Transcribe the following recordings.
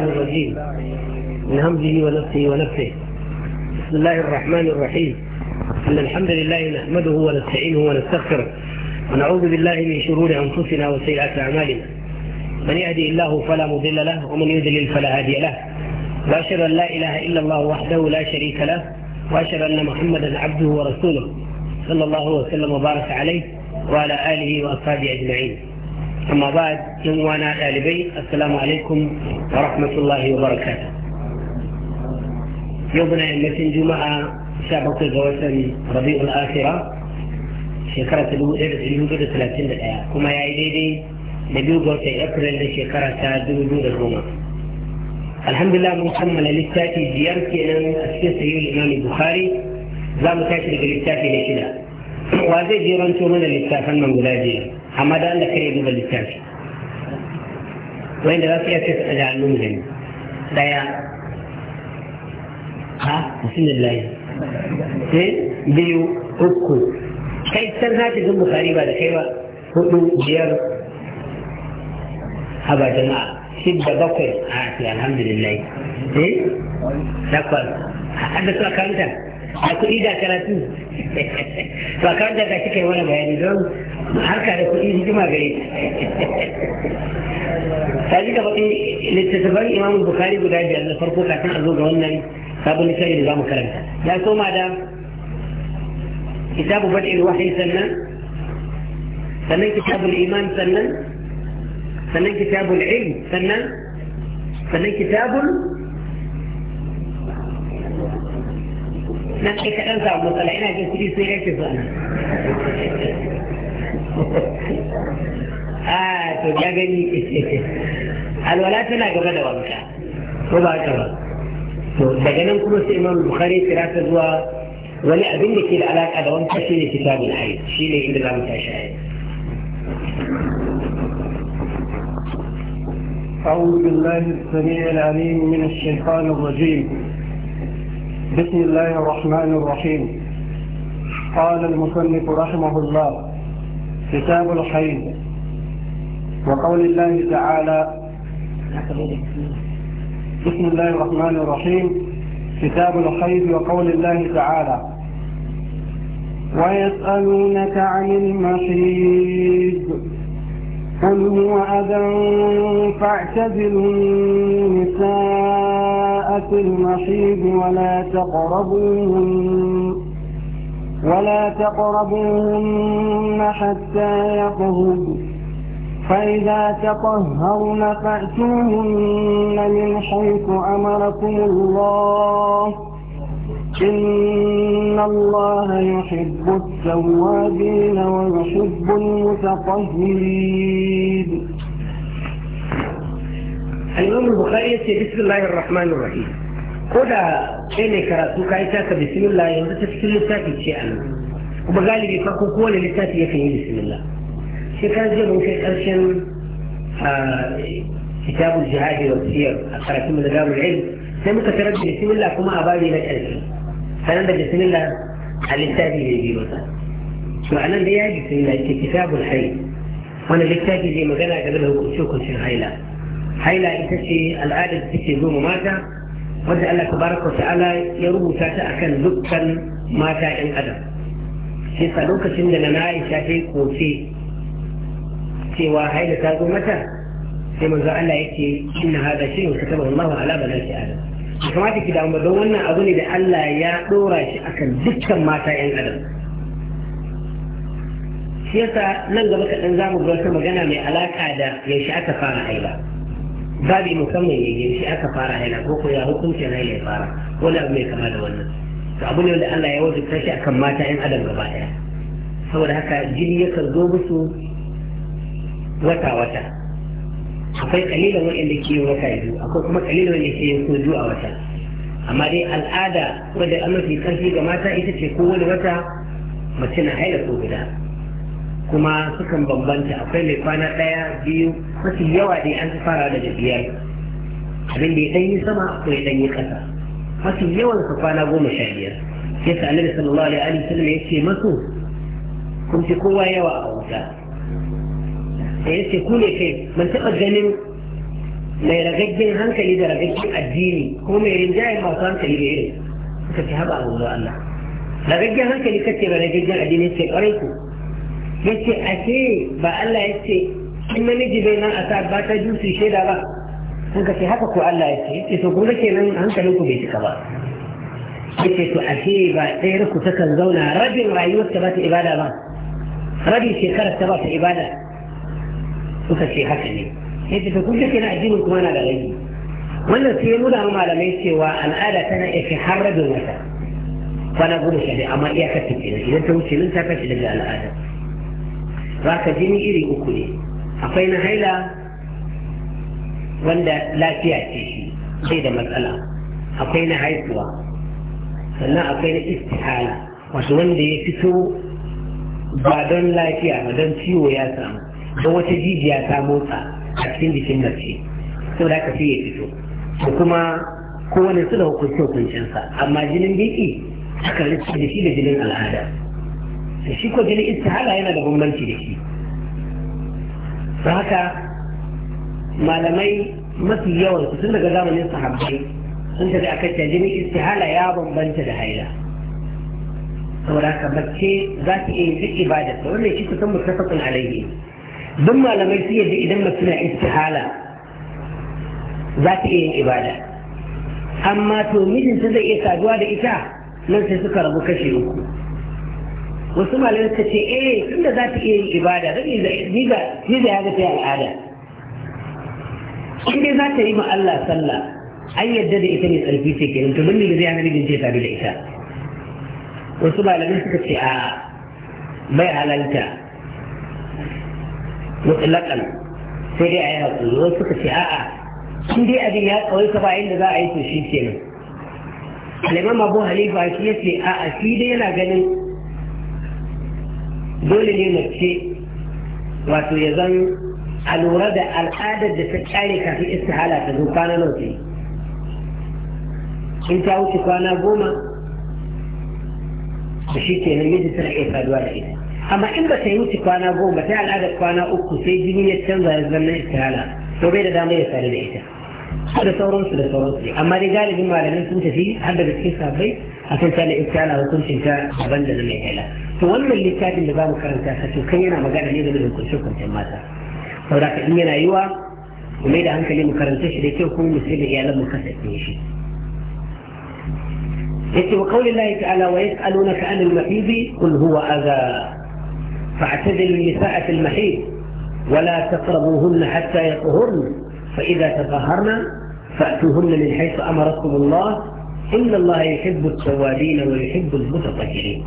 الرجيم من همزه ونفسه ونفسه بسم الله الرحمن الرحيم إن الحمد لله نحمده ونستعينه ونستغفره ونعوذ بالله من شرور أنفسنا وسيئات أعمالنا من يهدي الله فلا مضل له ومن يضلل فلا هادي له وأشهد أن لا إله إلا الله وحده لا شريك له وأشهد أن محمدا عبده ورسوله صلى الله وسلم وبارك عليه وعلى آله وأصحابه أجمعين أما بعد يوانا آل السلام عليكم ورحمة الله وبركاته يوبنا التي جمعة شابك زوجة رضيء الآخرة شكرة الوئر في يوجد ثلاثين الآية كما يعيدي نبيو قوة أبريل لشكرة دو دو الروما الحمد لله محمد لستاتي زيارة إلى السيسي الإمام البخاري زامتاتي لستاتي لكذا وهذه جيران تورونا لستاتي من بلادي amma da Allah kare duba littafi wanda za su iya ce su ɗaga hannun gani ɗaya ha bismillahi ne biyu uku kai san hati zun bukari ba da kai ba hudu biyar a ba jama'a shidda bakwai eh? a alhamdulillah ne takwas a haddasa kanta a kuɗi da karatu ba kawai da gashi kai wani bayani don harka da kuɗi hikima gare ta ji gaba littattafan imam bukari guda biyar na farko kafin a zo ga wannan sabon littafi da za mu karanta ya koma da kitabu bad'il wahyi sannan sannan kitabul iman sannan sannan kitabul ilm sannan sannan kitabul نحكي كأنزع مطلعين عجل تريد سيريك الظن آه تجا جني الولاة لا قبل دوابك وضع كبه دجنان كل سيما البخاري في راس الدواء ولا أبين لك الألاك أدوان تشيني كتاب الحي شيني كده لا متعشاهد أعوذ بالله السميع العليم من الشيطان الرجيم بسم الله الرحمن الرحيم قال المصنف رحمه الله كتاب الحيض وقول الله تعالى بسم الله الرحمن الرحيم كتاب الحيض وقول الله تعالى ويسألونك عن المحيض أم هو أذى فاعتزلوا النساء في المحيض ولا تقربوهن ولا تقربوهن حتى يقهر فإذا تطهرن فأتوهن من حيث أمركم الله إن الله يحب التوابين ويحب المتطهرين الإمام البخاري بسم الله الرحمن الرحيم كودا كيني كراتو كايتاك بسم الله ينزل تفسير لساتي شيئا وبغالبي فاكو كون لساتي يفيه بسم الله شكرا جدا في أرشن آه، كتاب الجهاد والسير أخرى كم العلم لم تتردد بسم الله كما أبابي لك ألفين فلم بسم الله هل يحتاجي الى جيروسا وعلم بها بسم الله اكتساب الحي وانا بحتاجي زي ما قال قبله كشوك في الهيلا هيلا يتشي العادة تشي زوم ماتا وسأل الله تبارك وتعالى يروب ساتا اكن لبكا ماتا ان ادم في صلوك سندنا ناي شاكي كوفي سوى هيلا تازو متى في منذ الله يتي ان هذا شيء كتبه الله على بلاش ادم kamata ki damu don wannan abu ne da Allah ya dora shi akan dukkan mata 'yan adam shi yasa nan gaba kaɗan za mu wata magana mai alaƙa da yaushe aka fara haila babi musamman ya yaushe aka fara haila ko ko ya hukuncin haila ya fara wani abu mai kama da wannan to abu ne wanda Allah ya wajibta shi akan mata 'yan adam gaba ɗaya saboda haka jini yakan zo musu wata-wata akwai kalilan wanda ke yin wata biyu akwai kuma kalilan wanda ke yin zuwa a wata amma dai al'ada wadda an mafi karfi ga mata ita ce kowane wata mace na haila ko guda kuma sukan bambanta akwai mai kwana ɗaya biyu mafi yawa dai an ta fara daga biyar abin da ya ɗanyi sama ko ya ɗanyi ƙasa mafi yawan su kwana goma sha biyar yasa annabi sallallahu alaihi wa sallam ya ce masu kun ce kowa yawa a wuta da ya ce ku ne kai ban taɓa ganin mai ragaggen hankali da ragaggen addini ko mai rinjaye masu hankali da irin suka ce haɓa abu Allah ragaggen hankali kace ba ragaggen addini ce ƙwarai ku ya ce ashe ba Allah ya ce in namiji bai nan a sa ba ta jusu shaida ba sun ka ce haka ko Allah ya ce ya ce to kun ga kenan hankalin ku bai cika ba ya ce to ashe ba ɗayar ku takan zauna rabin rayuwar ta ba ta ibada ba rabin shekarar ta ba ta ibada suka ce haka ne yadda ta kuka ce na addinin kuma na da rabi wannan sai ya nuna wa malamai cewa al'ada tana iya fi har rabin wata kwana goma sha amma iyakar ta kenan idan ta wuce nan ta kashe daga al'ada za ka jini iri uku ne akwai na haila wanda lafiya ce shi sai da matsala akwai na haihuwa sannan akwai na istihala wasu wanda ya fito ba don lafiya ba don ciwo ya samu don wata jijiya ta motsa a cikin jikin mace saboda haka sai ya fito da kuma kowane su da hukunci hukuncinsa amma jinin biki aka rufe da shi da jinin al'ada da shi ko jinin istihala yana da bambanci da shi don haka malamai mafi yawan su tun daga zamanin sahabbai sun tafi akan cewa jinin istihala ya bambanta da haila saboda haka mace za ta iya yin duk ibada wannan shi kusan mutafakun alaihi don malamai su yadda idan mace na istihala za ta iya yin ibada amma to mijinta zai iya saduwa da ita nan sai suka rabu kashe uku wasu malamai suka ce eh tunda za ta iya yin ibada don ni da ya zafi al'ada in dai za ta yi ma Allah sallah an yadda da ita ne tsarki ce kenan to bin da zai hana mijin ce sadu da ita wasu malamai suka ce a bai halalta mutlaƙan sai dai a yi haƙuri wasu suka ce a'a shi dai abin ya kawai ka ba inda za a yi to shi kenan alimam abu halifa shi ya ce a'a shi dai yana ganin dole ne ce wato ya zan a lura da al'adar da ta kyale kafin istihala ta zo kwana nan ce in ta wuce kwana goma da shi kenan miji tana iya saduwa da ita amma in ba ta yi wuce kwana goma sai al'adar kwana uku sai jini ya canza ya zama istihala to bai da dama ya sadu da ita da sauransu da sauransu ne amma dai galibin malamin sun tafi har daga cikin sabai a kan tana istihala hukuncin ta daban da na mai haila to wannan littafin da zamu karanta ta to kan yana magana ne game da hukuncin kwanciyar mata saboda in yana yiwa mu mai da hankali mu karanta shi da kyau kuma mu sai da iyalan mu kasance shi yace wa qauli Allah ta'ala wa yas'alunaka 'anil mahidi qul huwa adha فاعتزلوا النساء في المحيط ولا تقربوهن حتى يطهرن فإذا تطهرن فأتوهن من حيث أمركم الله إن الله يحب التوابين ويحب المتطهرين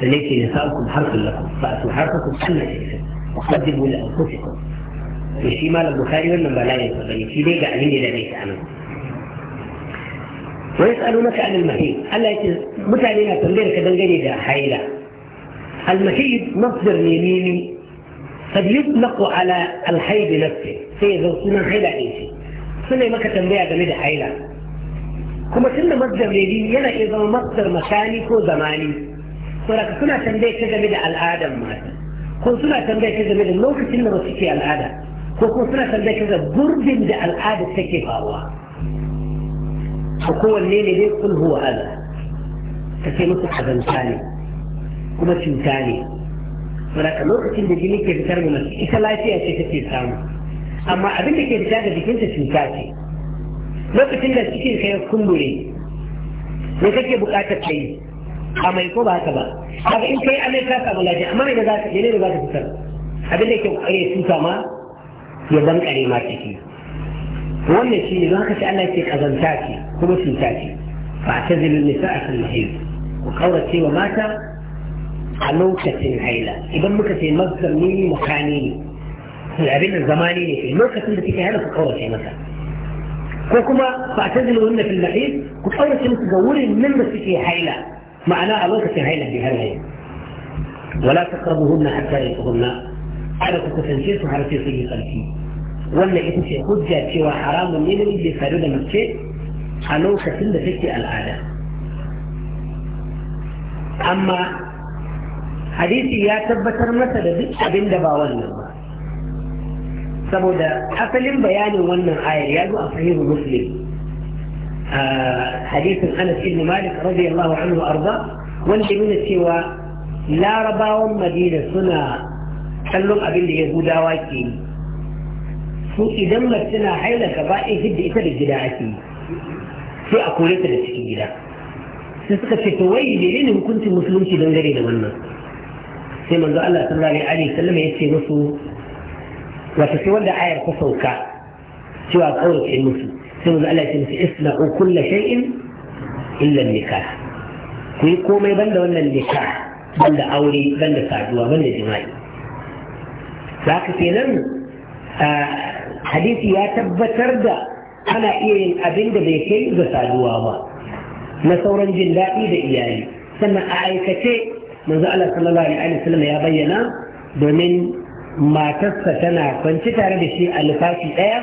فليس نساؤكم حرف لكم فأتوا حرفكم أن وقدموا لأنفسكم وشي مال البخاري ولا لا ينبغي في ليه قاعدين إلى بيت أنا ويسألونك عن المحيط ألا يتز... متى علينا تنبيرك كذا ده حيلة المحيض مصدر يميني يطلق على الحي بنفسه في ذوقنا حيلة إيشي سنة ما كتن بيع دمد حيلة كما سنة مصدر يمين ينا إذا مصدر مكاني كو زماني ولكن سنة تنبيع كذا الآدم مات كون سنة تنبيع كذا مد النوك سنة مصدر الآدم كون سنة تنبيع كذا برد مد الآدم سكي فاوا وقوة النيني ليه كل هو هذا تكي مصدر حزن ثاني kuma cuta ne saboda lokacin da jini ke fitar da mace ita lafiya ce take samu amma abin da ke fita da jikinta cuta ce lokacin da cikin ka ya kumbure ne kake buƙatar ka yi a mai ko ba haka ba haka in kai amai ka samu lafiya amma mai da za ka jini da za ka fitar abin da ke ƙare cuta ma ya zan ƙare ma ciki wannan shi ne don haka sai Allah ke kazanta ce kuma cuta ce fa ta zilin nisa a kan mahaifi ku kaurace wa mata a lokacin haila idan muka ce masdar ne makani ne abin da zamani ne lokacin da kike haila ku kaurace masa ko kuma fa tazilu hunna fil mahid ku kaurace musu ga wurin nan da suke haila ma'ana a lokacin haila bi har haila wala taqrabuhunna hatta yatuhunna ala ku kusance su har sai su yi tsarki wannan ita ce hujja cewa haramun ne ne da sadu da mace a lokacin da take al'ada amma حديث يا تبتر مثل ذلك أبن دبا والنما سبودا أفلم بيان ونن آية رياض أفهيه مسلم آه، حديث أنس بن مالك رضي الله عنه أرضاه وانت من السوى لا رباو مدينة سنة تلوم أبن دي يهودا واكي سوء دم السنة حيلة كبائي هد إتر الجداعتي سوء أقول إتر جدا سوء كنت مسلم في دنجري sai manzo Allah sallallahu alaihi wasallam ya ce musu wato sai wanda ayar ta sauka cewa kawai ce musu sai manzo Allah ya ce musu isla'u kullu shay'in illa nikah ku yi komai banda wannan nikah banda aure banda saduwa banda jima'i zaka nan hadisi ya tabbatar da ana iya yin abin da bai kai ga saduwa ba na sauran jin daɗi da iyali sannan a aikace manzo Allah sallallahu alaihi wasallam ya bayyana domin matarsa tana kwanci tare da shi a lufafi ɗaya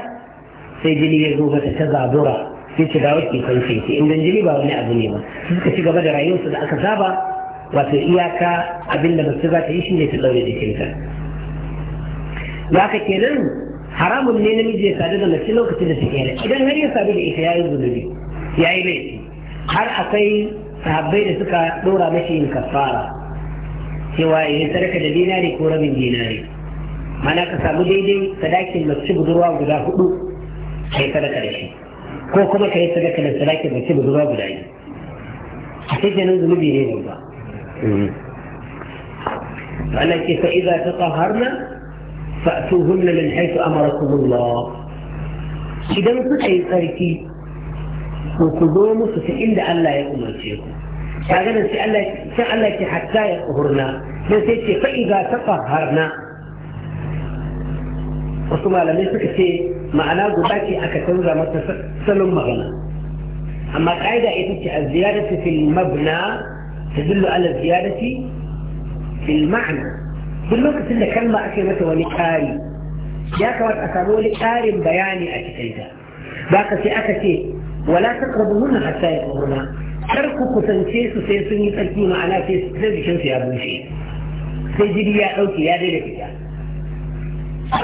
sai jini ya zo mata ta zabura sai ci dawo ke kwanci ce in jini ba wani abu ne ba suka ci gaba da rayuwarsu da aka saba wato iyaka abin da mace za ta yi shine ta daure jikinta da ka kenan haramun ne namiji ya sadu da mace lokacin da take idan har ya sadu da ita yayi zunubi yayi laifi har akwai sahabbai da suka ɗora mashi yin kafara cewa ya yi sadaka da dinari ko rabin dinari mana ka samu daidai sadakin mace budurwa guda hudu ka yi sadaka da shi ko kuma ka yi sadaka da sadakin mace budurwa guda biyu a cikin zunubi ne babba Allah ce fa idza tatahharna fa'tuhunna min haythu amarakumullah idan suka yi tsarki ko ku zo musu ta inda Allah ya umarce ku كان سألك حتى يطهرنا من سيتي فإذا تطهرنا وصما لم يسك سي معنا قباتي أكتوزا متسلم مغنى أما قاعدة إذن الزيادة في المبنى تدل على الزيادة في المعنى بالنسبة إن كلمة أكلمة ونكاري يا كوات أسألوا لكاري بياني أكتوزا باقة سي ولا تقربهن حتى يطهرنا kar ku kusance su sai sun yi tsarki ma'ana sai jikin su ya bushe sai jiri ya ɗauke ya daina fita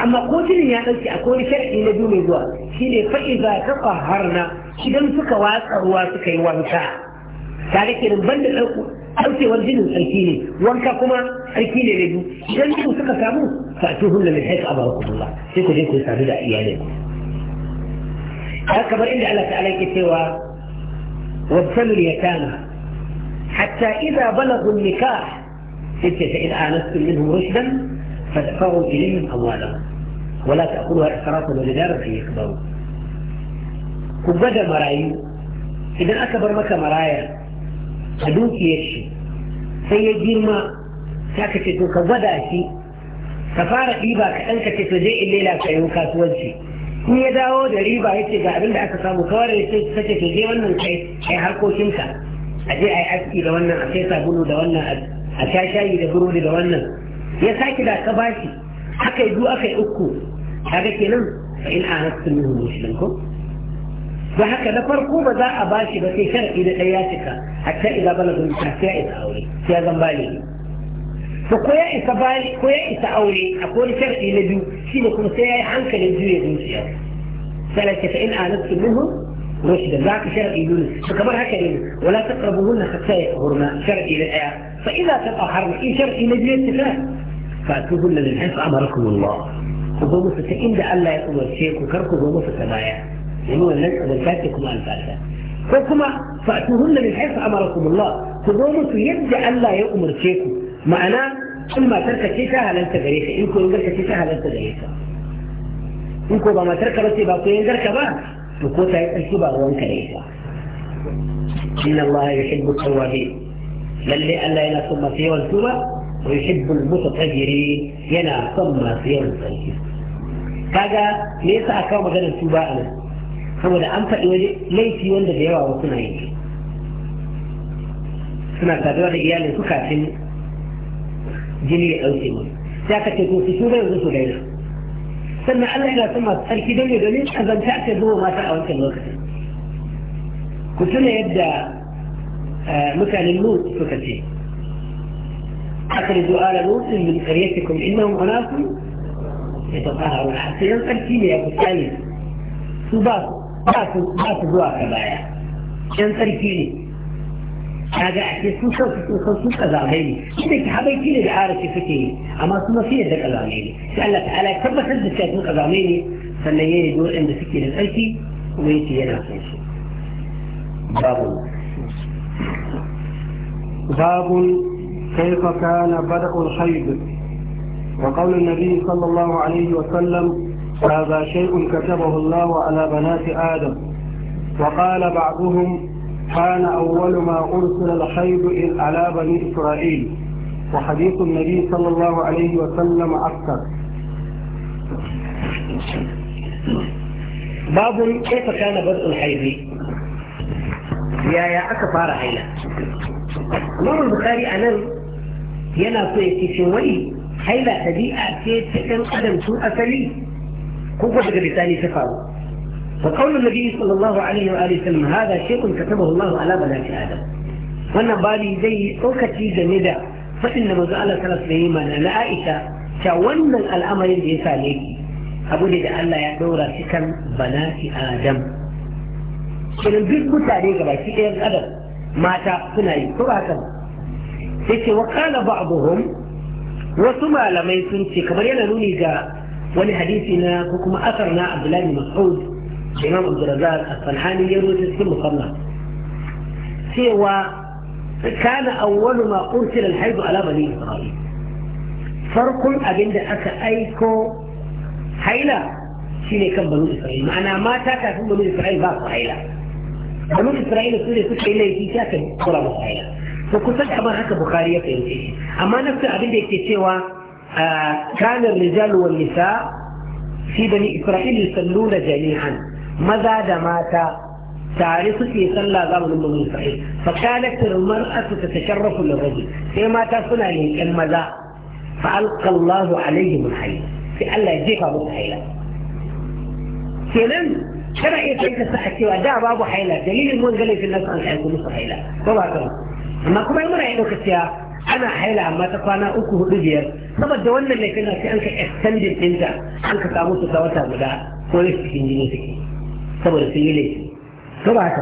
amma ko jirin ya ɗauke a kori shar'i na biyu mai zuwa shi ne fa'i fa'iza ta na idan suka watsa ruwa suka yi wanka tare nan, banda da ɗaukewar jinin tsarki ne wanka kuma tsarki ne na biyu idan jinin suka samu fatuhun da mai haika a kuma sai ku je ku sadu da iyalai har kamar inda Allah ta'ala ke cewa وابتلوا اليتامى حتى إذا بلغوا النكاح ستة فإن آنستم منهم رشدا فادفعوا إليهم أموالهم ولا تأخذها إسرافا وبدارا أن يكبروا كبدا مرايو إذا أكبر مكة مرايا هدوك يشي سيجير ما ساكتت وكبدا أشي ka fara كأنك kaɗan الليلة في to وجهي in ya dawo da riba ya ce ga abin da aka samu kawar da sai ka ce je wannan kai kai harkokinka a je a yi aski da wannan a sai sabulu da wannan a sha shayi da burodi da wannan ya sake da ka bashi aka yi biyu aka yi uku kaga kenan fa in anastu minhu muslim ko da haka na farko ba za a bashi ba sai shar'i da ɗaya ya cika hatta idan balagun ta sai ya isa aure sai ya zan bale to ko ya isa bayi ko ya isa aure akwai wani sharɗi na biyu shine kuma sai ya yi hankalin juya zuciya sai ce fa in anastu minhum رشدا ذاك شرعي دون فكبر هكذا ولا تقربوهن حتى يطهرن شرعي للآية فإذا تطهرن إن شرعي نجل اتفاق فأتوهن من حيث أمركم الله وهو مستقيم ده ألا يقوم الشيك وكركم هو مستبايع يقول لن أدلتكم أنفاسا وكما فأتوهن من حيث أمركم الله فهو يبدأ ألا يؤمر شيكم معناه كل ما ترك كيسها لن تدريك يمكن ترك كيسها لن تدريك يمكن ما ترك بس باقيين ترك با تقوت الكبا وان إن الله يحب التوابين من لي ألا ينا ثم سيوى الكبا ويحب المتطجرين ينا ثم سيوى الكبا كذا ليس أكاو مجال الكبا أنا هو ده أنت يوجد ليس يوجد يوجد يوجد يوجد يوجد يوجد يوجد jini ya ɗauke ne ya ka ce to su tuba yanzu su daina sannan Allah yana son masu tsarki don ne domin kazanta aka zuwa mata a wancan lokacin ku tuna yadda mutanen lut suka ce أخرجوا آل لوط من قريتكم إنهم أناس يتطهرون حتى ينقلتي لي أبو سالم سباس باسوا باسوا زوا كبايا ينقلتي لي هذا اسمه شو شو كذاليني انت حبيتي العارف فيكي اما شو ما فيه ذاك سالت على كم حد شايف من كذاليني فني يدور عند فيكي للالتي ويتي انا باب باب كيف كان بدء الحيض وقول النبي صلى الله عليه وسلم هذا شيء كتبه الله على بنات ادم وقال بعضهم كان أول ما أرسل الخيل على بني إسرائيل وحديث النبي صلى الله عليه وسلم أكثر باب كيف كان بدء الحيض يا يا أكفار حيلة الإمام البخاري أنا ينا في شوي حيلة تبيئة أكيد تكن قدم سوء أسلي كوكو حاجة بتاني تفاو فقول النبي صلى الله عليه وآله وسلم هذا شيء كتبه الله على بنات آدم وانا بالي زي أوكتي جندا فإن مزالة ثلاث بهيمة لعائشة كوانا الأمر اللي يساليك أبو لدى الله يدور سكن بنات آدم كان بيت متعني كبير في أدب أدم ما تعقنا يكتب هكذا وقال بعضهم وثم لما يكون في kamar yana ولحديثنا ga أثرنا عبد الله بن مسعود الإمام عبد الرزاق الصنعاني يروي في السن مصنع سوى كان أول ما أرسل الحيض على بني إسرائيل فرق أبن أكا أيكو حيلة شيني كان بنو إسرائيل أنا ما تاكا في بنو إسرائيل باس حيلة بنو إسرائيل سورة سورة إلا يتي تاكا بقرة حيلة. فكنت حبار حكا بخارية في يمتي إيه. أما نفس أبن أكا سوى آه، كان الرجال والنساء في بني إسرائيل يصلون جميعا maza da mata tare suke sallah zamanin mazan sa'i fa kanat mar'atu tatasharrafu lirajul sai mata suna leƙen maza fa alqa Allahu alaihim alhayy sai Allah ya jefa musu haila kenan kana iya tanka sa cewa da babu haila dalilin mun ga laifin nasu an kai musu haila ko ba kan amma kuma muna yi lokaciya ana haila amma ta kwana uku hudu biyar saboda wannan laifin na sai an ka extended ɗinta an ka samu su ta wata guda ko cikin jini suke صبر في ليه سبعة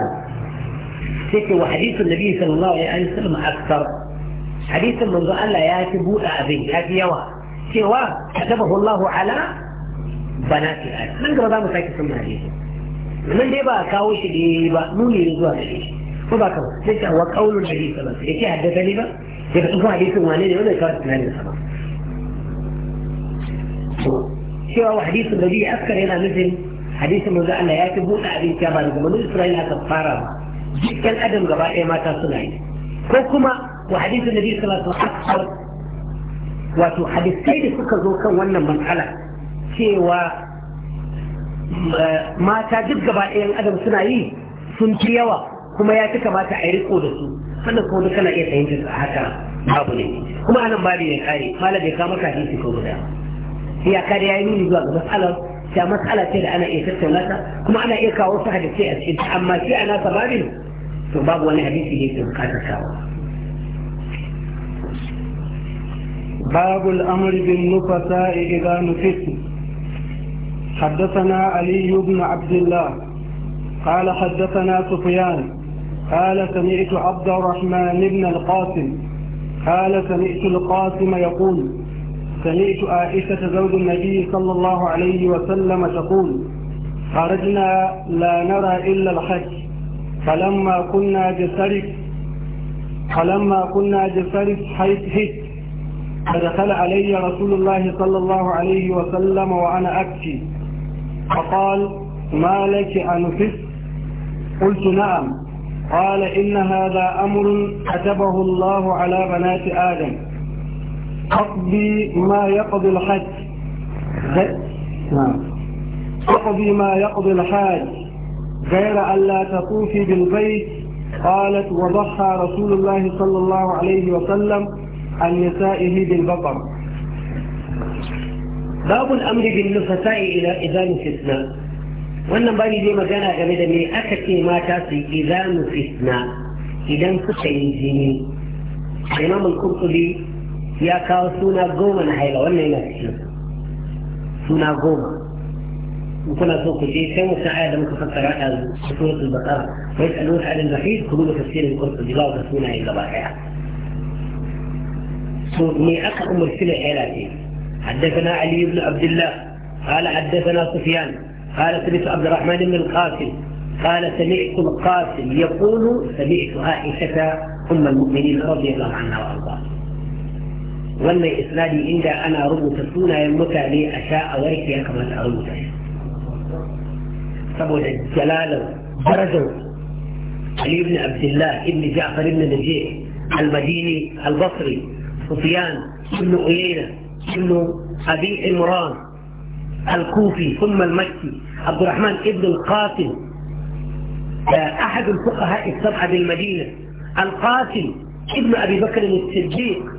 هيك وحديث النبي صلى الله عليه وسلم أكثر حديث من قال يا تبو أبي هذه يوا سوى كتبه الله على بنات الأرض من قرأ ما فيك سمع هذه من ديبا كاوش ديبا نولي رزوا هذه ما بكم ليش هو قول الحديث بس ليش هذا تليبا ليش هو حديث وانا اليوم كارت من السماء سوى حديث النبي أكثر هنا مثل hadisin manzo Allah ya fi buɗe abin ba daga manzo Isra'ila aka fara ba dukkan adam gaba ɗaya mata suna yi ko kuma wa hadisin nabi sallallahu alaihi wasallam wato hadisai da suka zo kan wannan matsala cewa eh, mata duk gaba ɗaya adam suna yi sun fi yawa kuma ya fi kamata a yi riko da su sannan ko duk kana iya fahimtar a haka babu ne kuma anan babu ya kare malam bai kama ka hadisi ko guda ya kare ya yi nuni zuwa ga matsalar da matsala ce da ana iya tattauna ta kuma ana iya kawo su hadisi a cikin amma shi ana sababin to babu wani hadisi da yake bukatar kawo باب الأمر بالنفساء إذا نفسوا حدثنا علي بن عبد الله قال حدثنا سفيان قال سمعت عبد الرحمن بن القاسم قال سمعت القاسم يقول سمعت عائشة زوج النبي صلى الله عليه وسلم تقول خرجنا لا نرى إلا الحج فلما كنا جسرك فلما كنا جسرك حيث هت فدخل علي رسول الله صلى الله عليه وسلم وأنا أبكي فقال ما لك أنفس قلت نعم قال إن هذا أمر كتبه الله على بنات آدم أقضي ما يقضي الحج نعم أقضي ما يقضي الحاج غير أن لا تطوفي بالبيت قالت وضحى رسول الله صلى الله عليه وسلم عن نسائه بالبقر باب الأمر بالنفساء إلى إذان فتنة wannan bani zai magana game da me aka ce mata su yi izanu fitna idan suka yi jini ya kawo suna goma na haila wannan yana cikin suna goma in kuna so ku je sai mutum aya da muka fassara a suratul baqara wa yas'aluna 'ala al-mahid ku duba tafsirin qurtubi ba ka suna yin gaba daya to me aka umarci da haila ce حدثنا علي بن عبد الله قال حدثنا سفيان قال سمعت عبد الرحمن بن القاسم قال سمعت القاسم يقول سمعت عائشه ام المؤمنين رضي الله عنها وارضاها wannan isnadi inda ana rubuta sunayen mutane a sha a warke ya kamata a rubuta shi saboda jalalar darajar Ali ibn Abdullah ibn Ja'far ibn Najih al-Madini al-Basri Sufyan ibn Uyayna ibn Abi Imran الكوفي ثم المكي عبد الرحمن ابن القاسم أحد الفقهاء السبعة بالمدينة القاسم ابن أبي بكر الصديق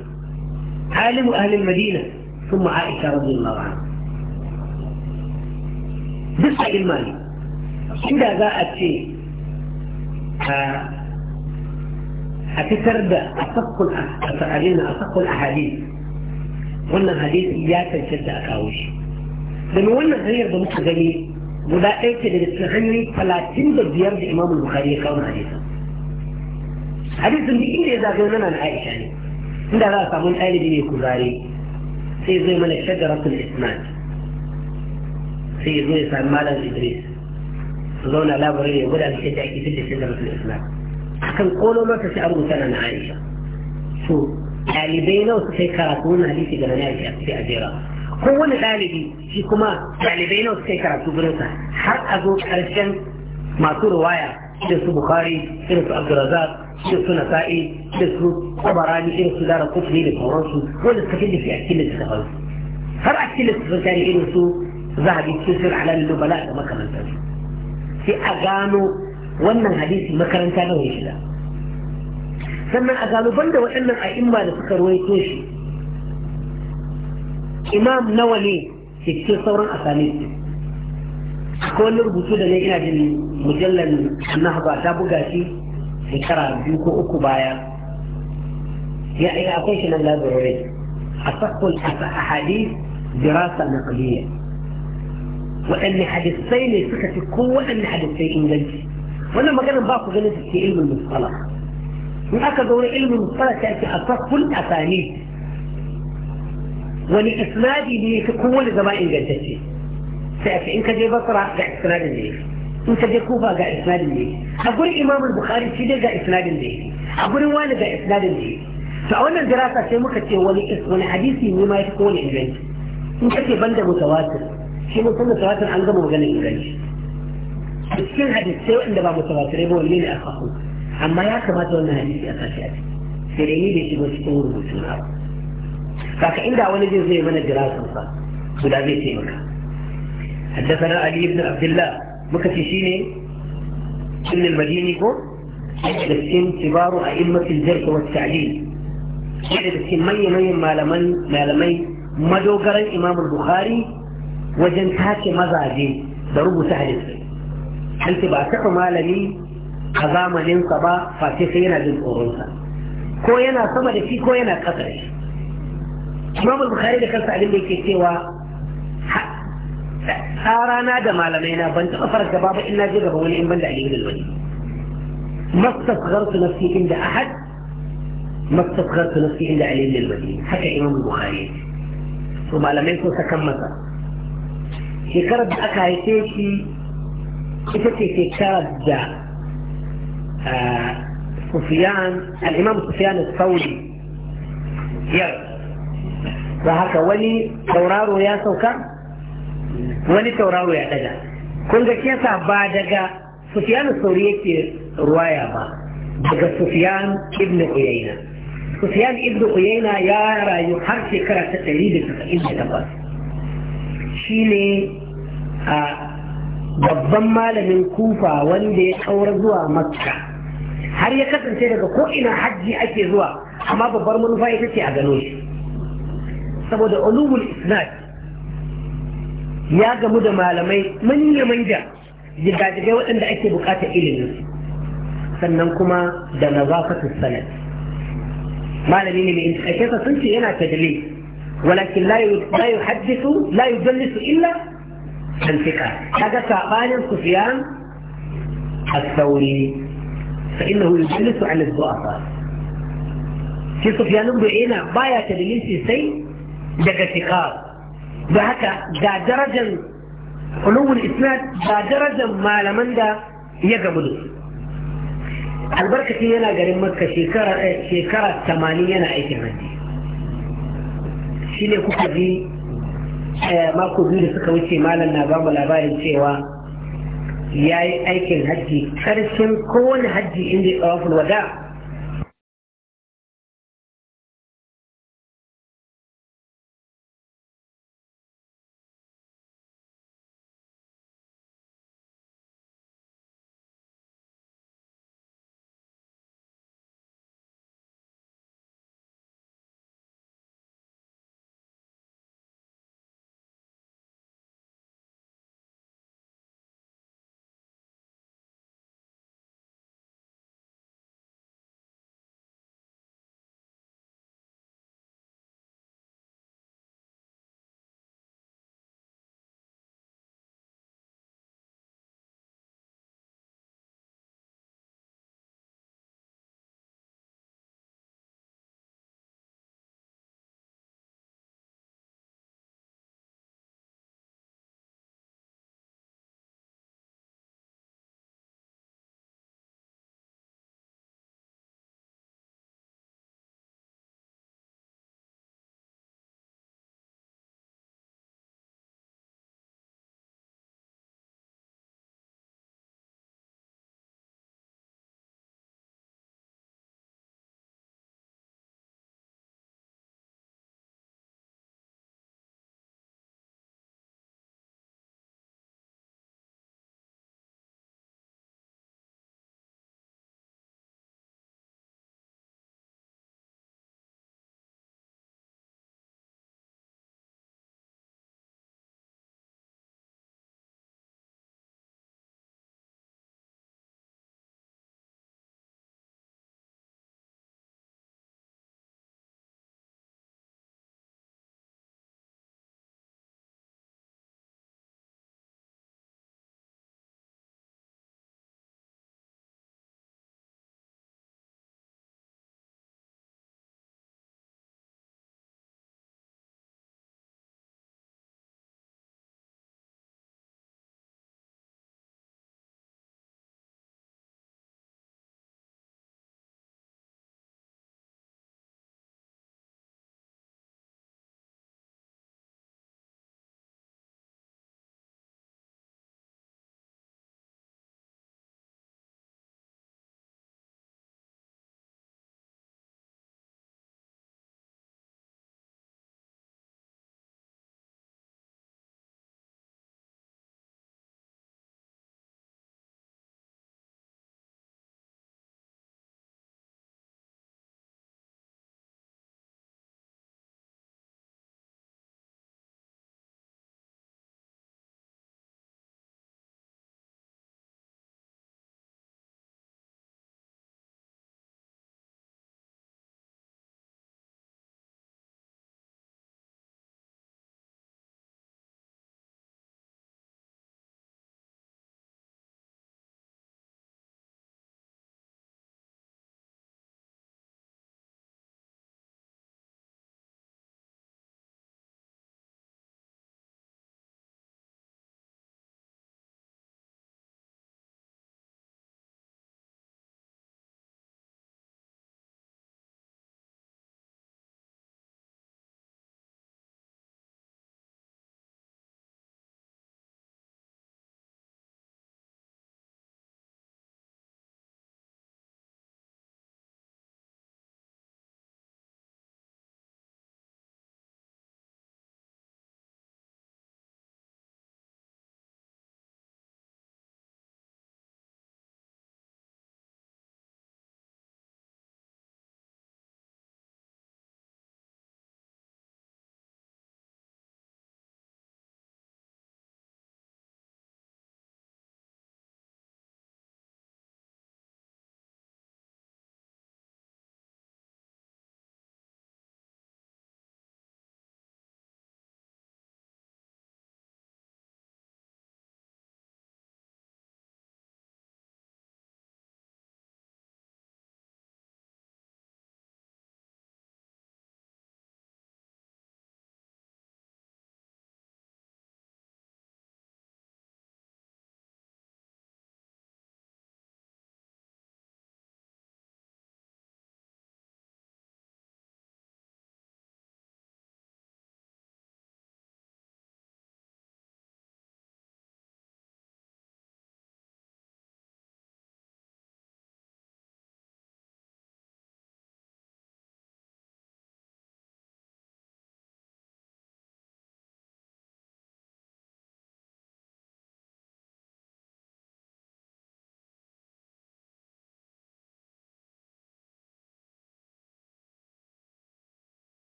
عالم أهل المدينة ثم عائشة رضي الله عنها بس علماني اذا جاءت شيء آه، أتترد أصق الأحادين أصق الاحاديث قلنا هذه إياتا شد أكاوشي لما قلنا غير بمك غني ولا أنت اللي بتستغني فلا تند الزيارة إمام البخاري كون حديثا حديث من اذا إذا غيرنا عائشة يعني. عند ذا فهم آل دين كفاري في زمن الشجرة الإسمان في زمن سمالا إدريس زون لا بري ولا الحجة في الشجرة الإسمان كان قولوا ما تسألوا سنة عائشة شو آل دين وسيكراتون هذه في جنة عائشة في أجيرا قول آل دين في كما آل دين وسيكراتون بريسا حق أبوك ألشان ما تروا وايا درس بخاري درس عبد الرزاق درس نسائي درس طبراني درس دار القطري للفرنسي ولا تستفيد في اكل التخلص هل اكل التخلص يعني انسو ذهب يتسلسل على النبلاء ما كان في اغانو وانا حديث ما كان تاني وهي ثم اغانو بند وانا ائمه لفكر ويتوشي امام نولي في كثير ثوره اسانيد ko wani rubutu da ne ina jin mujallar nahba ta buga shi shekara biyu ko uku baya ya yi akwai shi nan labarai a sakon hadis dirasa naqliya waɗanne hadisai ne suka fi ko waɗanne hadisai inganci wannan maganar ba ku ganin su ke ilmin musala in aka zo wani ilmin musala ta ake a sakon asani wani isnadi ne ta kowane zama ingantacce سيأتي إنك جي بصرة قاع إسناد الليل إنك جي كوفة قاع إسناد الليل أقول إمام البخاري سيدي قاع إسناد الليل أقول وانا قاع إسناد الليل فأولا دراسة سيمو كتير ولي إس ولي حديثي مما يتكون إنجلت إنك جي بند متواتر شيمو سنة متواتر عن غمو غنى إنجلت السين حديث سيو عند باب متواتر يبو الليل أخاكو أما ياكما تولنا حديثي أساسياتي سيريني بيشي بسطور بسنار فاك إنك عوالي جزي من الدراسة فاك بلا بيتي حدثنا علي بن عبد الله مكتشيني ابن المديني كو لكن كبار أئمة الجرح والتعديل لكن مي مي مالمي مالمي مدوغر الإمام البخاري وجنتاك مزاجي ضرب سهل أنت باتع مالمي أظام لنصبا فاتسينا للأورنسا أورنسا ينا سمد في كو ينا قطرش إمام البخاري لكالسعلم بيكي سوى أرانا دما لمينا بنت أفرق دبابا إنا جذبه ولئن بند أليه للولي ما استصغرت نفسي عند أحد ما استصغرت نفسي عند علي للولي حكى إمام البخاري ثم لمن كنت كم مسا شكرا بأكا يتيشي كتتي شكرا بجا سفيان الإمام سفيان الثوري يرد وهكا ولي دوراره يا سوكا wani tauraro ya daga kun ga kesa ba daga sufyan sauri yake ruwaya ba daga Sufiyan ibn uyayna Sufiyan ibn uyayna ya rayu har shekara ta Shi ne a babban malamin kufa wanda ya taura zuwa makka har ya kasance daga ko'ina hajji ake zuwa amma babbar manufa ita ce a gano shi saboda ulumul isnad ya gamu da malamai manya-manya jigajigai waɗanda ake buƙatar ilimin sannan kuma da nazafatus sanad malami ne mai intiƙaƙe sun ce yana tadli walakin la yuhaddisu la yudallisu illa an fiqa kaga sabanin sufyan الثوري فإنه يجلس على الضعفاء في سفيان بن عيينة بايا baya في سي daga ثقار da haka ga darajar ulumul isnad ga darajar malaman da ya gabu da albarkaci yana garin makka shekara 80 eh, yana aikin hajji shi kuka ji eh, mako biyu da suka wuce malam na bamu labarin cewa ya yi aikin hajji karshen kowane hajji inda ya tsawafin wada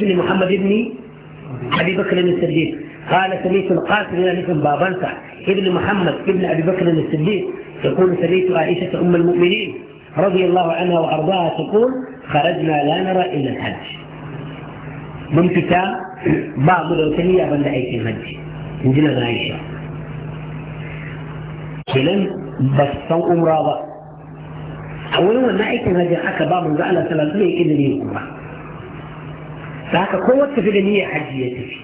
بن محمد بن أبي بكر الصديق قال سميت القاسم بن بابنسة ابن محمد ابن أبي بكر الصديق يقول سميت عائشة أم المؤمنين رضي الله عنها وأرضاها تقول خرجنا لا نرى إلا الحج من كتاب بعض الوثنية بن ايت الحج من جنة عائشة كلام بس صو أمراضة أولا ما ايت الحج حكى بعض من ثلاثين إذن يكبر فهكا قوة تفيدنية حجية تفي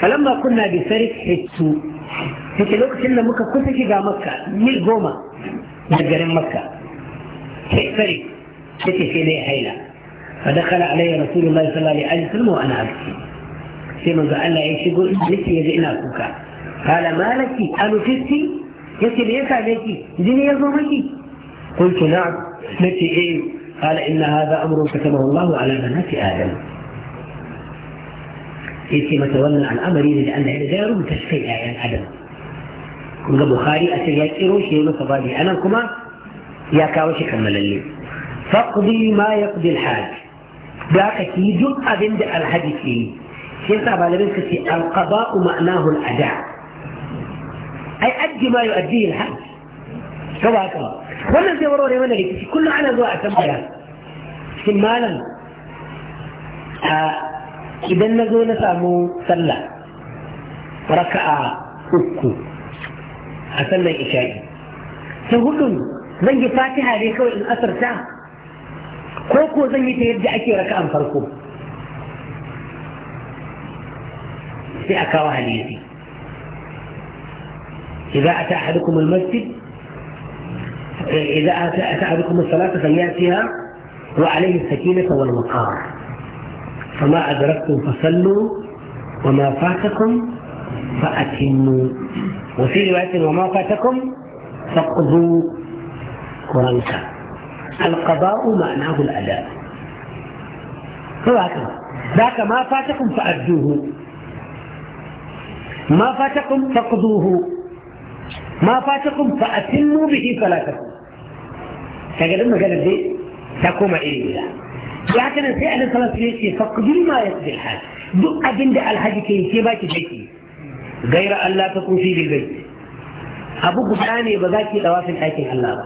فلما كنا بفرق حسو حتى لو كنا مكة كنت جا مكة ميل جوما نجرين مكة فرق حتى في لي حيلة فدخل علي رسول الله صلى الله عليه وسلم وأنا أبكي سيما قال لي إيش يقول لك يجئنا كوكا قال ما لك أنا فتي يسي ليس عليك جيني يظلمك قلت نعم نتي إيه قال إن هذا أمر كتبه الله على بنات آدم كيف يتولى تولى عن أمري لأن إعذاره تشقي أعيان أدم البخاري بخاري أسيات إروش يولو فضادي أنا كما يا كاوشي كمل لي فاقضي ما يقضي الحاج داك في جمعة بند الحديثي كيف تعب على بنتك القضاء معناه الأداء أي أدي ما يؤديه الحاج كما كما ولا زي ورور يمنى لي كل على ذوات تمام سمالا آه idan na zo na samu sallah raka'a uku a sallar isha'i ta hudun zan yi fatiha ne kawai in asarta ko ko zan yi ta yadda ake raka'an farko sai a kawo hadisi إذا أتى أحدكم المسجد إذا أتى أحدكم الصلاة فليأتها وعليه السكينة والوقار فما أدركتم فصلوا وما فاتكم فأتموا وفي رواية وما فاتكم فاقضوا قرنك القضاء معناه الأداء هو هكذا ذاك ما فاتكم فأدوه ما فاتكم فاقضوه ما فاتكم فأتموا به صلاتكم تقدم مجال دي تقوم إليه لكن فعل صلاه ليس فقدر ما يقضي الحاج دق عند الحاج كي تباكي بيتي غير ان لا تكون في بالبيت ابوك فلاني بذاكي دوافي الحاكي الله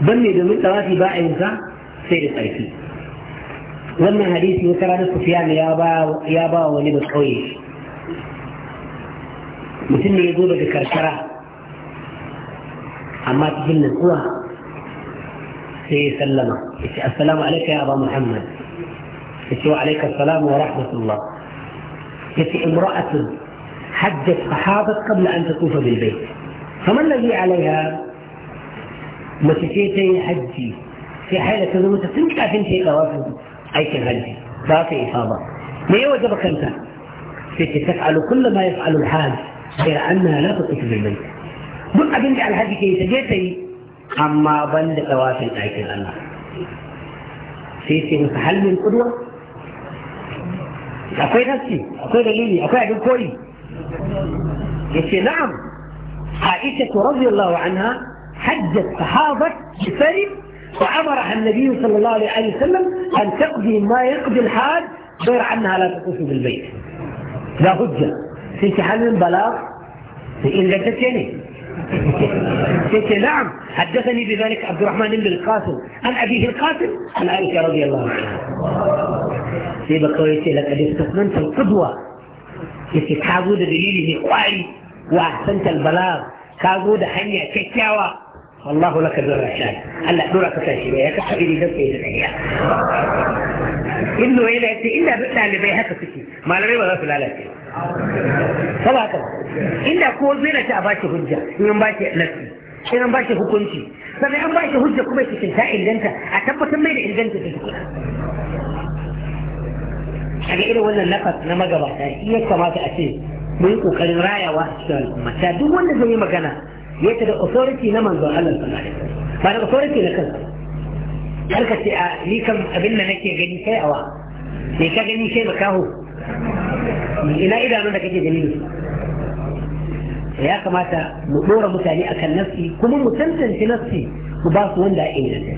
بني دمي دوافي باع انسى سير الحاكي ومن حديث يسرى لسفيان يا با يا با ولي بسوي مثل يقول بكرشرة أما تجلن قوة في sallama yace assalamu alayka ya aba muhammad yace wa alayka assalam wa rahmatullah yace حجت صحابك قبل أن تطوف بالبيت فما الذي عليها مسكيتي حجي في حالة تزمت تنكا تنكي قوافل أي لا باقي إفاضة ما وجبك أنت فيك تفعل كل ما يفعل الحاج غير أنها لا تطوف بالبيت دون أبنك على الحاج كي تجيتي أما بند كواسل تايك الله في في مسحل من قدوة أكوي نفسي أكوي دليلي أكوي عدو كوي يسي نعم عائشة رضي الله عنها حجت صحابة بفرد وعمرها النبي صلى الله عليه وسلم أن تقضي ما يقضي الحاج غير عنها لا تقوف بالبيت لا هجة في انتحال من بلاغ في إلا تتيني قلت نعم حدثني بذلك عبد الرحمن بن القاسم عن أبيه القاسم عن عائشة رضي الله عنها سيبك لك لقد استثمنت القدوة يتي كاغو ده دليلي قوي وأحسنت البلاغ كاغو ده حنيا كيكاوة والله لك ذو الرشاد هلا دورك تاشي يا كحبيبي ده سيد الحياة إنه إلا بدنا اللي بيها كفتي ما لبي ولا في العلاقة Saba inda ko zai na ci a hujja in an baki nasi in an baki hukunci sannan an baki hujja kuma ya cikin ta inganta a tabbatar mai da inganta da suke. A ga irin wannan nafas na magabata iya kamata a ce mun yi ƙoƙarin rayawa a cikin al'umma ta duk wanda zai yi magana ya ta da authority na manzon Allah sallallahu alaihi wasallam ba da authority na kansa. Karka ce a ni kan abin da nake gani kai awa me ka gani kai makaho ina idanun da kake gani ya kamata mu dora mutane akan nafsi kuma mu tantance nafsi mu ba su wanda ake inganta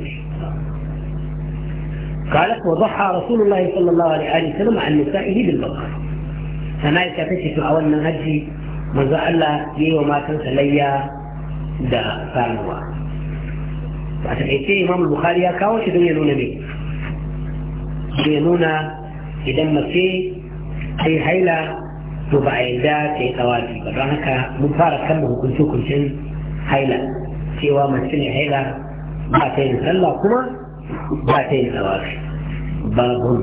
قالت وضحى رسول الله صلى الله عليه وسلم عن نسائه بالبقر فما يكتشف أولا هجي منذ ألا لي وما تنسى ليا دا فانوا وأتحيثي إمام البخاري كاوش دون ينون بي دون ينون idan mace ta yi haila to ba a yarda ta yi tsawafi ba don haka mun fara kallon hukunci hukuncin haila cewa mace ne haila ba ta yi sallah kuma ba ta yi tsawafi babun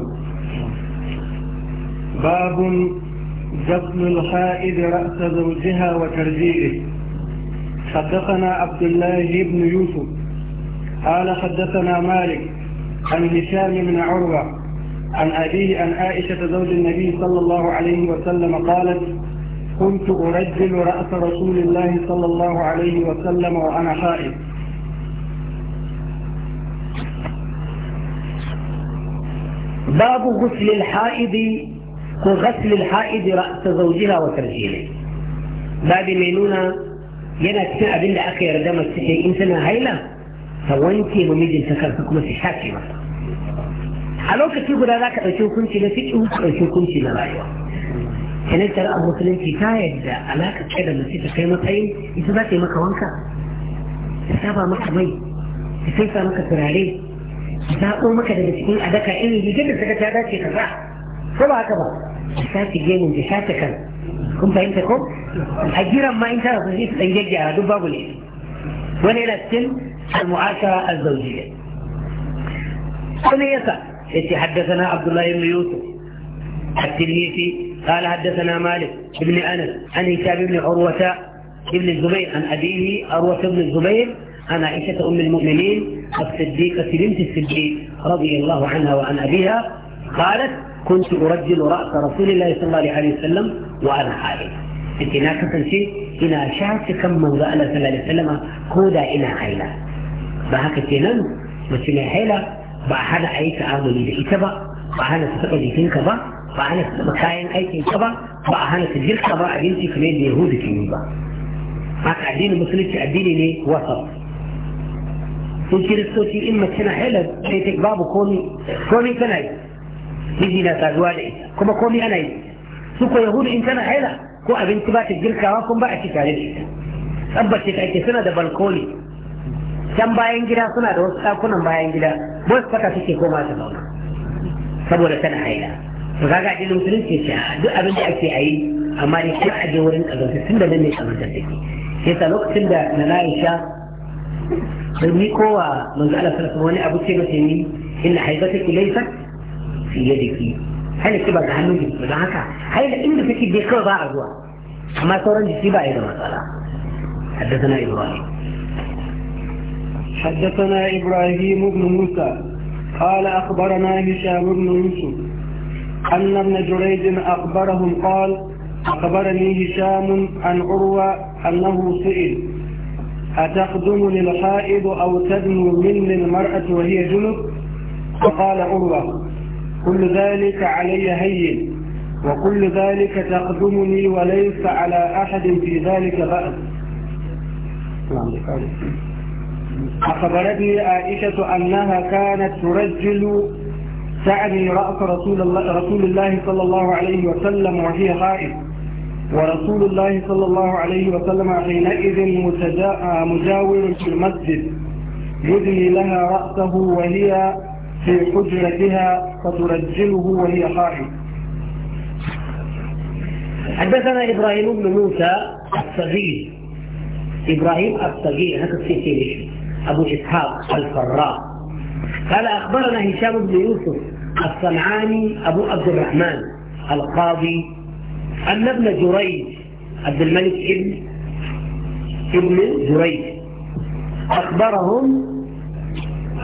babun جفن الحائض رأس زوجها وترجيعه حدثنا عبد الله بن يوسف قال حدثنا مالك عن هشام بن عروة عن أبيه عن عائشة زوج النبي صلى الله عليه وسلم قالت كنت أرجل رأس رسول الله صلى الله عليه وسلم وأنا حائض باب غسل الحائض غسل الحائض رأس زوجها وترجيله باب مينونة ينا cikin abin da aka yarda إنسانا in فوانتي haila سكرتكم في حاكمة a lokaci guda za ka ɗauki hukunci na fiƙi ka ɗauki hukunci na rayuwa kenan shari'ar musulunci ta yadda alaƙa kai da mace ta kai matsayin ita za ta yi maka wanka ta saba maka mai ta fesa maka turare ta zaɓo maka daga cikin adaka irin rigar da ta ta dace ka za ko ba haka ba ta shafi genin ta shafi kan kun fahimta ko a giran ma in tana sun ta ɗan gyaggyara duk babu ne wani yana cikin al-mu'ashara al-zawjiyya wani yasa إيه حدثنا عبد الله بن يوسف التلميذي قال حدثنا مالك بن أنس عن هشام بن عروة بن الزبير عن أبيه عروة بن الزبير عن عائشة أم المؤمنين الصديقة بنت الصديق رضي الله عنها وعن أبيها قالت كنت أرجل رأس رسول الله صلى الله عليه وسلم وأنا حائل أنت لا تنسي إلى شعرت كم من الله صلى الله عليه وسلم كودا إلى عيلة تنم مثل حيلة ba hana a yi ta'amuli da ita ba ba hana su taɓa jikinka ba ba hana su taɓa kayan aikinka ba ba a hana su girka ba abinci kamar yadda yahudu ke yi ba haka addinin musulunci addini ne wasa sun kiristoci in mace na haila sai ta babu komi komi tana yi miji na saduwa da ita kuma komi ana yi su ko yahudu in tana haila ko abinci ba ta girkawa kuma ba a ci tare da ita tabbace ka ake suna da balkoni can bayan gida suna da wasu ɗakunan bayan gida mafaka take koma ta bauta saboda tana haila to kaga addinin musulunci ce duk abin da ake a yi amma ne kuma a je wurin kazanta tun da nan ne kazanta take sai ta lokacin da na Aisha sai ni kowa manzo Allah sallallahu wani abu ce mace ni inna haibataki laysat fi yadiki hali ki ba ga hannun ki don haka haila inda take dai kawai ba a zuwa amma sauran jiki ba ya da matsala حدثنا ابراهيم حدثنا إبراهيم بن موسى قال أخبرنا هشام بن يوسف أن ابن جريج أخبرهم قال أخبرني هشام عن عروة أنه سئل أتخدم للحائض أو تدنو من المرأة وهي جنب فقال عروة كل ذلك علي هين وكل ذلك تخدمني وليس على أحد في ذلك بأس نعم أخبرتني عائشة أنها كانت ترجل تعني رأس رسول الله, رسول الله صلى الله عليه وسلم وهي خائف ورسول الله صلى الله عليه وسلم حينئذ مجاور في المسجد يدني لها رأسه وهي في حجرتها فترجله وهي خائف حدثنا إبراهيم بن موسى الصغير إبراهيم الصغير هكذا في ليش أبو إسحاق الفراء قال أخبرنا هشام بن يوسف الصنعاني أبو عبد الرحمن القاضي أن ابن جريج عبد الملك ابن ابن جريج أخبرهم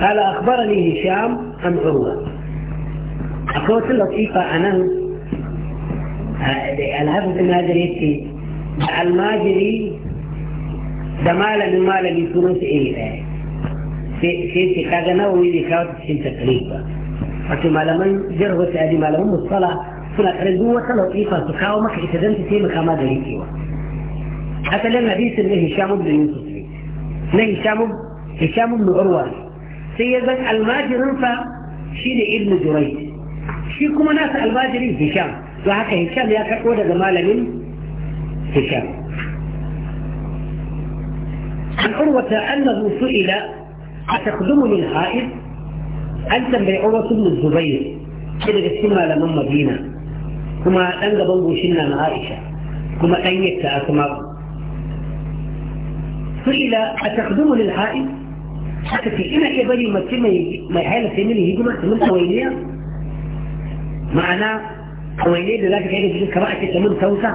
قال أخبرني هشام عن عروة أقول اللطيفة أنا الهدف المهاجري في إيه؟ الماجري ده مال من مال من فلوس إيه في في كذا ما هو اللي كاتب في تقريبا حتى ما لما جربوا تأدي ما لما الصلاة كنا خرجوا وصلوا كيف سكاو ما كيف تدمت في مكان ما دري كيوا حتى لما بيس اللي هي شامو بن يوسف لا هي شامو هي شامو بن عروة سيدا الماجر رفع شيء ابن جريج شيء كم ناس الماجر في شام وهكذا هي شام يا كودا جمالا من في شام عن عروة أنه سئل أتخدمني الحائض أنت بن عروة بن الزبير كده جسمها لما مدينة كما أن بنبو شنا مع عائشة كما أن يتأثمر سئل أتخدمني الحائض أتكي إنا إبالي ما تسمى ما يحيل سيميني هجمة من طويلية معنا طويلية لذلك كده جسمك رأيك تمن توسع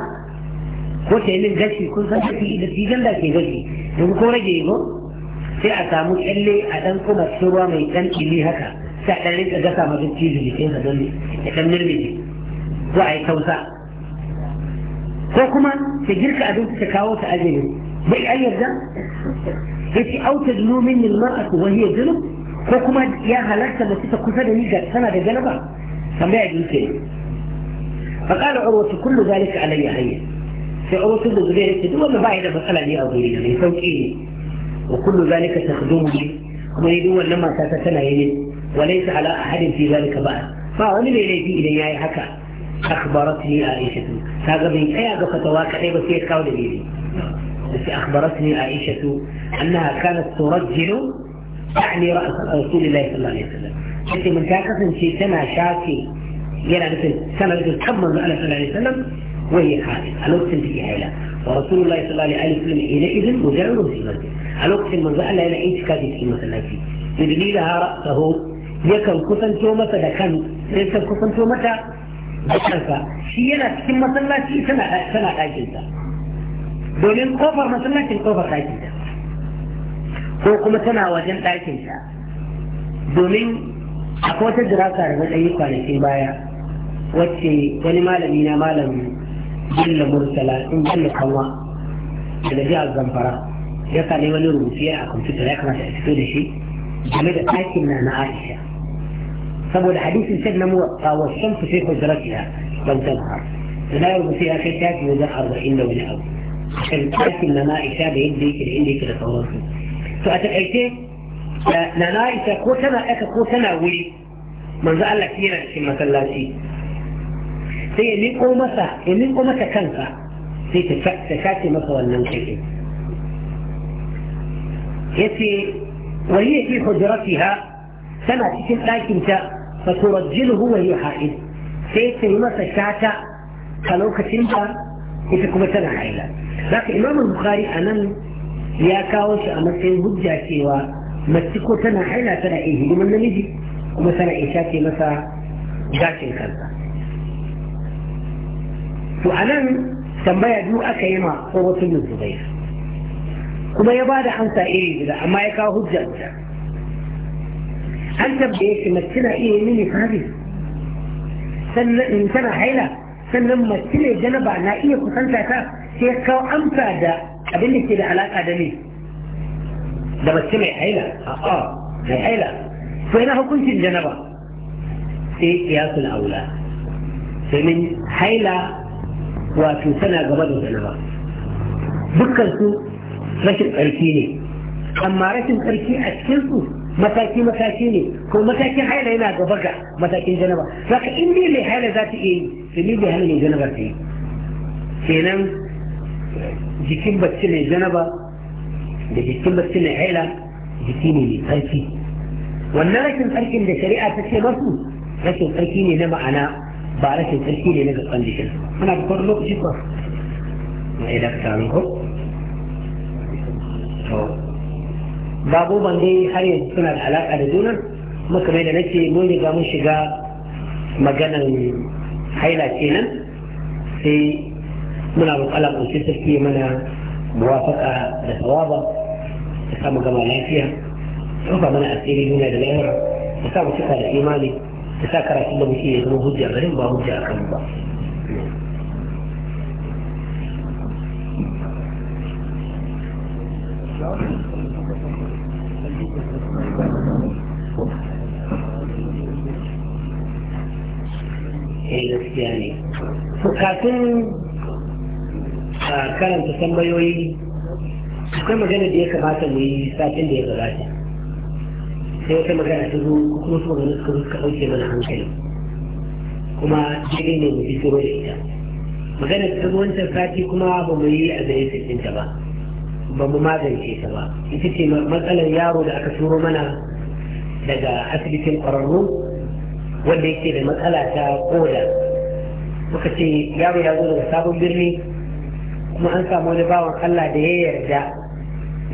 ko جلسي كل min في kun في tafi da fi ganda ke gashi sai a samu kyalle a dan kuma cikin ruwa mai dan ɗimi haka sai dan ɗan rinka gasa masu cizo jikin sa don ya ɗan mirmiji ko ai tausa ko kuma ki girka abin ki kawo ta ajiye bai ai yarda yace auta zulu minni al-mar'atu wa hiya junub ko kuma ya halarta da ta kusa da ni ga sana da galaba tambaya ji ke fa qala urwatu kullu zalika alayya hayya sai urwatu da zubair ce duk wanda ba ya da matsala ne a guri ne sauki ne وكل ذلك تخدمه لي ni duk لما mata يلي وليس على أحد في ذلك بعد fi zalika ba ba wani أخبرتني عائشة هذا من أي أقفة أي بسيئة قول لي بس أخبرتني عائشة أنها كانت ترجل تعني رأس رسول الله صلى الله عليه وسلم حتى من تاكس شيء سنة شاكي يلا يعني مثل سنة مثل كم من صلى الله عليه وسلم وهي أنا ألوت في حيلة ورسول الله صلى الله عليه وسلم حينئذ مجرد في مسجد a lokacin manzo Allah yana itikafi cikin masallaci jibril ha ra'sahu yakan kusanto masa da kan yakan kusanto mata da kansa shi yana cikin masallaci tana tana ɗakin sa domin kofar masallacin kofar ɗakin sa ko kuma tana wajen ɗakin sa domin akwai wata dirasa da na ɗanyi kwanakin baya wacce wani malami na malam Bello Mursala in Bello Kanwa daga jihar Zamfara يا تعالي ولي روسيا أكون في طريق ما تأكل شيء حمد أكل نعم عائشة طب والحديث سيدنا موطا والشمس في حجرتها لم تظهر لا روسيا في تاج وزهر وإن ولا أو عشان تأكل نعم عائشة بإندي آية كإندي كتصور فأتى أيتي آه، نعم عائشة كوسنا أك كوسنا ولي من زعل كثيرا في مثلا شيء سيدي قومتا إن قومتا كنفا سيدي تفاتي مثلا من كيفي يتي وهي في حجرتها سنة تسن لكن تا فترجله وهي حائل سيتن ما تشاتا فلو كتنبا يتكم سنة حائلة لكن إمام البخاري أنا يا كاوش أمسين بجا سيوا ما تكو سنة حائلة سنة إيه لمن نمجي كما سنة إيشاتي مسا جاشن كذا فأنا تنبايا دو أكيما هو وصل من الزبير kuma ya ba da amsa iri guda amma ya kawo hujjar an tambaye shi mace na iya yi ne fari sannan in tana haila sannan mace ne janaba na iya kusanta ta sai ya kawo amsa da abin da ke da alaka da ni da mace mai haila a'a mai haila ko yana hukuncin janaba sai ya kula aula sai min haila wato tana gaba da janaba dukkan su rashin ƙarfi ne amma rashin ƙarfi a cikinsu mataki-mataki ne ko matakin haila yana gaba ga matakin janaba zaka in dai mai haila za ta iya yi to ni bai hana mai janabar ta yi kenan jikin bacci mai janaba da jikin bacci mai haila jiki ne mai ƙarfi wannan rashin ƙarfin da shari'a ta ce masu rashin ƙarfi ne na ma'ana ba rashin ƙarfi ne na gaban jikin muna da kwanar lokaci ko ma'aikata ko babu dai har yanzu suna da alaƙa da juna muka mai da nake mun ga mun shiga maganar haila kenan sai muna bukala Allah sarki mana muwafaka da sawaba da samu gama lafiya rufa mana asiri juna da lahira da samu cika da imani da sa karatun da muke yanzu zama hujja garin ba hujja a kan ba Eh, gaskiya ne kafin a karanta tambayoyi akwai magana da ya kamata mu yi satin da ya gabata sai wata magana ta zo kuma su magana suka suka ɗauke mana hankali kuma daidai ne mu fi tsoro da ita magana ta zo wancan sati kuma ba mu yi a gare ta ba ba mu magance ta ba ita ce matsalar yaro da aka turo mana daga asibitin ƙwararru wanda yake da matsala ta koda muka ce yaro ya zo daga sabon birni kuma an samu wani bawan Allah da ya yarda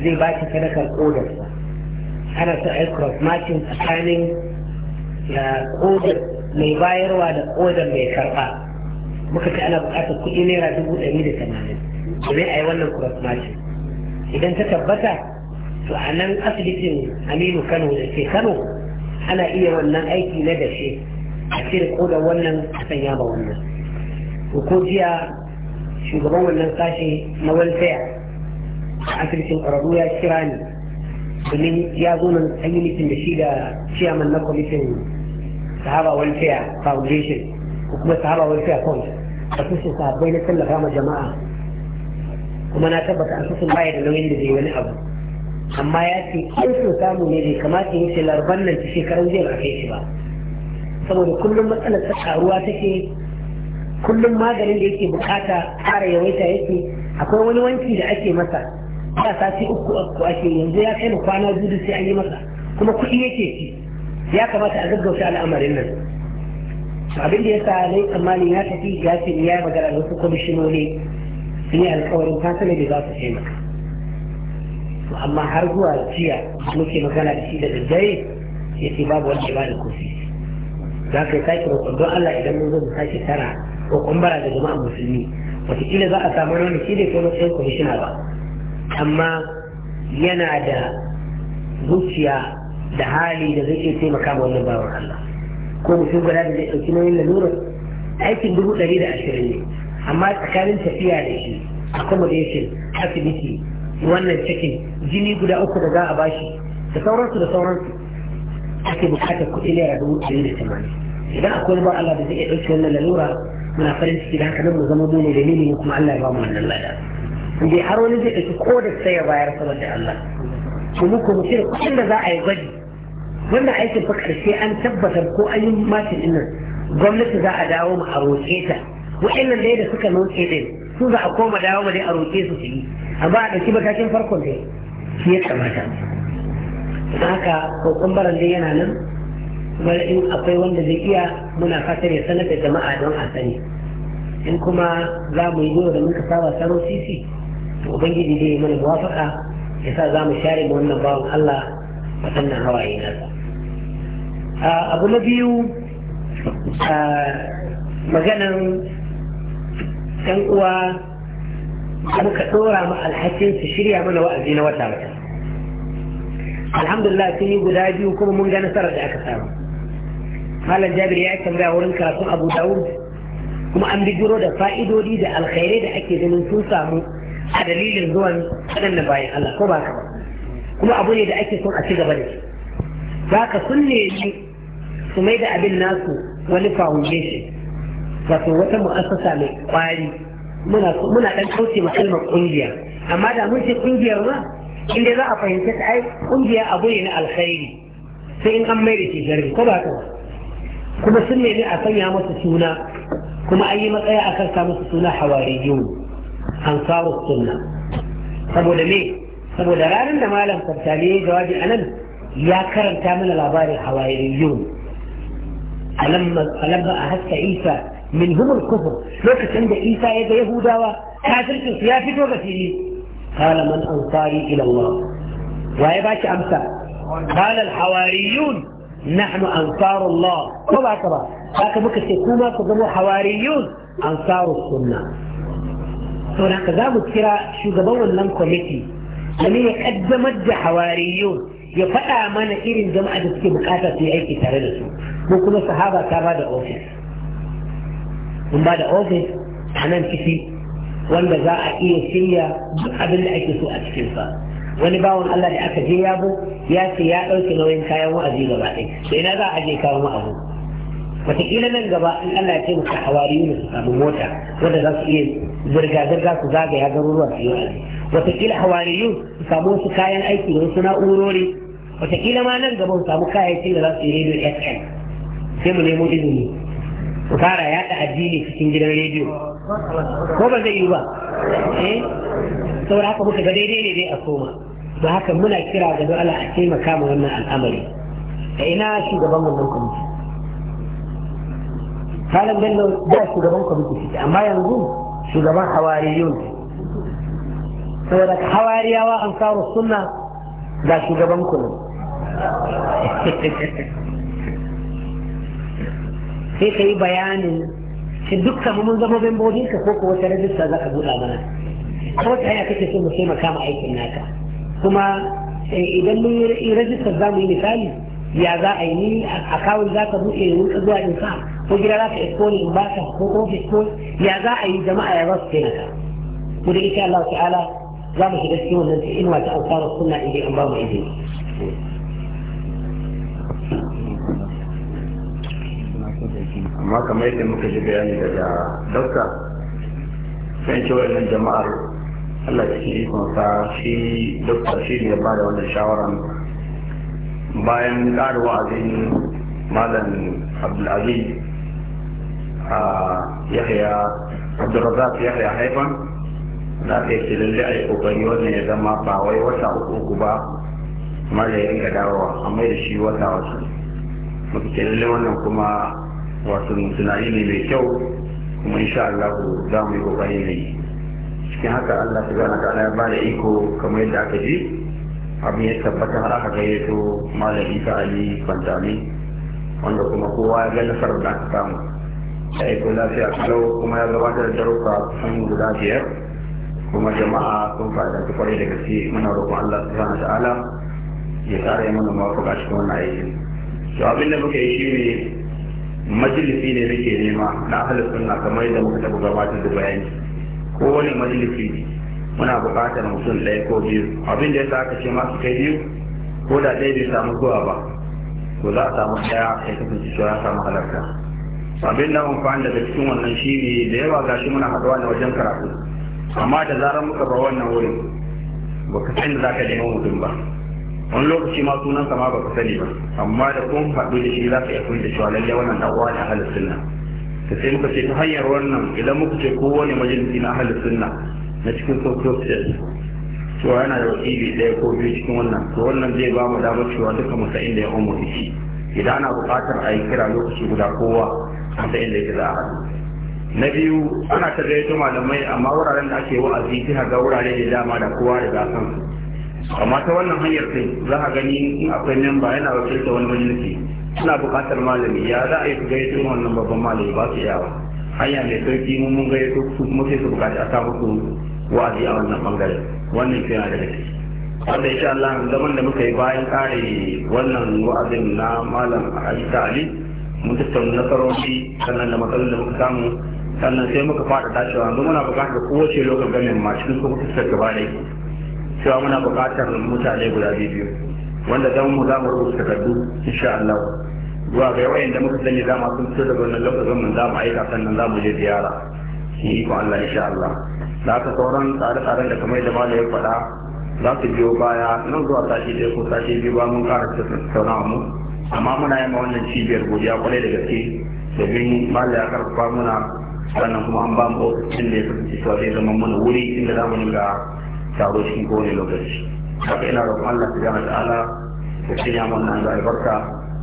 zai ba shi sadakar kodarsa ana sa a cross matching tsakanin da kodar mai bayarwa da kodar mai karɓa muka ce ana buƙatar kuɗi naira dubu ɗari da tamanin domin a yi wannan cross matching إذا انت ثبتها فأنا من أصل إذن أمين كانوا في خنو أنا إيه ونن أيتي لدى شيء أصير قولة ونن أسيابة ونن وكود يا شو قبو ونن قاشي نوال فيع أصير إذن أردو يا شراني ونن يازون أيين إذن بشيدة شيء من نقل إذن صحابة والفيع فاونديشن وكما صحابة والفيع كونت أصير صحابة بين السلة جماعة kuma na tabbata a susun baya da nauyin da zai wani abu amma ya ce in so samu ne bai kamata ya ce larban nan ta shekaran jiya ba kai shi ba saboda kullum matsalar ta karuwa take kullum maganin da yake bukata fara yawaita yake akwai wani wanki da ake masa ba sati uku uku ake yanzu ya kai kwana biyu sai an yi masa kuma kuɗi yake ci ya kamata a gaggauta al'amarin nan abin da ya sa nai tsammani ya tafi ya ce ya yi magana da wasu kwamishinoni sun yi alkawarin ne da za su taimaka amma har zuwa jiya muke magana da shi da daddare ya ce babu wani ya kofi za ka yi sake roƙon don Allah idan mun zo mu sake tara roƙon bara da jama'a musulmi wataƙila za a samu wani shi da kuma matsayin kwamishina ba amma yana da zuciya da hali da zai iya taimaka ma wannan bawan Allah ko mutum guda da zai ɗauki nauyin lalurar aikin dubu ɗari da ashirin ne amma tsakanin tafiya da shi accommodation asibiti wannan cikin jini guda uku da za a bashi da sauransu da sauransu ake bukatar kuɗi naira dubu ɗari da tamanin idan akwai ba Allah da zai iya ɗauki wannan lalura muna farin ciki da haka nan mu zama mu ne dalili kuma Allah ya ba mu wannan lada inda har wani zai ɗauki ko da sai ya bayar saboda Allah to mu ko mu shirya kuɗin da za a yi gwaji wannan aikin fa ƙarshe an tabbatar ko an yi matin ɗin gwamnati za a dawo mu a roƙe ta wa'annan dai da suka nutse din su za a koma dawo ba dai a roƙe su su yi amma a ɗauki matakin farkon dai shi ya kamata haka kokon baran dai yana nan kuma in akwai wanda zai iya muna fatar ya sanar da jama'a don a sani in kuma za mu yi da muka saba saro sisi to ubangiji dai mana muwafaka ya sa za mu share da wannan bawan Allah waɗannan hawaye nasa ah, abu na biyu ah, maganan ɗan uwa da muka ɗora mu alhakin su shirya mana wa'azi na wata wata alhamdulillah sun yi guda biyu kuma mun ga nasarar da aka samu malam jabir ya tambaya wurin karatun abu dawud kuma an bijiro da fa'idodi da alkhairai da ake ganin sun samu a dalilin zuwan waɗannan bayan Allah ko ba ka ba kuma abu ne da ake son a ci gaba da shi ba ka sunne su mai da abin nasu wani foundation wato wata mu'assasa mai kwari muna dan kauce ma kalmar kungiya amma da mun ce kungiyar ma in dai za a fahimci ta ai kungiya abu ne na alkhairi sai in an mai da shi sharri ko ba ka kuma sun nemi a sanya masa suna kuma an yi matsaya a kansa musu suna hawariyun ansaru sunna saboda me saboda ranar da malam sartani ya jawabi a nan ya karanta mana labarin hawariyun alamma a haska isa منهم الكفر لكن عند عيسى يد يهودا وكافر سيافد وغسيلي قال من انصاري الى الله ويا باش امسى قال الحواريون نحن انصار الله طبعا ترى هكا بك السكومه تضموا حواريون انصار السنه هنا كذاب كرا شو قبول لم كوميتي يعني يقدم حواريون يفقى من إيرين جمعة تسكي بقاتة في أي كتار لسو مو كل صحابة كرادة أوفيس mun ba da ofis a nan ciki wanda za a iya shirya duk abin da ake so a cikinsa wani bawan Allah da aka je yabo ya ce ya ɗauke nauyin kayan wa'azi gaba ɗaya to ina za a aje kawo abu wataƙila nan gaba in Allah ya ce musu hawariyu da su samu mota wanda za su iya zirga-zirga su zagaya garuruwa su yi wa'azi wataƙila hawariyu su samu wasu kayan aiki da wasu na'urori wataƙila ma nan gaba su samu kayayyakin da za su yi radio fm sai mu nemo izini su fara yaɗa addini cikin gidan rediyo ko ba zai yi ba eh saboda haka muka ga daidai ne dai a koma ba haka muna kira ga don Allah a taimaka ma wannan al'amari A ina shugaban wannan kwamiti Malam Bello da shugaban kwamiti amma yanzu shugaban hawariyun saboda hawariyawa an kawo sunna ga shugaban kullum sai ka yi bayanin shi dukkan mun zama membobin ka ko kuwa wata rajista za ka buɗa mana ko ta hanya kake so mu taimaka ma aikin naka kuma idan mun yi rajistar za mu yi misali ya za a yi ni a kawai za ka buɗe ya wuce zuwa in sa ko gida za ka isko ne in ba ka ko ofis ko ya za a yi jama'a ya za su taimaka mu da insha Allah ta'ala za mu shiga cikin wannan ta'inwa ta ansara sunna idan an ba mu izini amma kamar yadda muka ji bayani daga dauka sai ce wannan jama'ar Allah cikin ikon sa shi dauka shi ne ba da wannan shawaran bayan ƙara wa'azin malam abdulaziz a yahya abdulrazak yahya haifan da aka yi lalle a yi kokari wannan ya zama ba wai wata uku ba ba mara ya rinka dawowa amma da shi wata wasu muka ce wannan kuma wato tunani ne mai kyau kuma insha Allah za mu yi kokari ne cikin haka Allah subhanahu gana kana ya bada iko kamar yadda aka ji abin ya tabbata har aka gayyato malam Isa Ali Fantami wanda kuma kowa ya ga nasarar da aka samu ya aiko lafiya kalau kuma ya gabatar da daruka sun guda biyar kuma jama'a sun fa'idantu kwarai da gaske muna roƙon Allah subhanahu wa ta'ala ya tsara mana mawafaka cikin wannan aikin to abin da muka yi shi ne majalisi ne nake nema na ahalin sunna kamar yadda muka taɓa gabatar da bayani ko wani majalisi muna buƙatar mutum ɗaya ko biyu abin da ya sa aka ce masu kai biyu ko da ɗaya bai samu zuwa ba ko za a samu ɗaya ya kasance cewa ya samu halarta abin da amfani daga cikin wannan shi ne da yawa gashi muna haɗuwa ne wajen karatu amma da zarar muka bar wannan wurin ba ka san da za ka nemo mutum ba wani lokaci ma sunan sa ma ba ku sani ba amma da kun faɗo da shi za ka iya fahimta cewa lallai wannan dan uwa ne ahlus sunna ta sai muka ce ta hanyar wannan idan muka ce wani majalisi na ahlus sunna na cikin sosai cewa yana da wakili ɗaya ko biyu cikin wannan to wannan zai ba mu damar cewa duka sa'in da ya umarci shi idan ana buƙatar a yi kira lokaci guda kowa sa'in da ya za a haɗu na biyu ana ta gaito malamai amma wuraren da ake wa'azi kina ga wurare da dama da kowa da gasan amma ta wannan hanyar sai za a gani in akwai memba yana wakilta wani majalisi suna buƙatar malami ya za a yi su gayyato wannan babban malami ba su yawa hanya mai sauki mun mun gayyato su kuma sai su buƙaci a samu su wa'azi a wannan bangare wannan kira da ciki wanda insha Allah zaman da muka yi bayan kare wannan wa'azin na malam Aisha Ali mun tattauna nasarori sannan da matsalolin da muka samu sannan sai muka fada dacewa yanzu muna buƙatar kowace lokacin ganin ma cikin kuma fuskar gaba ɗaya cewa muna buƙatar mutane guda biyu wanda dan mu za mu rubuta takardu insha Allah zuwa ga wayan da muka sani za mu sun fito daga wannan lokacin mun za mu aika sannan za mu je ziyara shi ko Allah insha Allah da ka sauran tsare-tsaren da kamar da malai ya faɗa za su biyo baya nan zuwa sashi dai ko sashi biyu ba mun ƙara tattaunawa mu amma muna yi ma wannan cibiyar godiya kwarai da gaske bin malai ya karfafa muna sannan kuma an ba mu ofis da ya kasance cewa zai zama mana wuri inda za mu dinga taro shi ko wani lokaci haka ina roƙon Allah subhanahu wa ta'ala ya shirya mun nan da albarka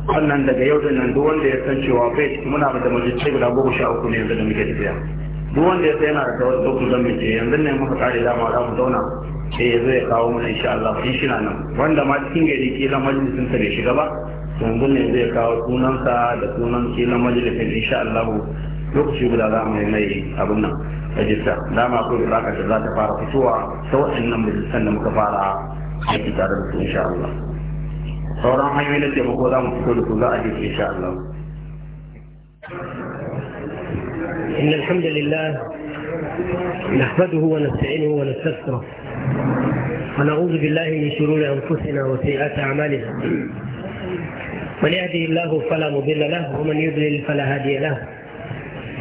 wannan daga yau da nan duk wanda ya san cewa bai muna da majalisai guda goma sha uku ne yanzu da muke tafiya duk wanda ya san yana da wasu doku zan mace yanzu ne muka kare dama za mu zauna sai ya zo ya kawo mana insha Allah in shi nan wanda ma cikin gari ke kila majalisin sa bai shiga ba yanzu ne zai kawo sunansa da sunan kila majalisin insha Allah lokaci guda za mu mai abin nan rajista dama akwai bukatar da za ta fara fitowa ta waɗannan majalisan da muka fara aiki tare da su insha Allah sauran hanyoyin na taimako za mu fito da su za a je insha Allah إن الحمد لله نحمده ونستعينه ونستغفره ونعوذ بالله من شرور أنفسنا وسيئات أعمالنا من يهده الله فلا مضل له ومن يضلل فلا هادي له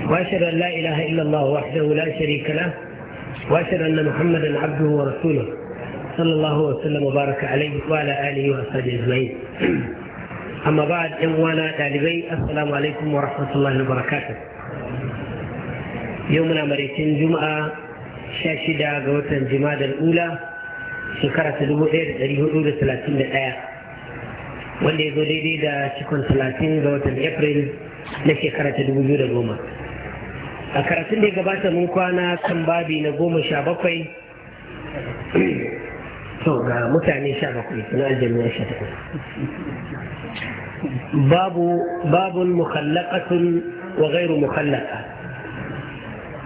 وأشهد أن لا إله إلا الله وحده لا شريك له وأشهد أن محمدا عبده ورسوله صلى الله وسلم وبارك عليه وعلى آله وأصحابه أجمعين أما بعد إخوانا طالبي السلام عليكم ورحمة الله وبركاته يومنا مريتين جمعة شاشدة غوتا جماد الأولى شكرا ta dubu ɗaya da ɗari ولي da talatin da ɗaya wanda ya zo daidai da cikon a karatun da ya gabata mun kwana kan babi na goma sha bakwai to ga mutane sha bakwai suna aljamiya sha takwas babu babun mukallakatun wa gairu mukallaka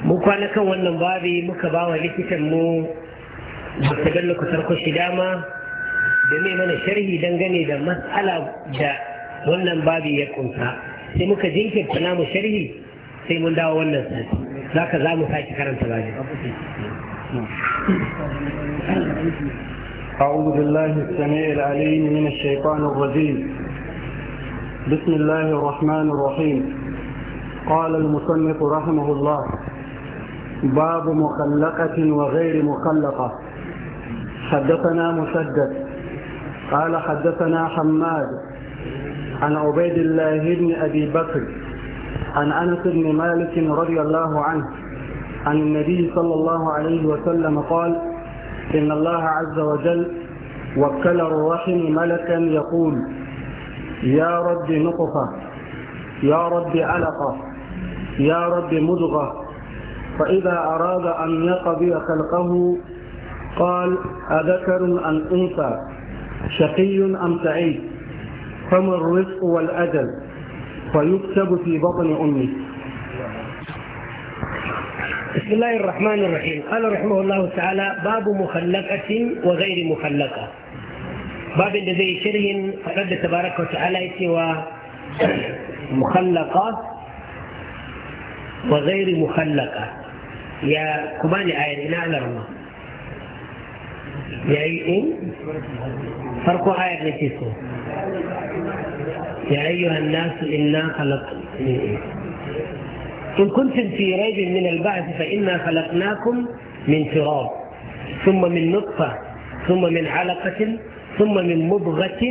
mun kwana kan wannan babi muka ba wa likitan mu da ta Dr. Bello shi dama, da mai mana sharhi dangane da matsala da wannan babi ya kunsa sai muka jinkirta namu sharhi sai mun dawo wannan sati za ka za mu sake karanta أعوذ بالله السميع العليم من الشيطان الرجيم بسم الله الرحمن الرحيم قال المصنف رحمه الله باب مخلقة وغير مخلقة حدثنا مسدد قال حدثنا حماد عن عبيد الله بن أبي بكر عن أنس بن مالك رضي الله عنه عن النبي صلى الله عليه وسلم قال إن الله عز وجل وكل الرحم ملكا يقول يا رب نقفة يا رب علقة يا رب مضغة فإذا أراد أن يقضي خلقه قال أذكر أم أنثى شقي أم سعيد فما الرزق والأجل ويكتب في بطن أمه بسم الله الرحمن الرحيم قال رحمه الله تعالى باب مخلقة وغير مخلقة باب الذي شره فقد تبارك وتعالى سوى مخلقة وغير مخلقة يا كماني آية إنا على يا إيه فرق آية نتيسو يا أيها الناس إنا خلقناكم إن كنتم في ريب من البعث فإنا خلقناكم من تراب ثم من نطفة ثم من علقة ثم من مضغة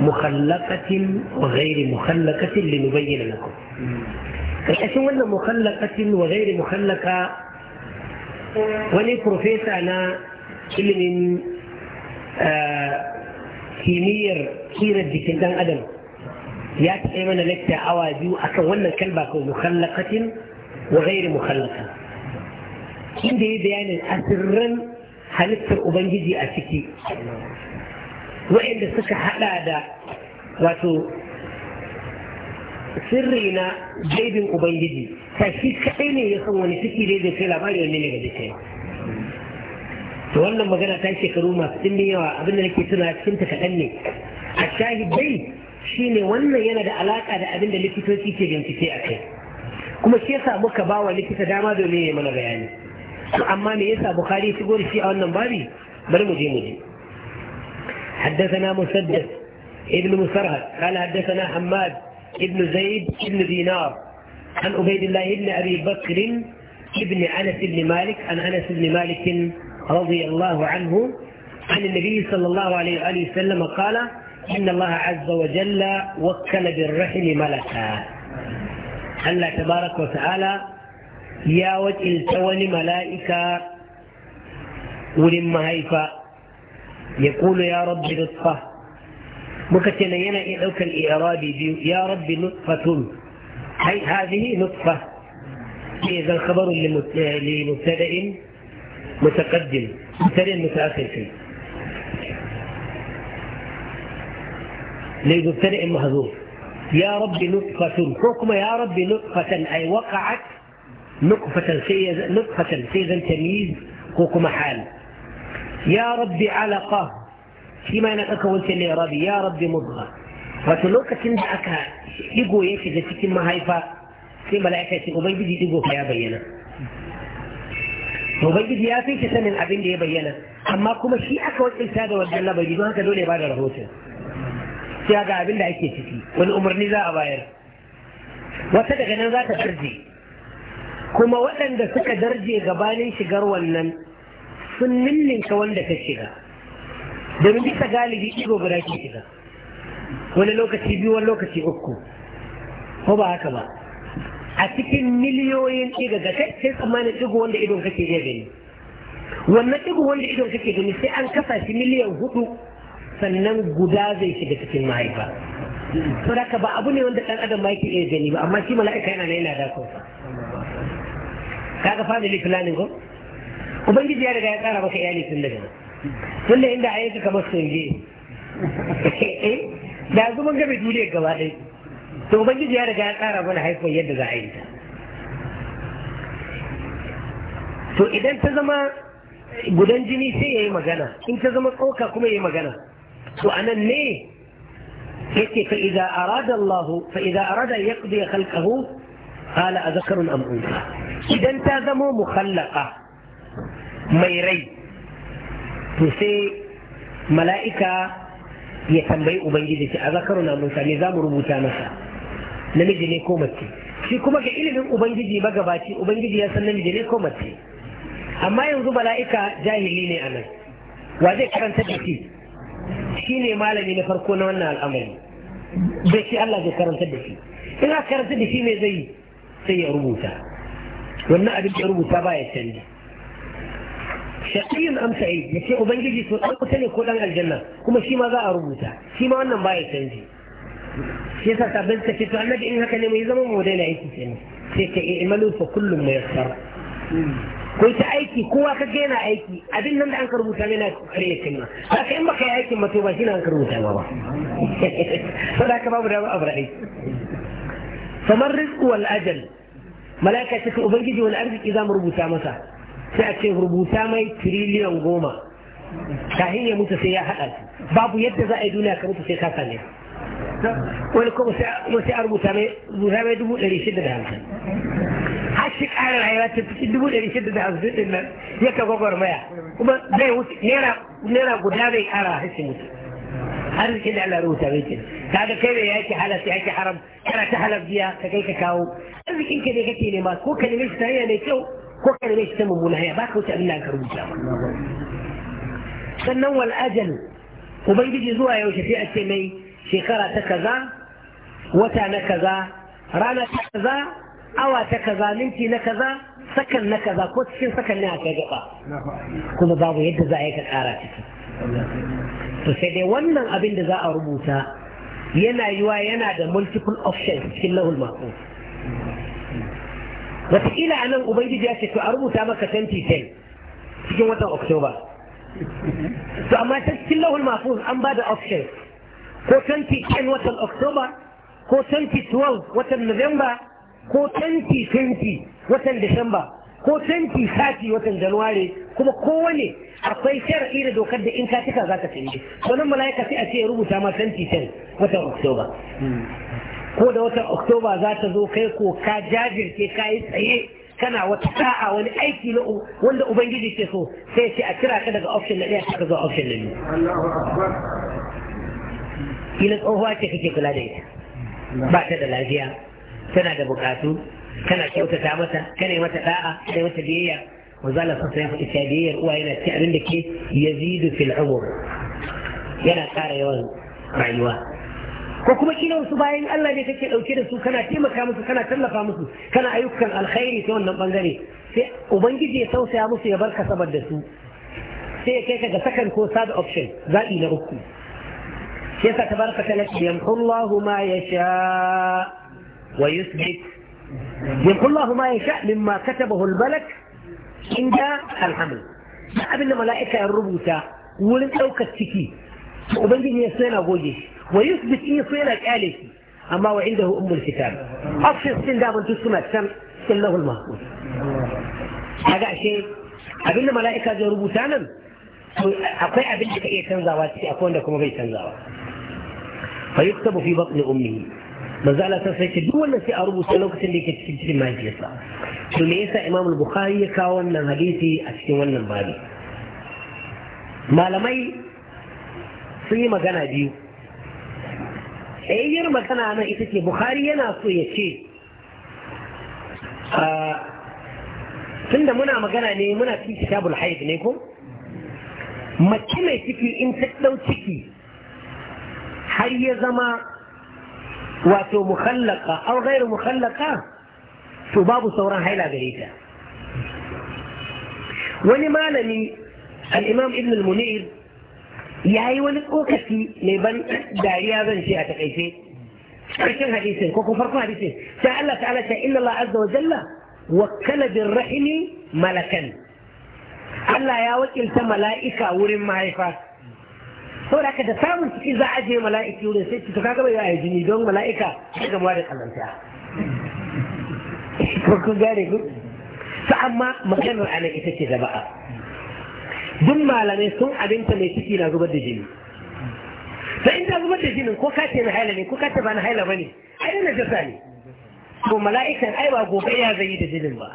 مخلقة وغير مخلقة لنبين لكم الحسن ولا مخلقة وغير مخلقة أنا كل من آه كيمير kirar دي كندان أدم ya taɓa mana lakta awa biyu akan wannan kalba kawai mukhallaqatin wa ghairi mukhallaqa inda ya bayanin asirran halittar ubangiji a ciki wa'inda suka hada da wato sirri na jaibin ubangiji ta shi kaɗai ne ya san wani ciki dai zai kai labari wani ne ga zai to wannan magana ta shekaru masu ɗimbin yawa abinda nake tuna cikin ta kaɗan ne a shahidai shine wannan yana da alaka da abin da likitoci ke bincike a kai kuma shi yasa muka ba wa likita dama domin ya mana bayani amma me yasa bukhari shigo da shi a wannan babi bari mu je mu je حدثنا مسدس ابن مسرهد قال حدثنا حماد ابن زيد ابن دينار عن عبيد الله ابن ابي بكر ابن انس بن مالك عن انس بن مالك رضي الله عنه عن النبي صلى الله عليه واله وسلم قال إن الله عز وجل وكل بالرحم ملكا الله تبارك وتعالى يا وجه التون ملائكة ولما هيفا يقول يا رب نطفة مكتنا ينا إعوك إيه الإعرابي يا رب نطفة هي هذه نطفة إذا إيه خبر لمبتدئ متقدم مبتدأ متأخر فيه ليبتدئ المهزوم يا رب نقفة حكم يا رب نقفة أي وقعت نقفة ط ف ة سيزا تمييز حكم حال يا رب علقة فيما انك كونت لي ربي يا رب مضغه فتلوك تندعك يقو يشد تتم هايفا في ملائكه ابيض يقو فيا بينا ابيض يا فيك سمن ابيض يا بينا اما كما شيء اكون انسان ودلنا بيدوها كدولي بعد رهوته cewa ga abin da ake ciki wani umarni za a bayar wata daga nan za ta darje kuma waɗanda suka darje gabanin shigar wannan sun ninninka wanda ta shiga domin bisa galibi ido guda ke shiga wani lokaci biyu wani lokaci uku ko ba haka ba a cikin miliyoyin ɗiga ga kai sai tsammanin ɗigo wanda idon kake iya gani wannan ɗigo wanda idon kake gani sai an kasa shi miliyan hudu sannan guda zai shiga cikin mahaifa saboda ba abu ne wanda ɗan adam ma yake iya gani ba amma shi mala'ika yana nan yana dakonsa kaga family planning ko ubangiji ya riga ya tsara maka iyali tun daga nan tun da inda ayyuka kamar songe eh? da yanzu mun game duniyar gaba ɗaya to ubangiji ya riga ya tsara mana haifar yadda za a yi ta to idan ta zama gudan jini sai ya yi magana in ta zama tsoka kuma ya yi magana to anan ne yake fa idza arada Allah fa idza arada yaqdi khalqahu qala idan ta zamo mukhallaqa mai rai sai mala'ika ya tambayi ubangiji ce azkarun am unsa ne za mu rubuta masa namiji ne ko mace shi kuma ga ilimin ubangiji magabaci ubangiji ya san namiji ne ko amma yanzu mala'ika jahili ne anan wa zai karanta da shine malami na farko na wannan al'amari da shi Allah zai karanta da shi ina karanta da shi mai zai sai ya rubuta wannan abin da rubuta ba ya canji shaqiyun am sa'id ce ubangiji to dan kuta ne ko ɗan aljanna kuma shi ma za a rubuta shi ma wannan ba ya canji shi yasa sabbin ka ce to annabi in haka ne mai zama mu daina aiki kenan sai ka i'malu fa kullum muyassar ko ta aiki kowa ka ga yana aiki abin nan da an rubuta mai na kare ya cinna haka in baka yi aikin mato ba shi na an rubuta ba saboda ka babu dama abu aiki kamar rizku wal ajal mala'ika ta ubangiji wani arziki za mu rubuta masa sai a ce rubuta mai tiriliyan goma kafin ya mutu sai ya haɗa babu yadda za a yi duniya ka mutu sai ka same wani kuma sai a rubuta mai dubu ɗari shida da hamsin har shi ƙara rayuwa ta cikin dubu ɗari shida da hamsin ɗin nan ya ka gwagwarmaya kuma zai wuce naira guda bai ƙara har shi mutu har shi da Allah rubuta mai kin kaga kai bai yaki halal sai yaki haram kana ta halal biya ka kai ka kawo arzikin ka ne kake nema ko ka nemi shi ta hanya mai kyau ko ka nemi shi ta mummuna hanya ba ka wuce abin da ka rubuta sannan wal ajal ubangiji zuwa yaushe sai a ce mai shekara ta kaza wata na kaza rana ta kaza awa ta kaza minti na kaza sakan na kaza ko cikin sakan ne aka gaba kuma babu yadda za a yi ka kara ciki to sai dai wannan abin da za a rubuta yana yiwa yana da multiple options cikin lahul mako wataƙila a nan ubangiji ya ce to a rubuta maka 2010 cikin watan october to amma ta cikin lahul mafuz an ba da options ko 2010 watan october ko 2012 watan november ko 2020 watan Disamba ko 2030 watan Januwari, kuma kowane akwai shar'i da dokar da in ka za ka canje sanin mala'ika sai a ce ya rubuta ma 2010 watan Oktoba ko da watan Oktoba za ta zo kai ko ka jajirce ka yi tsaye kana wata sa'a wani aiki na wanda ubangiji ke so sai ce a kira ka daga option na ɗaya ka zo option na biyu Ina tsohuwa ce kake kula da ita ba ta da lafiya kana da bukatu kana kyautata mata kana yi mata da'a kana yi mata biyayya manzo Allah sun sai faɗi biyayyar uwa yana ci abin da ke yazidu fil umur yana ƙara yawan rayuwa ko kuma kila wasu bayan Allah ne kake dauke da su kana taimaka musu kana tallafa musu kana ayyukan alkhairi ta wannan bangare sai ubangiji ya tausaya musu ya barka da su sai ya kai ka ga second ko third option zaɓi na uku sai ka tabaraka ta lati yamhullahu ma yasha ويثبت يقول الله ما يشاء مما كتبه الملك عند الحمل سحب الملائكة الربوتا ولن أوك السكي وبنجي يسنى وجه ويثبت إيه صينا الالف أما وعنده أم الكتاب أفشي السن دابن تسمى السن سن له المهبوط هذا شيء أبي لما لايك هذا ربو سانم أقي أبي إيه تنزاوات أكون لكم بي تنزاوات فيكتب في بطن أمه manzo Allah ta sai duk wannan sai a rubuta lokacin da yake cikin cikin mahaifiyarsa to me yasa Imam Bukhari ya kawo wannan hadisi a cikin wannan babi malamai sun yi magana biyu Ayyar magana nan ita ce Bukhari yana so ya ce ah, tunda muna magana ne muna cikin kitabul haid ne ko mace mai ciki in ta ɗau ciki har ya zama واتو مخلقه او غير مخلقه تو بابو سوران هيلا بهيتا ولما لني الامام ابن المنير يا اي ولد اوكتي لبن داريا بن شيعه كيفي كيفين حديثين كوكو فرقو حديثين سال تعالى ان الله عز وجل وكل بالرحم ملكا الله يا وكل ملائكه ورم ما يفاس saboda ka da samun ciki za a je mala'iki wurin sai ciki ka gaba yawa jini don mala'ika sai gaba da kalanta ko kun gane ku sa amma maganar ana ita ce da ba'a duk malamai sun abinta mai ciki na zubar da jini da in ta zubar da jinin ko ce na haila ne ko ce ba na haila ba ne ai na jasa ne to mala'ikan ai ba gobe ya zai yi da jinin ba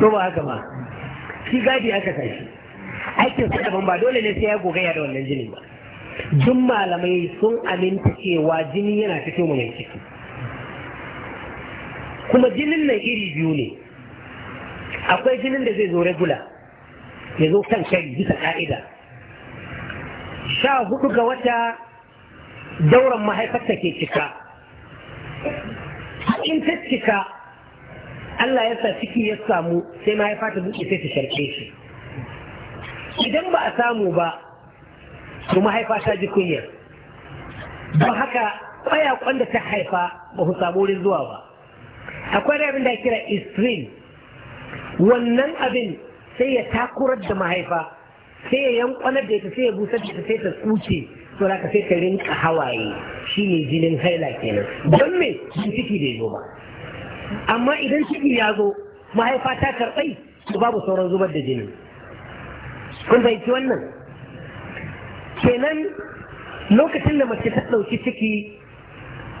to ba haka ba shi gadi aka kai aikin sa daban ba dole ne sai ya gogaya da wannan jinin ba duk malamai sun aminta cewa jini yana fito mu ciki kuma jinin nan iri biyu ne akwai jinin da zai zo regula ya zo kan shari bisa ka'ida sha hudu ga wata dauran mahaifarta ke cika in ta cika Allah ya sa ciki ya samu sai mahaifa ta buɗe sai ta sharke shi idan ba a samu ba su mahaifa ta ji kunya don haka kwaya da ta haifa ba ku samu wurin zuwa ba akwai da abin da kira istrin wannan abin sai ya takurar da mahaifa sai ya yankwanar da ita sai ya busar da sai ta tsuce to da ka sai ta rinka hawaye shi ne jinin haila kenan don me shi ciki bai zo ba amma idan ciki ya zo mahaifa ta karɓai to babu sauran zubar da jini kun fahimci wannan kenan lokacin da mace ta ɗauki ciki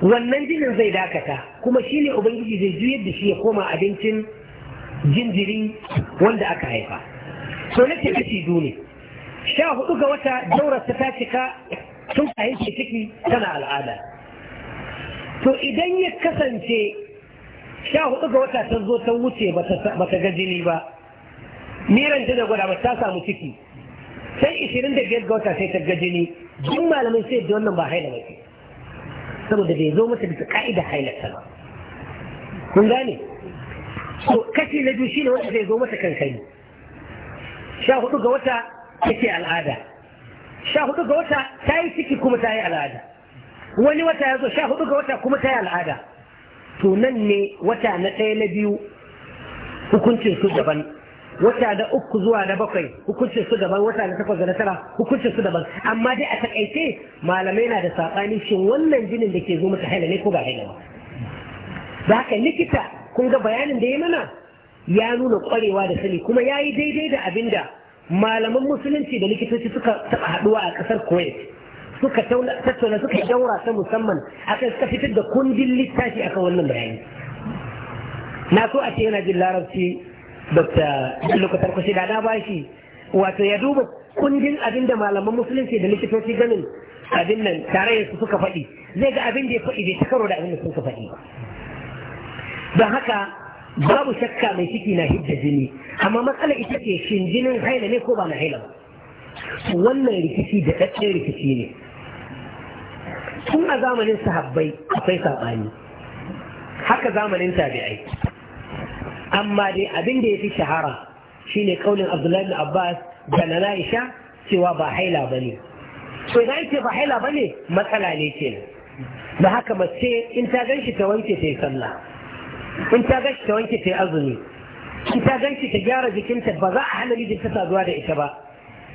wannan jinin zai dakata kuma shi ne ubangiji zai juyar da shi ya koma abincin jinjiri wanda aka haifa so nake kashi ne sha hudu ga wata daurar ta cika tun a yanke ciki tana al'ada to idan ya kasance sha hudu ga wata ta zo ta wuce ba ta ga jini ba niranta da gwada ba ta samu ciki sai ishirin da biyar ga wata sai ta jini duk malamai sai da wannan ba haila ce saboda bai zo mata bisa ka'ida hailarta ba kun gane so kashi na biyu shine wanda zai zo mata kankani sha hudu ga wata take al'ada sha hudu ga wata ta yi ciki kuma ta yi al'ada wani wata ya zo sha hudu ga wata kuma ta yi al'ada to nan ne wata na ɗaya na biyu hukuncin su daban wata da uku zuwa da bakwai hukuncin su daban wata da takwas da na tara hukuncin su daban amma dai a takaice malamai na da saɓani shin wannan jinin da ke zo mata haila ne ko ba haila ba da haka likita kun ga bayanin da ya mana ya nuna kwarewa da sani kuma ya yi daidai da abin da malaman musulunci da likitoci suka taɓa haɗuwa a ƙasar kuwait suka tattauna suka yi daura ta musamman akan suka fitar da kundin littafi akan wannan bayani na so a ce yana jin larabci dr luka tarkushi da bashi wato ya duba kundin abin da malaman musulunci da likitoci ganin abin nan tarayyar su suka faɗi zai ga abin da ya faɗi bai karo da abin da suka faɗi don haka babu shakka mai ciki na hidda jini amma matsala ita ce shin jinin haila ne ko ba na haila ba wannan rikici da ɗaɗɗen rikici ne tun a zamanin sahabbai akwai saɓani haka zamanin tabi'ai amma dai abin da ya fi shahara shine kaunin abdullahi bin abbas da na aisha cewa ba haila ba ne so idan ake ba haila ba ne matsala ne kenan da haka mace in ta gan shi ta wanke ta yi sallah in ta gan shi ta wanke ta yi azumi in ta gan shi ta gyara jikinta ba za a hana mijinta saduwa da ita ba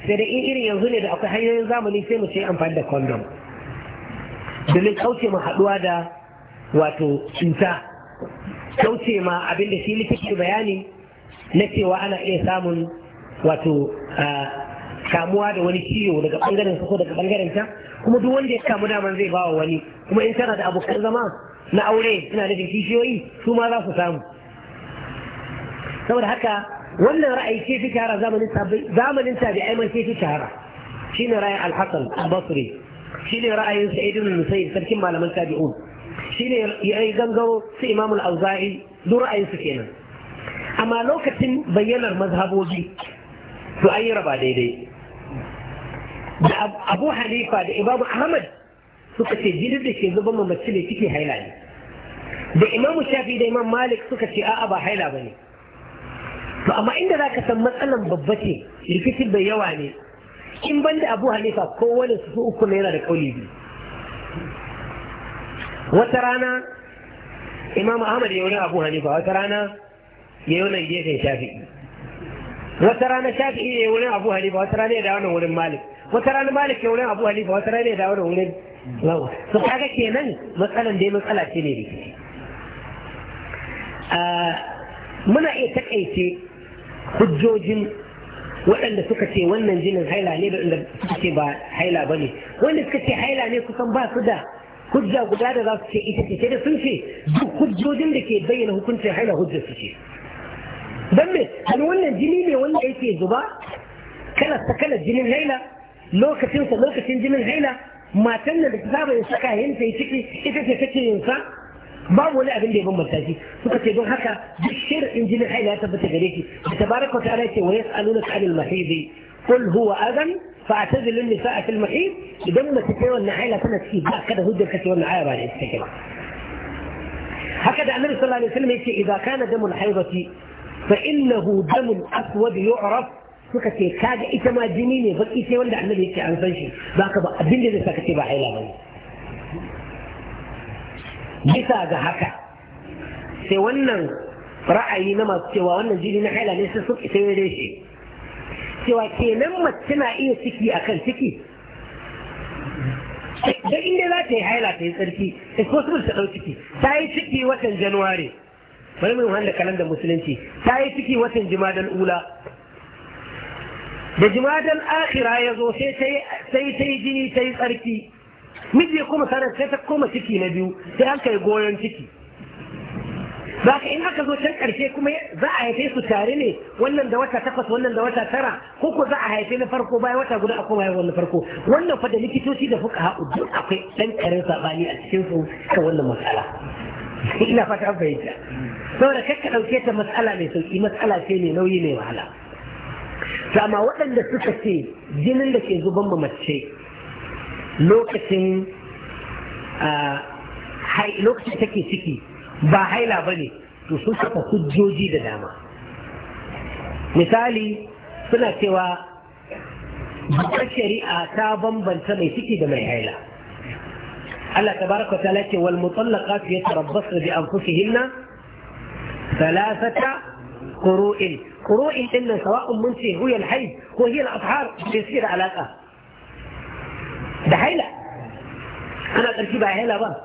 sai da in irin yanzu ne da akwai hanyoyin zamani sai mu ce amfani da kondom domin kauce mu haɗuwa da wato cuta kauce ma abin da shi likita bayani na cewa ana iya samun wato kamuwa da wani ciwo daga bangaren ko daga bangaren ta kuma duk wanda ya kamu daman zai bawa wani kuma in tana da abokan zama na aure suna da kishiyoyi su ma za su samu saboda haka wannan ra'ayi ce fi shahara zamanin zamanin tabi'ai man ce fi shine ra'ayin al-hasan al-basri shine ra'ayin Sa'idun musayyib sarkin malaman tabi'un Shi ya yi gangaro su imamul auzai duk ra'ayin su kenan amma lokacin bayyanar mazhabobi to an yi raba daidai da Abu Hanifa da ibabu Ahmad suka ce jirgin da ke zuba mamaci ne cike haila ne da imamu Shafi da Imam Malik suka ce a'a ba haila bane to amma inda za ka san matsalan babba ce rikicin da yawa ne in banda Abu Hanifa wani su uku ne yana da kauli biyu wata rana imam ahmad ya wani abu hanifa wata rana ya wani gefen shafi'i wata rana shafi'i ya wani abu hanifa wata rana ya dawo nan wurin malik wata rana malik ya wani abu hanifa wata rana ya dawo nan wurin lawa su kaga kenan matsalan dai matsala ce ne rikici ah, muna iya takaice hujjojin waɗanda suka ce wannan jinin haila ne da suka ce ba haila ba ne wanda suka ce haila ne kusan ba su da hujja guda da za su ce ita ce da sun ce duk hujjojin da ke bayyana hukuncin haila hujja su ce don me hali wannan jini ne wanda yake zuba kalar ta kalar jinin haila lokacinsa lokacin jinin haila matan da ta saba yin saka yin ta yi ciki ita ce take yin sa babu wani abin da ya bambanta shi suka ce don haka duk shirin jinin haila ya tabbata gare ki da tabaraka ta'ala ce wa yas'alunaka 'anil mahidi qul huwa adan فاعتزل النساء في المحيط بدون ما تتوى النعاية لكنا تسيب لا كده هدى كتوى النعاية بعد التكلم هكذا النبي صلى الله عليه وسلم يقول إذا كان دم الحيضة فإنه دم أسود يعرف فكتي كاجة إتما جميني فإتما ولد عن النبي عن فنشي ذاك بقى أدل لذي فكتبا حيلا بني جيسا جهكا سيوانا رأيي نما سيوانا جيلي نحيلا ليس سوك cewa kenan mace na iya ciki akan ciki da inda za ta yi haila ta yi tsarki it's possible ta ɗau ciki ta yi ciki watan januwari bari mu wanda kalan da musulunci ta yi ciki watan jimadan ula da jimadan akhira ya zo sai ta yi jini ta yi tsarki miji kuma sanar sai ta koma ciki na biyu sai an kai goyon ciki ba ka in aka zo can karshe kuma za a haife su tare ne wannan da wata takwas wannan da wata tara ko ko za a haife na farko bayan wata guda akwai bayan wannan farko wannan fa da likitoci da fuka ha'u duk akwai ɗan ƙarin saɓani a cikin su ka wannan matsala ina fata an fahimta saboda ka ɗauke ta matsala mai sauki matsala ce mai nauyi mai wahala amma waɗanda suka ce jinin da ke zuban mu mace lokacin ah, lokacin take ciki ba haila ba ne to sun saka hujjoji da dama misali suna cewa bakar shari'a ta bambanta mai ciki da mai haila Allah tabaraka wa ta'ala ce wal mutallaqat yatarabbasna bi anfusihinna thalathata قروء قروء إن سواء منسي هي الحيض وهي الأطهار بيصير علاقة ده حيلة أنا قلت بقى حيلة بقى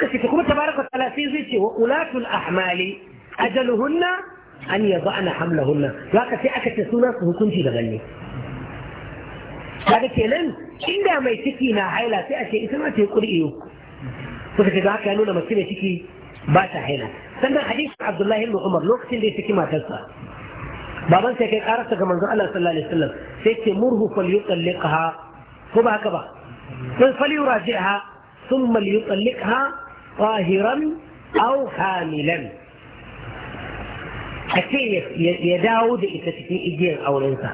تكون تبارك وتعالى في زيتي وأولاك الأحمال أجلهن أن يضعن حملهن لك في أكت سنة سهكون جيدا غني هذا كيلن إن دا ما يتكينا حيلا في أشياء إسمع تيقول إيو فكذا دعا كانونا ما سنة تكي باشا حيلا سنة حديث عبد الله بن عمر لوكس اللي تكي ما تلسى بابا سيكي أرسك من قال الله صلى الله عليه وسلم سيكي مره فليطلقها فبها كبا فليراجعها ثم ليطلقها طاهرا او حاملا حكيه يداود إ ت ت ك ي ج ي ن أ و ننسى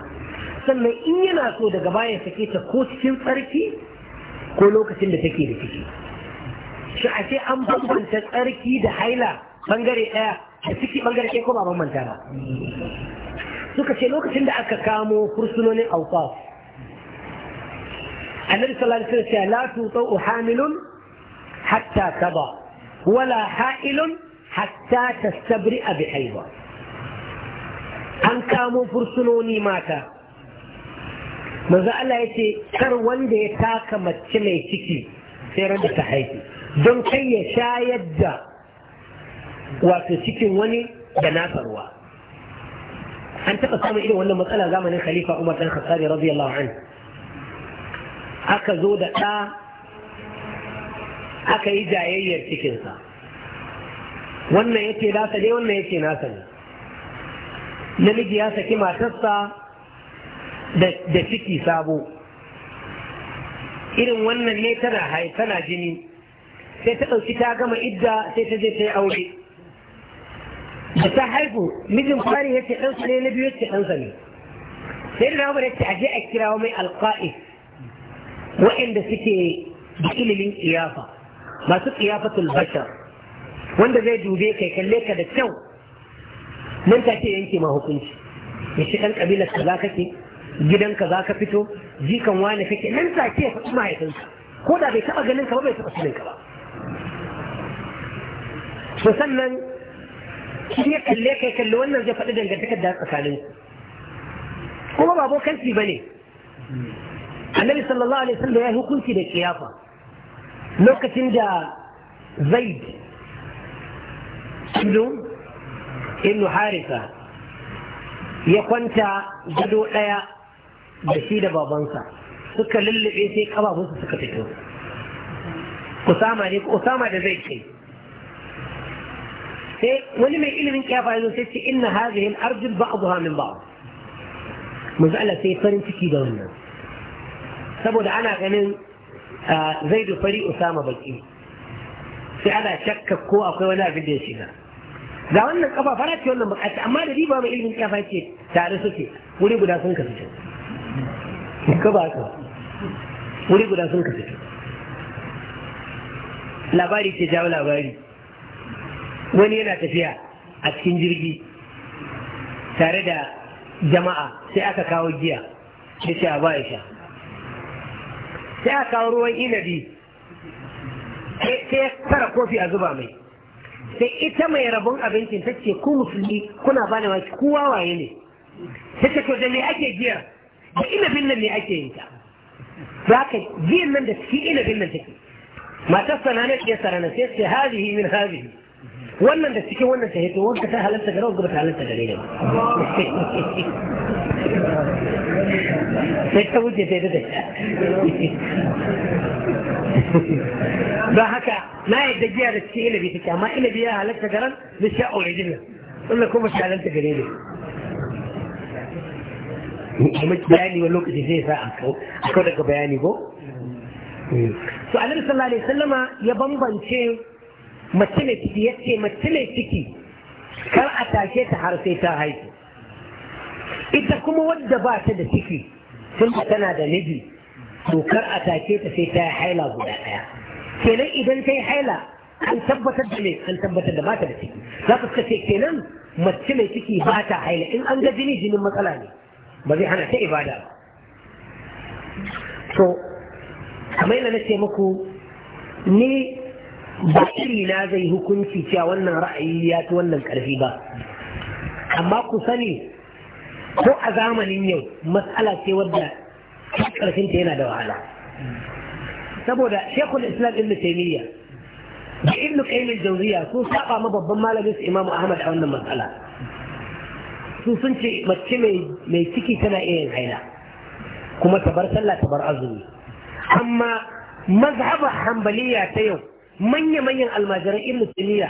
ثم إ ن ن ا كود قبايا سكيت كوت في طريقي كلوك سند سكيتك شعتي أ ن ب ض ن تتركي دحيلا بنجري ا إيه، سكي بنجري كيكو إيه ما بمنتها اكا كامو فرسلوني اوصاف النبي صلى الله عليه وسلم لا توطئ حامل حتى تضع ولا حائل حتى تستبرئ بحيضة أن كاموا فرسلوني ماتا ماذا قال لها يتي كروان دي تاكا متشم يتكي في رد تحيتي دون كي شايد دا وفي واني دنا فروا أنت قد قام إلي وأن مسألة زمن الخليفة عمر بن الخطاب رضي الله عنه aka zo da ɗa aka yi jayayyar cikinsa wannan yake nasa ne wannan yake nasa ne namiji ya saki matarsa da ciki sabo irin wannan ne tana hai tana jini sai ta ɗauki ta gama idda sai ta je ta yi aure da ta haihu mijin fari ya ce ɗansa ne na biyu ya ce ɗansa ne sai da na ya ce a je a kirawo mai alƙa'is wa'inda suke da ilimin iyafa masu iyafatul bashar wanda zai dube kai kalle ka da kyau nan ta ce yanke ma hukunci ya shi ɗan ƙabilar ka za kake gidanka za ka fito jikan wani kake nan ta ce ya faɗi mahaifinka ko da bai taɓa ganin ka ba bai taɓa sanin ka ba to sannan shi ya kalle kai kalle wannan zai faɗi dangantakar da tsakanin kuma ba bokanci ba ne annabi sallallahu alaihi wasallam ya hukunci da kiyafa lokacin da zaid ibn ibn harisa ya kwanta gado daya da shi da babansa suka lullube sai kafafunsa suka fito usama ne usama da zai ce sai wani mai ilimin kiyafa ya zo sai ce inna hadhihi al-arjul ba'daha min ba'd manzo sai farin ciki da wannan saboda ana ganin zai fari usama baki sai ana shakka ko akwai wani abin da ya shiga ga wannan kafa fara ce wannan bukata amma da riba mai ilimin kafa ce tare suke wuri guda sun ka fito ka ba ka wuri guda sun ka fito labari ce jawo labari wani yana tafiya a cikin jirgi tare da jama'a sai aka kawo giya ya ce a ba ya sha sai aka kawo ruwan inabi sai ya tara kofi a zuba mai sai ita mai rabon abincin ta ce ku musulmi kuna ba da wasu kowa waye ne ta ce to da me ake jiya da inabin nan ne ake yin ta za ka jiyan nan da cikin inabin nan take matar sana ne ke sana na sai ce hazihi min hazihi wannan da cikin wannan ta hito wanda ta halatta gare wanda ta halatta gare ne sai ta wuce sai ta tafi don haka na yadda giya da cikin inabi take amma inabi ya halatta garan da sha original wanda kuma shi halatta gare ne kuma bayani wani lokaci zai sa a kau daga bayani ko so annabi sallallahu alaihi sallama ya bambance mace mai ciki ya ce mace mai ciki kar a tashe ta har sai ta haihu ita kuma wadda ba ta da ciki tun da tana da miji to kar a take ta sai ta haila guda ɗaya kenan idan ta yi haila an tabbatar da me an tabbatar da bata da ciki za ku ce kenan mace mai ciki ba ta haila in an ga jini jinin matsala ne ba zai hana ta ibada ba to kamar yadda na ce muku ni ba iri na zai hukunci cewa wannan ra'ayi ya ci wannan karfi ba amma ku sani ko a zamanin yau matsala ce wadda ƙarfinta yana da wahala saboda shekul islam ibn taymiya da ibn qayyim jawziya sun saba ma babban malamin su imamu ahmad a wannan matsala su sun ce mace mai ciki tana iya yin haila kuma ta bar sallah ta bar azumi amma mazhabar hanbaliya ta yau manya-manyan almajiran ibn taymiya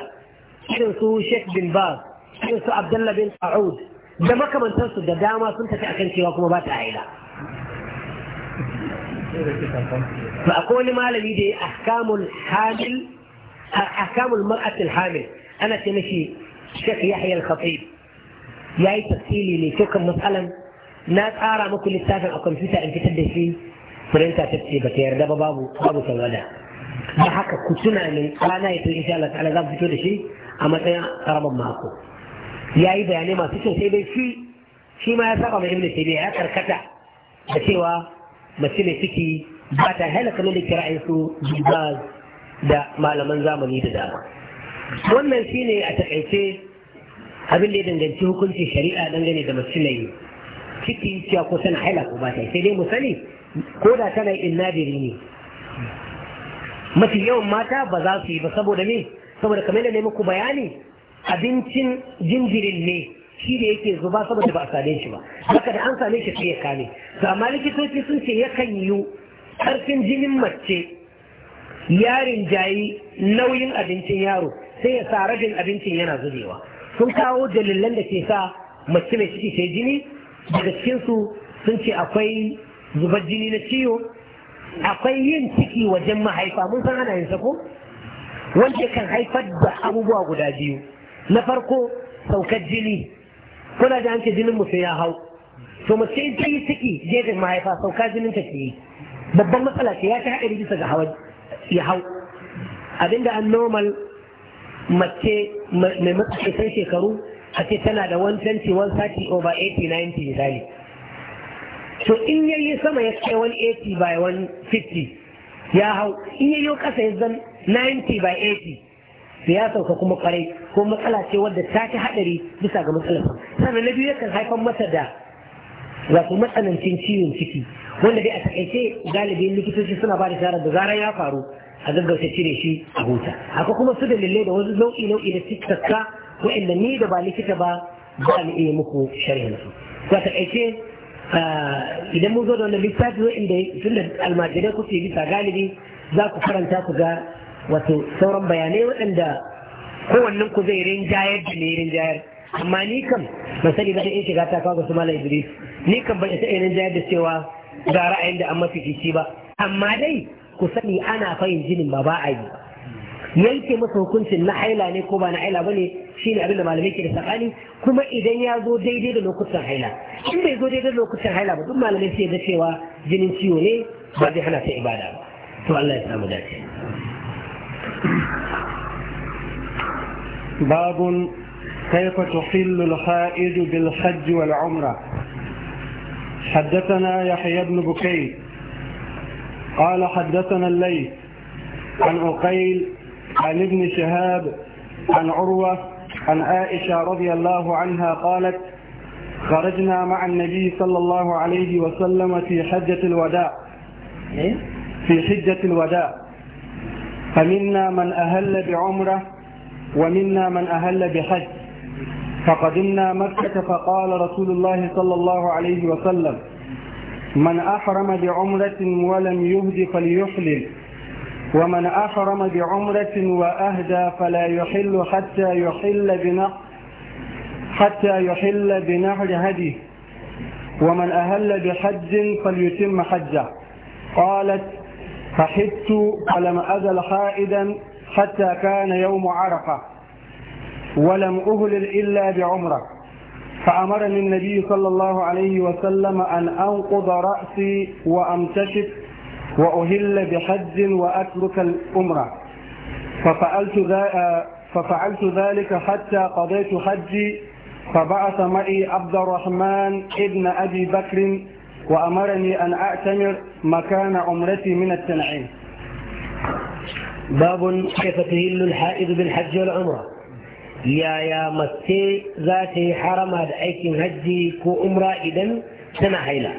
irin su sheikh bin baz irin su abdullah bin sa'ud da makamantansu da dama sun tafi akan cewa kuma ba ta haila to akwai wani malami da ya ahkamul hamil ahkamul mar'atul hamil ana ce mishi Sheikh Yahya Al-Khatib yayi tafsiri ne cikin matsalan na tsara muku littafin a kwamfuta in fitar da shi firinta ta ce ba ta yarda ba babu babu salwada da haka ku tuna min rana ya to insha Allah ta'ala za mu fito da shi a matsayin karamar mako ya yi bayanai masu kyau sai dai shi shi ma ya saba mai ibnu ya karkata da cewa mace mai ciki ba ta haila kamar da kira'in su da malaman zamani da dama wannan shi ne a takaice abin da ya danganci hukuncin shari'a dangane da mace mai ciki cewa tana haila ko ba ta sai dai mu sani ko da tana in nadiri ne mafi yawan mata ba za su yi ba saboda me saboda kamar da ne muku bayani abincin jinjirin ne shi da yake zuba saboda ba a same shi ba haka da an same shi sai ya kame ga ma likitoci sun ce yakan yi karfin jinin mace yarin jayi nauyin abincin yaro sai ya sa rabin abincin yana zubewa sun kawo dalilan da ke sa mace mai ciki sai jini daga cikinsu sun ce akwai zubar jini na ciwo akwai yin ciki wajen mahaifa mun san ana yin sako wanda kan haifar da abubuwa guda biyu na farko saukar jini kuna da hanci jinin mu sai ya hau to mace in ta yi ciki gefen mahaifa sauka jinin ta ke babban matsala ce ya ta haɗari bisa ga hawa ya hau abinda an normal mace mai matsakaitan shekaru a ce tana da 120 130 over 80 90 misali to in yayi sama ya kai 180 by 150 ya hau in yayi kasa ya zan 90 by 80 siyasar ka kuma kwarai ko matsala ce wadda ta ci hadari bisa ga matsalar sannan na biyu yakan haifar masa da wato matsanancin ciwon ciki wanda dai a takaice galibi likitoci suna ba da shara da zarar ya faru a gaggauta cire shi a huta akwai kuma su dalilai da wasu nau'i nau'i da cikakka wa'anda ni da ba likita ba ba mu iya muku sharhin su ko a takaice idan mun zo da wannan littafi wa'anda tun da almajirai kuke bisa galibi za ku karanta ku ga wato sauran bayanai waɗanda kowannen ku zai rinjayar da ne rinjayar amma ni kam ban sani ba sai shiga ta kawo su mala ni kan ban isa iya rinjayar da cewa ga ra'ayin da an mafi kici ba amma dai ku sani ana fayin jinin ba ba a yi yanke masa hukuncin na haila ne ko ba na haila ne shine abin da malamai ke da sabani kuma idan ya zo daidai da lokutan haila in bai zo daidai da lokutan haila ba duk malamai sai da cewa jinin ciwo ne ba zai hana ta ibada ba to Allah ya samu dace باب كيف تحل الحائض بالحج والعمرة حدثنا يحيى بن بكير قال حدثنا الليث عن عقيل عن ابن شهاب عن عروة عن عائشة رضي الله عنها قالت خرجنا مع النبي صلى الله عليه وسلم في حجة الوداع إيه؟ في حجة الوداع فمنا من أهل بعمرة ومنا من أهل بحج فقدمنا مكة فقال رسول الله صلى الله عليه وسلم من أحرم بعمرة ولم يهد فليحلل ومن أحرم بعمرة وأهدى فلا يحل حتى يحل بنق حتى يحل بنحر هدي ومن أهل بحج فليتم حجه قالت فحدت فلم أزل حائدا حتى كان يوم عرفة ولم أهلل إلا بعمرة فأمرني النبي صلى الله عليه وسلم أن أنقض رأسي وأمتشف وأهل بحج وأترك الأمرة ففعلت, ففعلت ذلك حتى قضيت حجي فبعث معي عبد الرحمن ابن أبي بكر وأمرني أن أعتمر مكان عمرتي من التنعيم باب كيف تهل الحائض بالحج والعمرة يا يا متي ذاتي حرم هذا هجي كو عمرة إذن سنة حيلة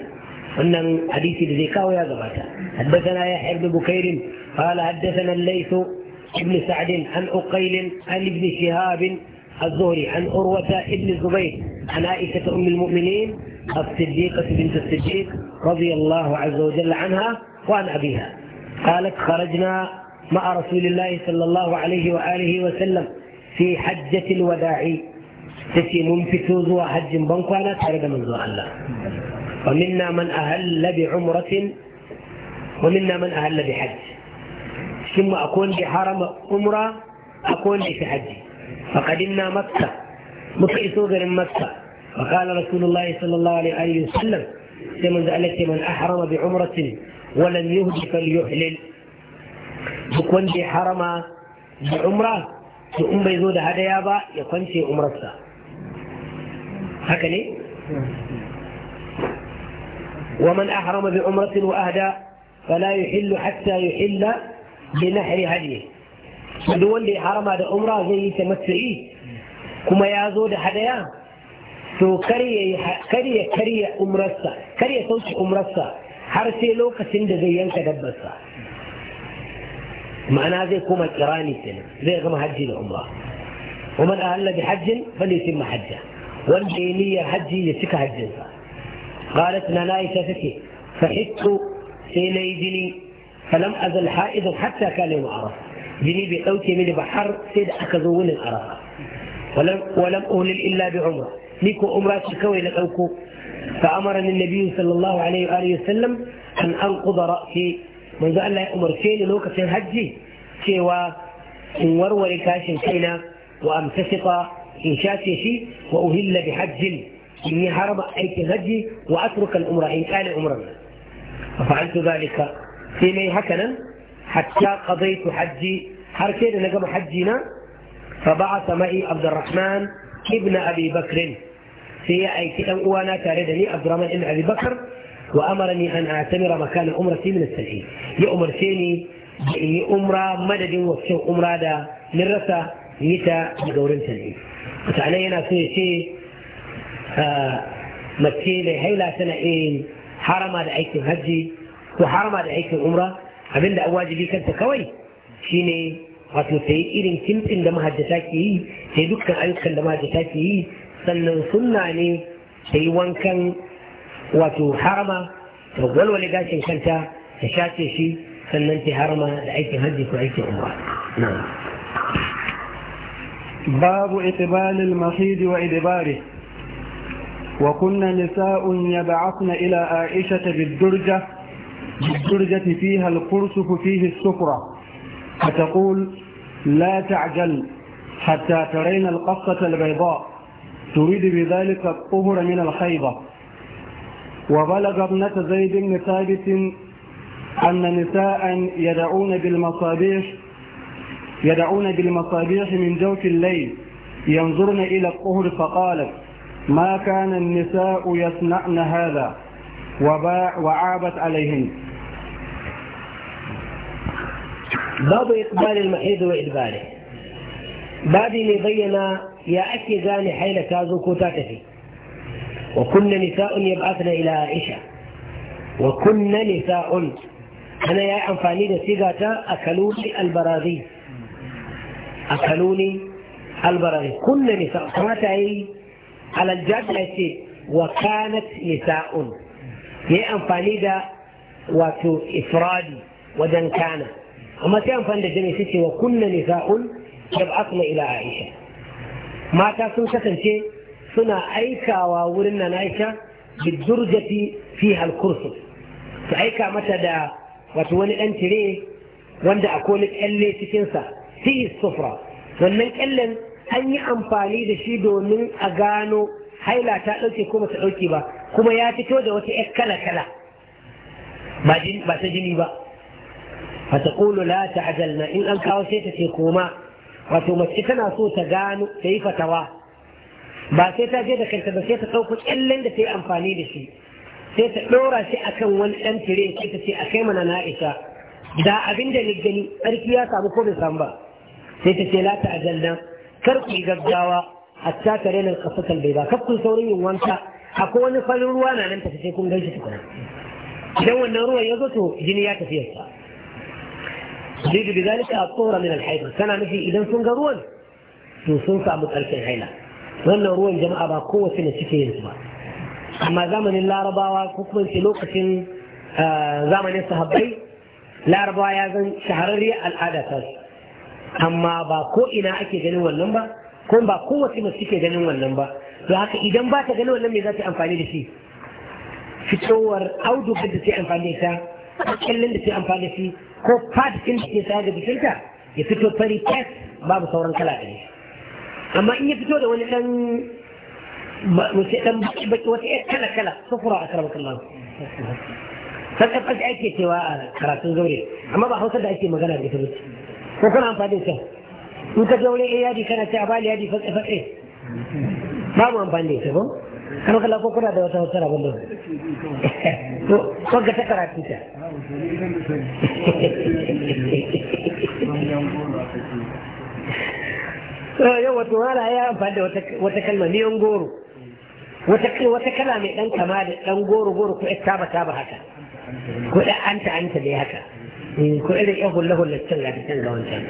أن حديثي الذي كاو يا زباتا حدثنا يا بن بكير قال حدثنا الليث ابن سعد عن أقيل عن ابن شهاب الزهري عن أروة ابن الزبير عن عائشة أم المؤمنين الصديقة بنت الصديق رضي الله عز وجل عنها وعن أبيها قالت خرجنا مع رسول الله صلى الله عليه وآله وسلم في حجة الوداع تسي منفتو زوا حج بنقوانا تارد من زوا الله ومنا من أهل بعمرة ومنا من أهل بحج ثم أكون بحرم عمرة أكون في حج فقدمنا مكة مكة إسوغر مكة وقال رسول الله صلى الله عليه وسلم لمن ذلك من أحرم بعمرة ولم يهد فليحلل يكون دي حرم بعمرة ثم يزود هذا يابا يكون في عمرة هكذا ومن أحرم بعمرة وأهدى فلا يحل حتى يحل بنحر هديه دول دي حرم هذا عمرة زي تمثئي كما يزود هذا يابا سو كريه يح... كريه كريه أمرسة كريه توش أمرسة حرسي لو كسين دزيان كدبسة ما أنا زي كوما إيراني سنة زي غم حج العمرة ومن أهل بحج فليتم حجة والدينية حجي يسك حج قالت لنا عائشة فكي فحدت إلي دني فلم أزل حائضا حتى كان يوم عرفة دني بقوتي من بحر سيد أكذون عرفة ولم ولم أهل إلا بعمره ليكو ko شكوي ce فأمرني النبي صلى الله عليه وآله وسلم أن أنقض رأسي من ذا الله أمر كيني لوكا كفين هجي سوى إن ورور كينا وأمتسط إن شاتي شي وأهل بحج إني حرم أي الهج وأترك الأمر إن كان أمرا ففعلت ذلك في مي هكذا حتى قضيت حجي حركينا نقم حجينا فبعث معي عبد الرحمن ابن أبي بكر سي اي تي ام وانا تاريدني عبد الرحمن ابن ابي بكر وامرني ان اعتمر مكان عمره من التلحين يا عمر سيني يا عمر مدد وكيو عمر دا من رسا يتا بدورين تلحين فتعني انا سي سي آه مكيلي هي لا تنعين حرم هذا عيك الهجي وحرم هذا عيك العمره ابن دعواجي لي كنت كوي شيني واتو سي ايرين كنت عندما هجتاكي هي دكتور ايوك عندما هجتاكي هي sannan sunna ne ta yi wankan wato harama ta walwale gashin kanta ta shace shi sannan ta harama da aikin hajji ko aikin umra باب إقبال المحيض وإدباره وكنا نساء يبعثن إلى عائشة بالدرجة بالدرجة فيها القرصف فيه السفرة فتقول لا تعجل حتى ترين القصة البيضاء تريد بذلك الطهر من الخيبة وبلغ ابنة زيد بن ثابت أن نساء يدعون بالمصابيح يدعون بالمصابيح من جوف الليل ينظرن إلى الطهر فقالت ما كان النساء يصنعن هذا وعابت عليهن باب إقبال المحيض وإدباره بعد اللي بين يا أكي زاني حيلة ta zo وكنا وكن نساء يبعثن إلى عائشة وكن نساء أنا يا أنفاني سيغاتا أكلوني البراغي أكلوني البراغي كن نساء كما تعي على الجادة وكانت نساء يا أنفاني دا واتو إفرادي ودن كان أما تأنفان دا جميسيتي وكن نساء يبعثن إلى عائشة mata sun kasance suna aikawa wurin na Aisha bidurjati fi halkursu su aika mata da wato wani ɗan tire wanda akwai wani kyalle cikinsa fi sufra wannan kyallen an yi amfani da shi domin a gano haila ta ɗauke ko bata ɗauke ba kuma ya fito da wata ‘yar kala-kala ba ta jini ba fata ƙulu la ta in an kawo sai ta ce koma wato mace tana so ta gano ta yi fatawa ba sai ta je da kanta ba sai ta ɗauko kyallen da ta yi amfani da shi sai ta ɗora shi kan wani ɗan tire sai ta ce a kai mana na'isha da abin da ni gani tsarki ya samu ko bai samu ba sai ta ce la ta ajalna kar ku yi gaggawa a ta rena kasatal bai ba kar ku saurin yin wanka akwai wani farin ruwa na nan tafi sai kun gaishe tukuna idan wannan ruwan ya zo to jini ya tafi yasa يريد بذلك الطهر من الحيض كان نفي إذا سن قرون سن سامت ألف حيلة وأن روان جماعة بقوة نسيتين سبا أما زمن الله ربا وكفر في لوقت زمن الصحابي لا ربا يزن شهرري العادة أما باكو إنا أكي جنوا والنبا كون باكو وسيمة سيكي جنوا والنبا لكن إذا باك جنوا والنبا ذاتي أنفاني لشي fitowar audugar da ta amfani da ita kallon da ta amfani da shi ko fat ɗin da ke saya da jikinta ya fito fari fat babu sauran kala ɗaya amma in ya fito da wani ɗan wace ɗan baki wata ɗan kala kala sufura a karamar kallon sassan ƙasa ake cewa a karatun zaure amma ba hausa da ake magana da ita ba ko kana amfani da ita in ka zaure ya yadi kana ce a bali yadi fatsa fatsa babu amfani da ita ba kuma kala ko kuna da wata wasara ballo to kaga ta karatu ta yau wato wala ya amfani da wata kalma miyan goro wata kala mai dan kama da dan goro goro ko ita ba ta ba haka ko da anta anta dai haka ko irin yan hulla hulla can ga can ga wancan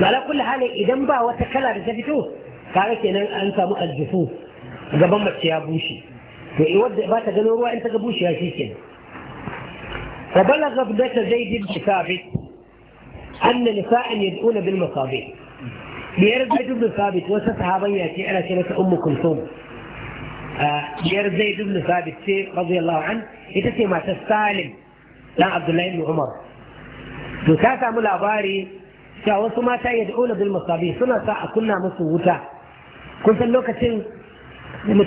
to ala kulli halin idan ba wata kala da ta fito kaga kenan an samu aljufu gaban mace ya bushe to i wadda ba ta ganin ruwa in ta ga bushe ya shi ke fa balagha bidata zaid ibn thabit anna nisa'an yad'una bil masabih biyar zaid ibn thabit wasu sahaban ya ce ana ce mata ummu kulthum biyar zaid ibn thabit ce radiyallahu an ita ce matar salim dan abdullahi ibn umar to ta samu labari cewa wasu mata yad'una bil masabih suna sa a kunna musu wuta kun san lokacin من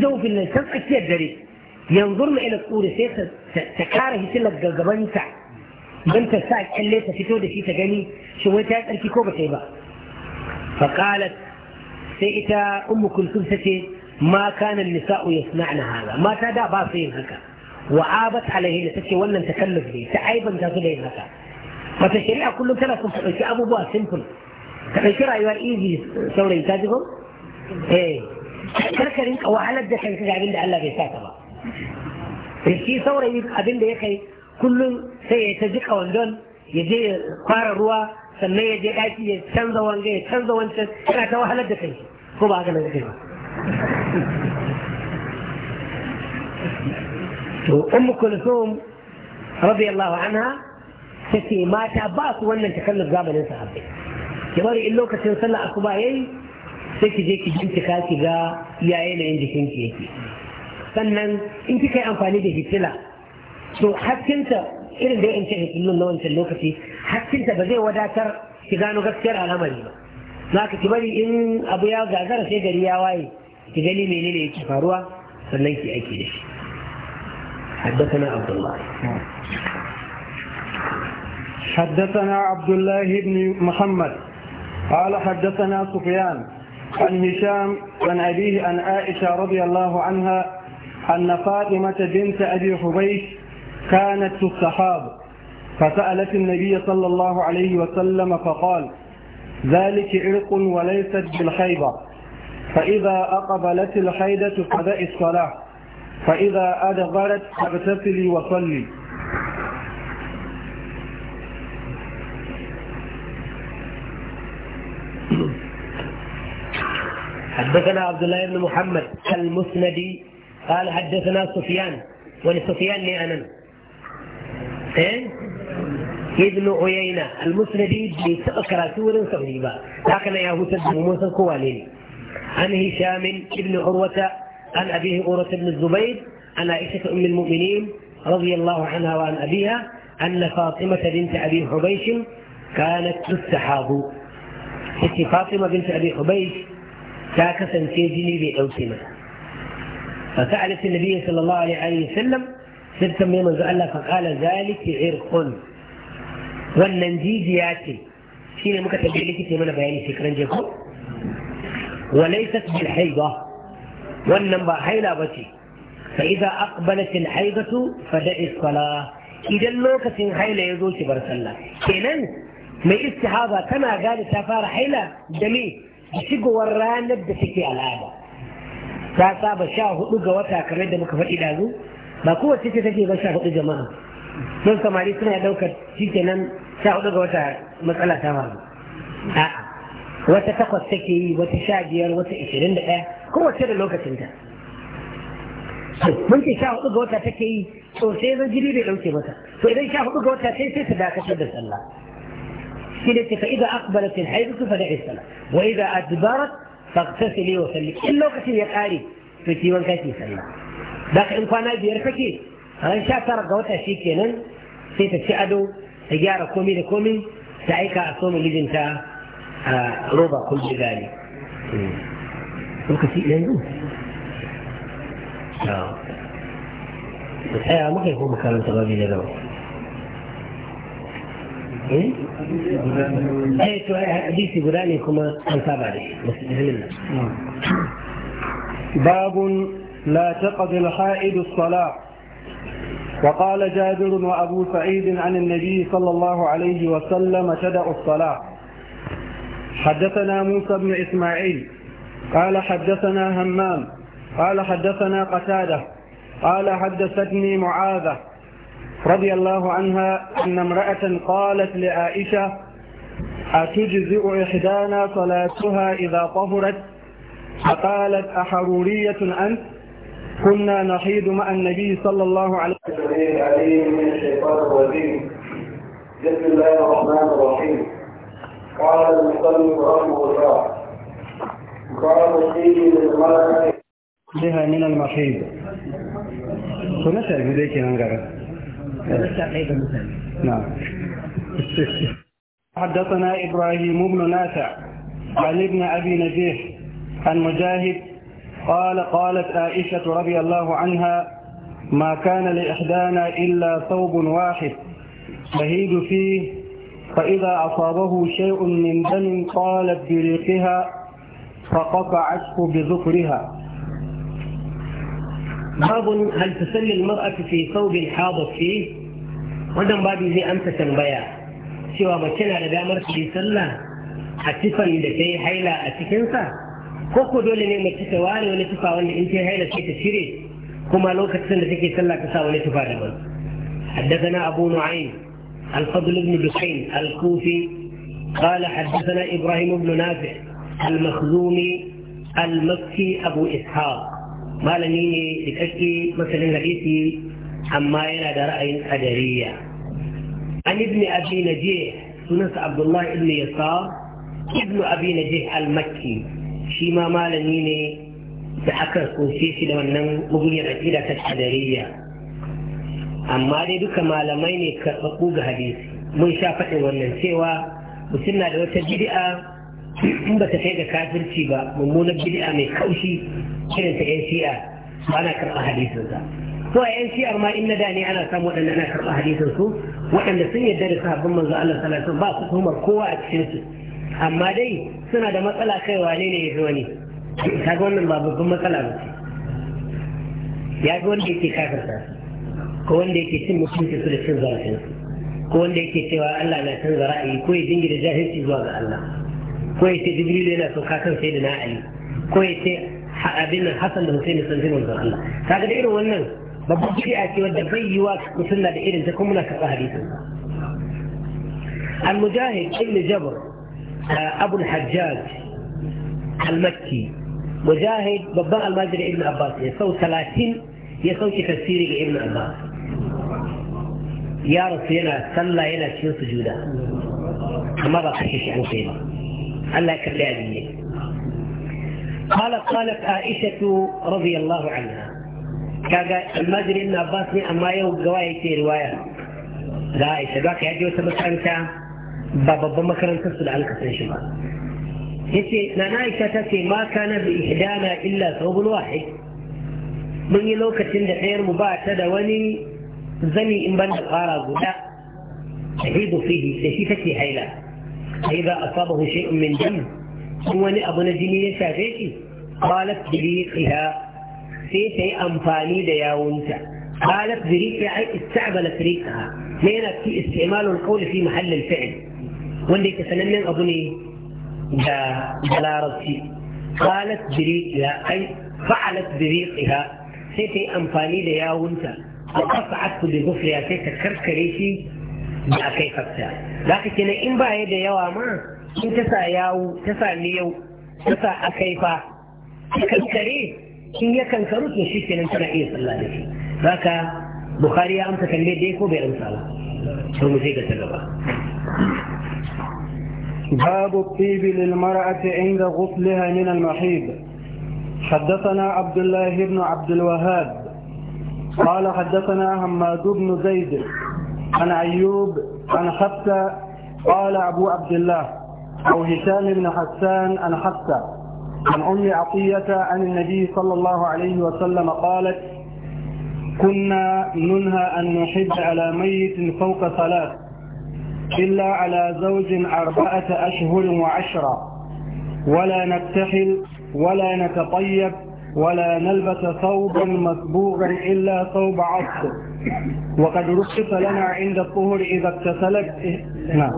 جوف الله كم أتيا ينظرنا إلى الطول سيخ تكاره سلك جلجبان ساعة من تساعة الليسة في تودة في تغني شويتها تلك كوبة تيبا فقالت سيئتا أم كلثوم ستي ما كان النساء يصنعن هذا ما تدا باصين هكا وعابت عليه لتكي ولن تكلف لي تعيبا تاخذين هكا mata shari'a kullum tana son ta ɗauki abubuwa simple ka ɗauki rayuwar easy saurayi ta jigo eh karka rinka wahalar da kanka ga abin da Allah bai sa ka ba shi saurayi abin da ya kai kullum sai ya ta jika wandon ya je ya fara ruwa sannan ya je ɗaki ya canza wanga ya canza wancan yana ta wahalar da kai ko ba haka nan kai ba to ummu kulsum radiyallahu anha take mata ba su wannan takalluf zamanin sahabbai ki bari in lokacin sallah asuba yayi sai ki je ki bincika ki ga ya yanayin jikin yake sannan in kika yi amfani da hitila to hakkinta irin da ya ce hitilun na wancan lokaci hakkinta ba zai wadatar ki gano gaskiyar al'amari ba za ka ki bari in abu ya gagara sai gari ya waye ki gani menene yake faruwa sannan ki aiki da shi حدثنا عبد الله حدثنا عبد الله بن محمد قال حدثنا سفيان عن هشام عن أبيه عن عائشة رضي الله عنها أن فاطمة بنت أبي حبيش كانت في الصحاب فسألت النبي صلى الله عليه وسلم فقال ذلك عرق وليست بالخيبة فإذا أقبلت الحيدة فدأ الصلاة فإذا أدبرت فاغتسلي وصلي حدثنا عبد الله بن محمد المسندي قال حدثنا سفيان ولسفيان لي أنا إيه؟ ابن عيينة المسندي بيتأكرا سورا تقريبا لكن يا هو سبب موسى كوالين عن هشام بن عروة عن أبيه عروة بن الزبير عن عائشة أم المؤمنين رضي الله عنها وعن أبيها أن فاطمة بنت أبي حبيش كانت تستحاض yace Fatima binti Abi Ubayd ta kasance jini bai dauke mata fa sa'alat an-nabiy sallallahu alaihi wa sallam sai tambaye manzo Allah fa qala zalika irqun wannan jijiya ce shine muka tambaye likita mana bayani shekaran jiya ko وليست بالحيضة والنبا حيلة بتي فإذا أقبلت الحيضة فدعي الصلاة إذا لوكة حيلة يزول تبر صلاة كنن mai istihaba tana gane ta fara haila da me da shigowar ranar da take al'ada ta saba sha hudu ga wata kamar da muka faɗi dazu ba kuma ce take ba sha hudu jama'a don samari suna ɗaukar shi nan sha hudu ga wata matsala ta faru a'a wata takwas take yi wata sha biyar wata ishirin da ɗaya kowace da lokacinta mun ce sha hudu ga wata take yi sosai zan jiri bai ɗauke mata to idan sha hudu ga wata sai sai ta dakatar da sallah ة سنتي ف إ ذ ا اقبلت الحيضه فدعي ا ل ص ل ا ة و إ ذ ا أ د ب ر ت فاغتسلي وسلك إ ل ا وكتب يا قاري في ت ي و ا ن كاتي صلى داخل ان كان ابي يرفكي انا ان شاء الله ترى قوتها شي كينن سيت تساعدوا تجاره كومي لكومي تعيك اصوم اللي انت آه، رضا كل ذلك وكتب لانه ممكن يكون مكان تغابي لذوق إيه؟ إيه، باب لا تقضي الحائد الصلاة وقال جابر وأبو سعيد عن النبي صلى الله عليه وسلم تدأ الصلاة حدثنا موسى بن إسماعيل قال حدثنا همام قال حدثنا قتادة قال حدثتني معاذة رضي الله عنها أن امرأة قالت لعائشة أتجزئ إحدانا صلاتها إذا طهرت فقالت أحرورية أنت كنا نحيد مع النبي صلى الله عليه وسلم بسم الله الرحمن الرحيم قال المصلي رحمه الله قال فيه للملكة بها من المحيض سنة أجل ذلك نعم حدثنا إبراهيم بن نافع عن ابن أبي نجيح عن مجاهد قال قالت عائشة رضي الله عنها ما كان لإحدانا إلا ثوب واحد شهيد فيه فإذا أصابه شيء من دم قالت بريقها فقطعته بذكرها باب هل تسلي المرأة في ثوب حاضر فيه؟ ودن بابي زي أمسة تنبيا سوى ما كان على دامر في سلة أتفا لدي حيلة أتكنسا كوكو دولي نعم التساوالي ولا تفاولي انت حيلة كي تشيري كما لو كتسن لديك سلة تساولي تفاولي حدثنا أبو نعيم الفضل بن دحين الكوفي قال حدثنا إبراهيم بن نافع المخزومي المكي أبو إسحاق malami ne rikakke masanin hadisi amma yana da ra'ayin kadariya an ibn abi je sunansa abdullah ibn yasa ibn abi najih al-makki shi ma malami ne da aka kunshe shi da wannan mugunyar aqida ta kadariya amma dai duka malamai ne karɓaɓɓu ga hadisi mun sha faɗin wannan cewa mutum na da wata bid'a in ba ta kai ga kafirci ba mummunan bid'a mai kaushi irin ta yan shi'a ba ana karɓa hadisin sa a yan shi'ar ma in na da ne ana samu waɗanda ana karɓa hadisin su waɗanda sun yarda da sahabban manzo Allah sallallahu alaihi wasallam ba su tumar kowa a cikin su amma dai suna da matsala kai wane ne ya fi wani kaga wannan ba babban matsala ba ce ya ga wanda yake kafirta ko wanda yake cin mutunci su da cin zarafin ko wanda yake cewa Allah na canza ra'ayi ko ya da jahilci zuwa ga Allah كويتي جبريل هنا سوكاكن سيدنا علي كويتي ابن الحسن الحسين سنتين ونصر الله هذا غير ونن بابو شيعة ودى بيوات مثلنا بإذن تكون منك الأهديث المجاهد ابن جبر أبو الحجاج المكي مجاهد بابا الماجر ابن عباس يسو ثلاثين يسو تفسير ابن عباس يا رسولنا صلى إلى شيء سجودا ما بقى شيء عن سيدنا على كلامه قالت قالت عائشة رضي الله عنها كذا ما أدري عباس ني اما يو قوائي تي رواية لا عائشة قاك يجي وسبس عنك بابا بما كان تصل على كفر شمال يتي نانا نعم عائشة تتي ما كان بإحدانا إلا ثوب واحد من يلوك تند خير مباشرة دواني زني إن بند الغارة قدا تحيد فيه سيشي تتي فإذا أصابه شيء من دم هو أبو نجمي يشافيكي قالت بريقها في شيء أنفاني ديا ونسا قالت بريقها أي استعملت ريقها لأن في استعمال القول في محل الفعل واللي تسنن أبني جلا ربسي قالت بريقها أي فعلت بريقها في شيء أنفاني ديا ونسا yawunta بغفرها kafa تكركريشي da aka yi fafta da aka kenan in ba ya da yawa ma in ta sa yawu ta sa miyau ta sa aka yi fa kankare in ya kankaru to shi kenan tana iya sallah da shi haka bukhari ya amsa kalle dai ko bai amsa ba to mu sai ga ta gaba باب الطيب للمرأة عند غسلها من المحيض حدثنا عبد الله بن عبد الوهاب قال حدثنا حماد بن زيد عن أيوب عن حتى قال أبو عبد الله أو هشام بن حسان عن حتى عن أم عطية عن النبي صلى الله عليه وسلم قالت كنا ننهى أن نحب على ميت فوق ثلاث إلا على زوج أربعة أشهر وعشرة ولا نكتحل ولا نتطيب ولا نلبس ثوبا مسبوغا إلا ثوب عصر وقد رخص لنا عند الطهر إذا اغتسلت إيه؟ نعم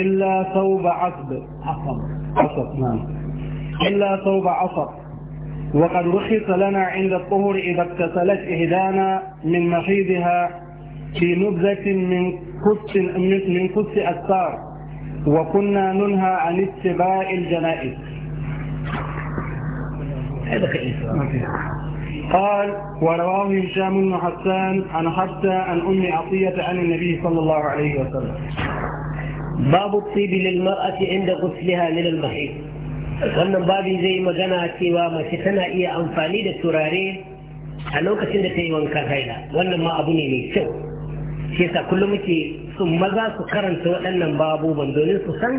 إلا ثوب عصب عصب عصب نعم إلا ثوب عصب وقد رخص لنا عند الطهر إذا اغتسلت إهدانا من محيضها في نبذة من قدس من قدس أستار وكنا ننهى عن اتباع الجنائز هذا خير قال ورواه هشام بن حسان عن حتى عن أم عطية عن النبي صلى الله عليه وسلم باب الطيب للمرأة عند غسلها من المحيط wannan babi zai magana cewa mace tana iya amfani da turare a lokacin da ta yi wankan haila wannan ma abu ne mai kyau shi yasa kullum muke sun maza su karanta waɗannan babuban domin su san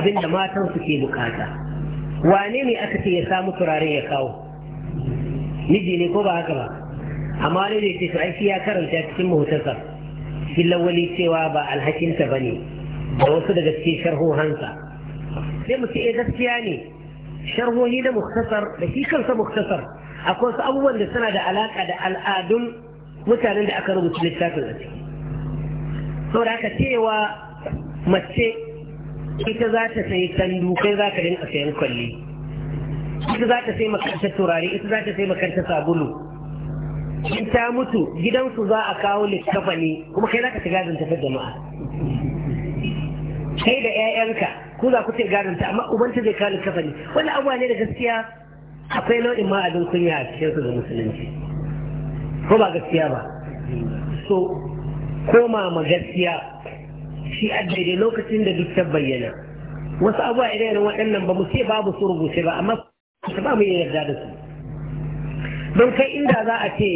abin da matan su ke bukata wane ne aka ce ya samu turare ya kawo نجي نكوبا أقرا أما لي تسعيشي أكرا تأكسم مهتسا في الأولي سوابا الحكيم تبني ووصد قد شره هنسا لما إيه تأذت يعني شره هنا مختصر بشي كلسة مختصر أقول أول لسنة دا علاقة دا الآدم مثلا دا أكرا مسلسات الأسي سورة كتيوا مسي كيف ذاك سيتندو كيف ذاك لن أسيان كلي ita za ta sai makarta turare ita za ta sai makarta sabulu in ta mutu gidansu za a kawo littafa ne kuma kai za ka ci gadon ta jama'a kai da 'ya'yanka ku za ku ce gadon ta amma ubanta zai kawo littafa ne wani abuwa ne da gaskiya akwai nau'in ma abin kunya a cikin su da musulunci ko ba gaskiya ba so koma ma gaskiya shi a daidai lokacin da duk ta bayyana wasu abuwa irin waɗannan ba mu ce babu su rubuce ba amma ta ba mu yarda da su don kai inda za a ce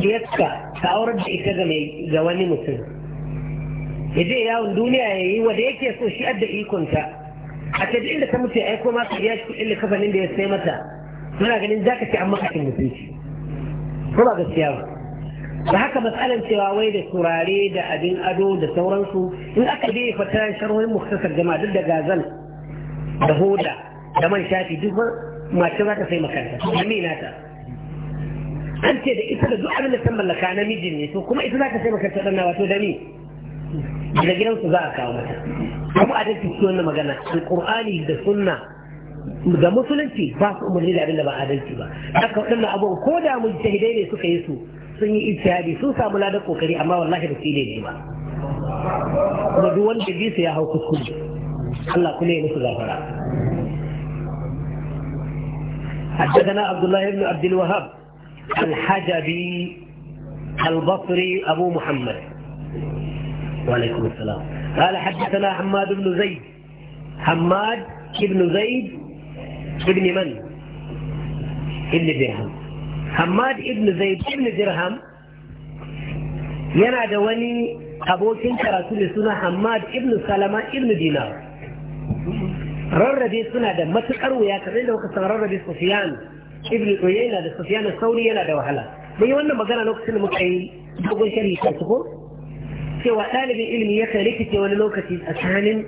diyarka ta aurar da ita ga mai ga wani mutum ya je yawon duniya ya yi wanda yake so shi adda ikonta a ce inda ta mutu ya aiko ma ka biya shi kuɗin kafanin da ya sai mata muna ganin za ka ce an makashin mutunci ko ba gaskiya ba da haka matsalan cewa wai da turare da abin ado da sauransu in aka je fata sharhohin muktasar jama'a duk da gazal da hoda da man shafi duk mace za ta sai makanta me na ta an ce da ita da duk abin da ta mallaka namijin ne to kuma ita za ta sai makanta dan wato da ni daga gidansu za a kawo mata kuma a dace cikin wannan magana alqur'ani da sunna da musulunci ba su umarni da abin da ba adalci ba haka waɗannan abubuwan ko da mu mujtahidai ne suka yi su sun yi ijtihadi sun samu ladan kokari amma wallahi ba su yi ne ba kuma duk wanda bisa ya hau kuskure Allah kuma ya musu gafara حدثنا عبد الله بن عبد الوهاب الحجبي البصري أبو محمد وعليكم السلام قال حدثنا حماد بن زيد حماد بن زيد ابن من؟ ابن درهم حماد ابن زيد ابن درهم ينادى وني ابو abokin karatu حماد بن سلمه بن دينار rarrabe suna da matuƙar wuya kamar da kuka san rarrabe Sufyan ibn Uyayna da Sufyan Sauri yana da wahala mun yi wannan magana lokacin da muka yi dogon sharhi kan su ko cewa ɗalibin ilimi ya kai rikice wani lokaci tsakanin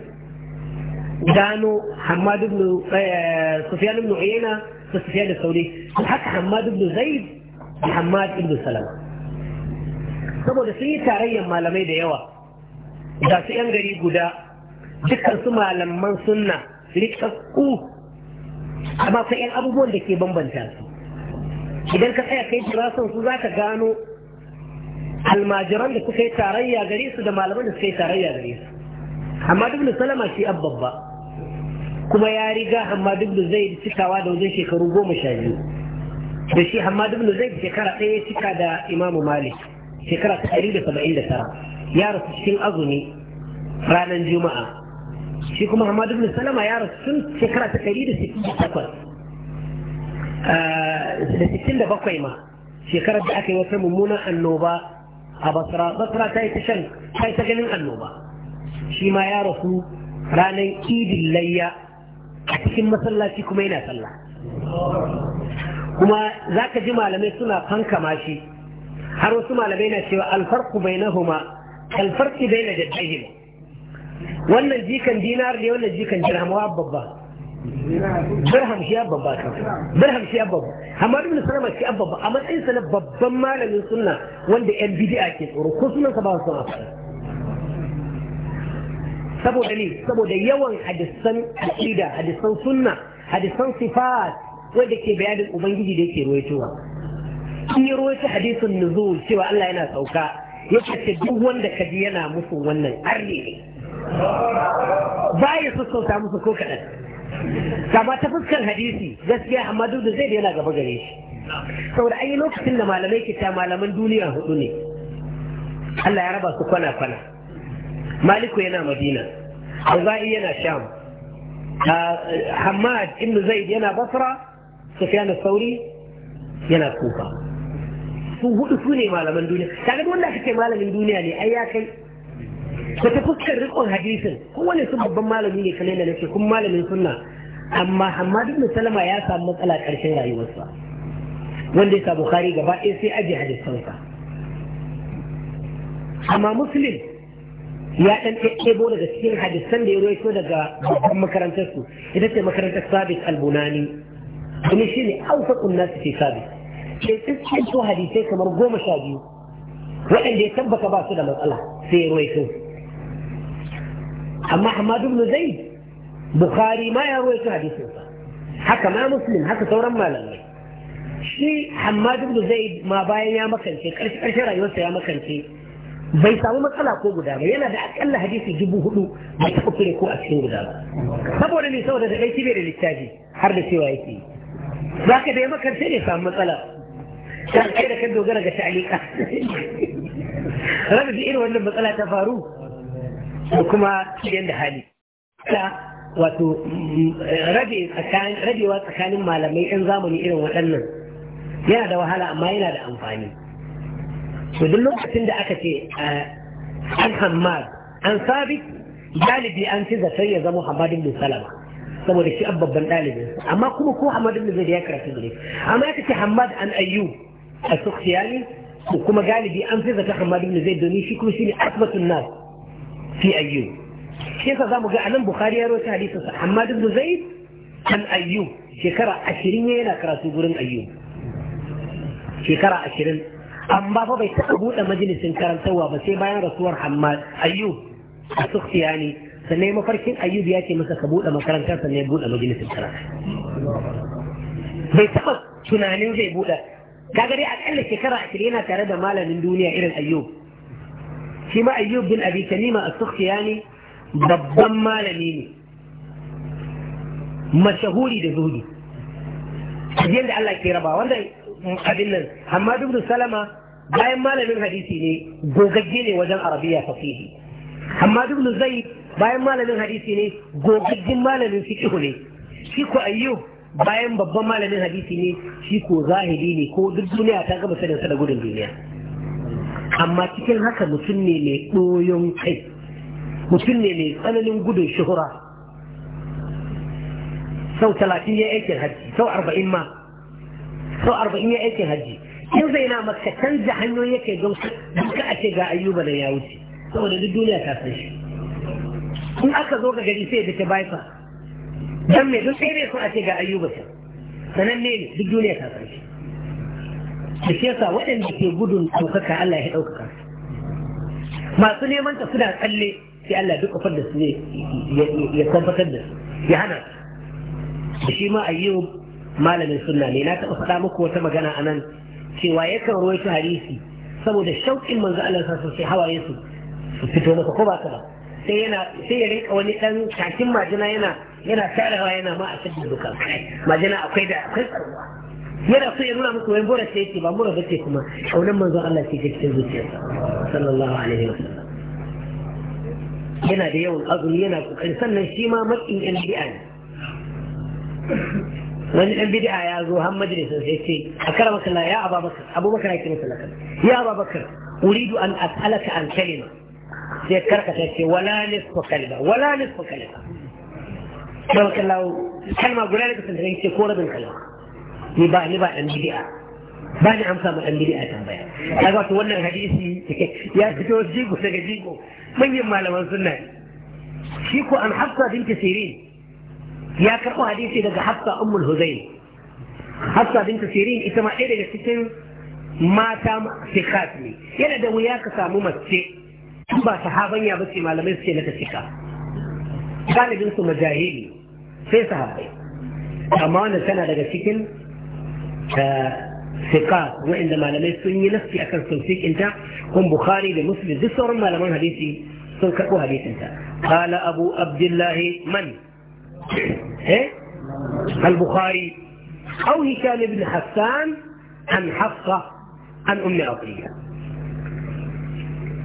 gano hamadu ibn eh, Sufyan ibn Uyayna da Sufyan Sauri haka Hammad ibn Zaid da Hammad ibn Salama saboda sun yi tarayyar malamai da yawa da su 'yan gari guda dukkan su malaman sunna ku amma fa yan abubuwan da ke bambanta su idan ka tsaya kai jira son su za ka gano almajiran da suka yi tarayya gare su da malaman da suka yi tarayya gare su amma duk da salama shi an kuma ya riga amma duk da zai cikawa da wajen shekaru goma sha biyu da shi amma duk da zai shekara ɗaya cika da imamu malik shekara ta ɗari da saba'in da tara ya rasu cikin azumi ranar juma'a shi kuma Hamad ibn Salama ya rasu tun shekara ta ɗari da sittin da eh, bakwai ma shekarar da aka yi wata mummunan annoba a Basra Basra ta yi ta shan ta yi ta ganin annoba shi ma ya rasu ranar idin layya a cikin masallaci kuma yana sallah kuma za ka ji malamai suna fankama shi har wasu malamai na cewa alfarku bai na huma alfarki bai na jaddahima wannan jikan dinar ne wannan jikan dirham wa babba dirham shi ya babba kan dirham shi ya babba amma ibn salama shi ya babba a matsayin na babban malamin sunna wanda yan bid'a ke tsoro ko sunan sa ba su a saboda ne saboda yawan hadisan aqida hadisan sunna hadisan sifat wanda ke bayanin ubangiji da yake ruwaitowa in yi ruwaito hadisin nuzul cewa Allah yana sauka ya ce duk wanda kaji yana musu wannan arne ne ba ya sassauta musu ko kaɗan kama ta fuskar hadisi gaskiya amma duk da zai yana gaba gare shi saboda an yi lokacin da malamai ke ta malaman duniya hudu ne Allah ya raba su kwana kwana maliku yana madina azai yana sham hamad ibn zaid yana basra sufyan sauri yana kufa su hudu su ne malaman duniya kaga wanda kake malamin duniya ne ai ya kai ta fuskar rikon hadisin kowane su babban malami ne kalai da nake kun malamin sunna amma hamadu ibn ya samu matsala karshen rayuwarsa wanda ya sa Bukhari gaba ɗaya sai ajiye hadisansa amma Muslim ya ɗan ɗebo daga cikin hadisan da ya rawaito daga babban makarantarsu ita ce makarantar Sabit al-Bunani ne shine awfaqun nas Sabis? Ke sai tsitsin hadisai kamar goma sha biyu waɗanda ya tabbata ba su da matsala sai ya rawaito amma Hamad ibn Zaid Bukhari ma ya rawaito hadisin sa haka ma Muslim haka sauran malamai shi Hamad ibn Zaid ma bayan ya makance karshen rayuwarsa ya makance bai samu matsala ko guda ba yana da akalla hadisi dubu hudu bai taɓa kure ko a cikin guda ba saboda ne saboda da ɗauki bai da littafi har da cewa yake za ka da ya makance ne samu matsala ta kai da kan dogara ga ta'alika rabi irin wannan matsala ta faru da kuma cikin da hali wato mm, rabewa tsakanin malamai 'yan zamani irin waɗannan yana da wahala amma yana da amfani to duk lokacin da aka ce eh, an hammar an sabit galibi an ci zaton ya zama hamadin bin salama saboda shi an babban ɗalibin amma kuma ko hamadin bin zai ya karatu gare amma ya ce hamad an ayyu a sukhiyani kuma galibi an fi zata hamadin bin zai domin shi kuma shi ne asbatun nas fi ayyub shi yasa zamu ga anan bukhari ya rawaita hadisin sa amma duk zaid an ayyu shekara 20 yana karatu gurin ayyu? shekara 20 amma fa bai taɓa buɗe majalisin karantarwa ba sai bayan rasuwar hammad ayyub a sufiyani sannan mafarkin ayyub ya ce masa ka buɗe makarantar sannan ya buɗe majalisin karatu bai taɓa tunanin zai buɗe kaga dai akalla shekara ashirin yana tare da malamin duniya irin ayyub shi ma ayyub bin abi tamima ya ne babban malami ne mashahuri da zuhudu jiyar da Allah ke raba wanda abin nan amma duk da salama bayan malamin hadisi ne gogagge ne wajen arabiya fasihi amma duk da zai bayan malamin hadisi ne gogaggen malamin fiqh ne shi ko ayyub bayan babban malamin hadisi ne shi ko zahiri ne ko duk duniya ta gaba sanin sa da gudun duniya amma cikin haka mutum ne mai ɗoyon kai mutum ne mai tsananin gudun shuhura sau talatin ya aikin hajji sau arba'in ma sau arba'in ya aikin hajji in zai na maka canza hanyoyi yake don duka a ga ayyuba da ya wuce saboda duk duniya ta san shi in aka zo ga gari sai da ta baifa dan me don sai ne so a ga ayyuba sanan sananne ne duk duniya ta san shi da shi waɗanda ke gudun ɗaukaka Allah ya ɗaukaka masu neman ta suna tsalle sai Allah duk kafar da su ne ya tabbatar da su ya hana da shi ma ayyub malamin sunna ne na taɓa faɗa muku wata magana a nan cewa yakan rawaito hadisi saboda shauƙin manzo Allah sa sai hawaye su su fito masa ko ba ka ba sai yana sai ya rinka wani ɗan kakin majina yana yana tarawa yana ma a cikin dukan majina akwai da akwai tsarwa yana so ya nuna musu wani mura ce ba mura bace kuma kaunan manzo Allah ce cikin zuciyarsa sallallahu alaihi wa sallam yana da yawan azumi yana kokari sannan shi ma matsin yan bid'a ne wani dan bid'a ya zo har majalisar sai ce a karama kalla ya ababakar abubakar ya kira salaka ya ababakar uridu an as'alaka an kalima sai karkata ce wala nisfa kalima wala nisfa kalima karama kalla kalma guda ne kasance ko rabin kalima ni ba ni ba dan bid'a ba ni amsa ma dan bid'a tambaya kaga wato wannan hadisi ya fito jigo daga jigo manyan malaman sunna shi ko an hafsa binti sirin ya karɓo hadisi daga hafsa ummul huzayn hafsa binti sirin ita ma ɗaya daga cikin mata sikat ne yana da wuya ka samu mace ba sahabanya ba ce malamai suke na ta sika galibin su majahili sai sahabai amma wannan tana daga cikin ثقات وعندما لم يسني نفسي أكل توثيق أنت هم بخاري لمسلم دي صور ما لم حديثي سن حديث أنت قال أبو عبد الله من إيه؟ البخاري أو هشام بن حسان عن حفصة عن أم عطية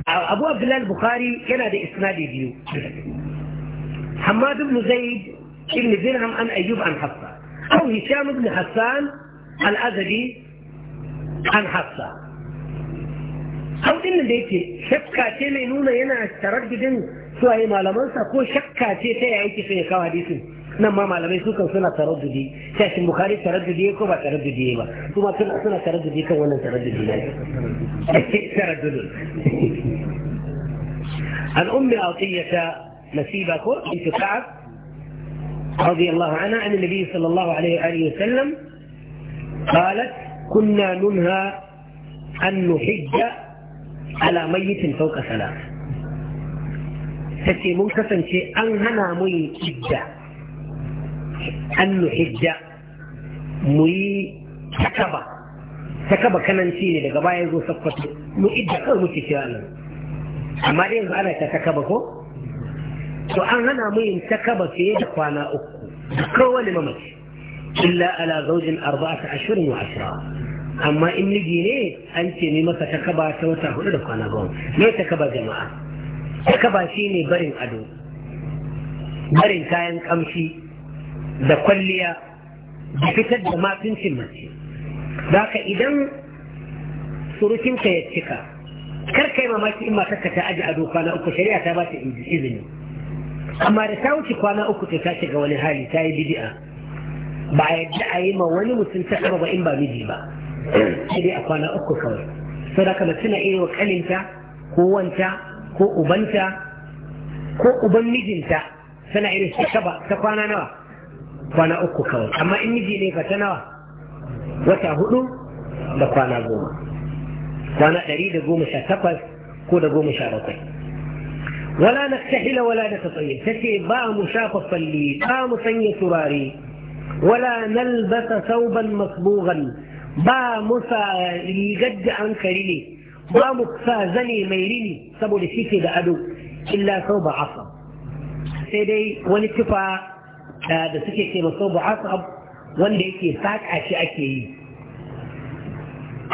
أبو عبد الله البخاري كان هذا إسنادي ديو حماد بن زيد بن درهم عن أيوب عن حفصة أو هشام بن حسان الأدبي عن حفصة أو إن ديتي شبكة لينونا ينا التردد سواء ما لمنسا كو شكة تيعي تفين كواديس نما ما لمنسا كو سنة تردد شاش المخاري تردد يكو با تردد يكو ثم سنة سنة تردد يكو وانا تردد يكو تردد عن أمي أعطية نسيبة كو إنت رضي الله عنها عن النبي صلى الله عليه وآله وسلم قالت كنا ننهى أن نحج على ميت فوق ثلاث تسي منكسا شيء أن هنا مي حجة أن نحج مي تكبة تكبة كان نسيني لقبا يزو صفته نؤدى كل متشالا أما دين أنا تتكبة كو to أن هنا mu yin takaba fiye da kwana uku da kowane إلا على زوج أربعة أشهر وعشرة أما إن جيني أنت نمسا تكبا توتا هنا دفعنا بهم ليه تكبا جماعة تكبا شيني برين أدو برين كاين كمشي da kwalliya da fitar da mafincin mace za ka idan surukinka ya cika kar kai mamaki in matarka ta aji ado kwana uku shari'a ta ba ta izini amma da ta wuce kwana uku ta tashi ga wani hali ta yi bidi'a ba a yadda a yi ma wani mutum ta kaba ba in ba miji ba sai dai a kwana uku kawai sau da kama tuna iya wa kalinta ko wanta ko ubanta ko uban mijinta tana irin su ba ta kwana nawa kwana uku kawai amma in miji ne ka ta nawa wata hudu da kwana goma kwana ɗari da goma sha takwas ko da goma sha bakwai wala na ولا wala da ta tsaye ta ce ba mu ba mu sanya turare wala nalbasa sauban masbughan ba musa rigar da an kari ne ba mu sa zane mai rini saboda shi ke da ado illa sauba asa sai dai wani tufa da suke ce sau sauba asa wanda yake saƙa shi ake yi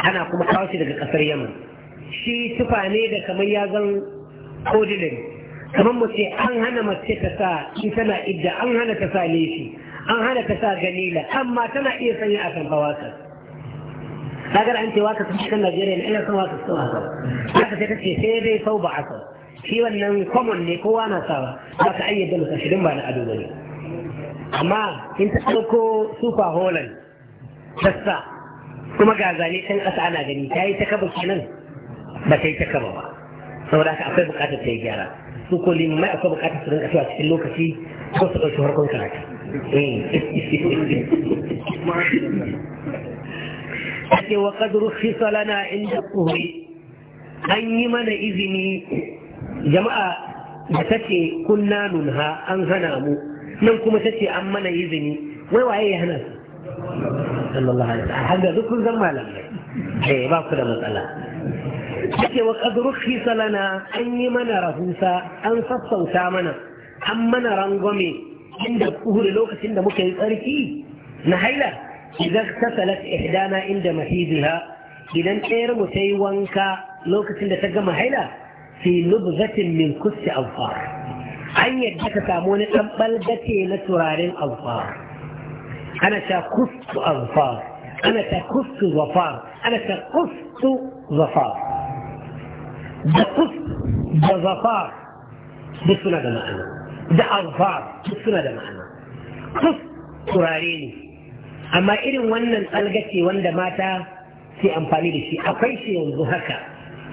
ana kuma kawo shi daga ƙasar yamma. shi tufa ne da kamar ya zan ordinary kamar mu ce an hana mace ta sa in tana idda an hana ta sa leshi an hana ta sa galila amma tana iya sanya a kan fawata kagar an ce waka sun cikin najeriya na ina son waka sun haka haka sai kace sai dai sau ba asal shi wannan common ne kowa na sawa ba ka ayyada musa shi ba na ado ba ne amma in ta ɗauko super holland sassa kuma ga zane can ƙasa ana gani ta yi ta kaba kenan ba ta yi ta kaba ba saboda haka akwai buƙatar ta yi gyara su ko mai akwai buƙatar su rinka cewa cikin lokaci ko su ɗauki harkon karatu ake wa kadru na inda kuhuri an yi mana izini jama'a da ta ce kunna nunha an hana mu nan kuma ta ce an mana izini wai waye ya hana sallallahu alaihi wasallam hanga duk kun zan malamai eh ba ku da matsala ake wa kadru na an yi mana rahusa an sassauta mana an mana rangwame عند كل لغه عند مكي تاريخي إيه؟ نهيلا اذا اختفلت احدانا عند محيزها اذا اير متي وانكا لغه عند تجمع هيلا في لبغه من كس اظفار ان يدك سامون تبل بتي لترارين اظفار انا تكف اظفار انا تكف ظفار انا تكف ظفار بكف بظفار بسنة جماعة da alfar duk suna da ma'ana kuf turare ne amma irin wannan tsalgace wanda mata ke amfani da shi akwai shi yanzu haka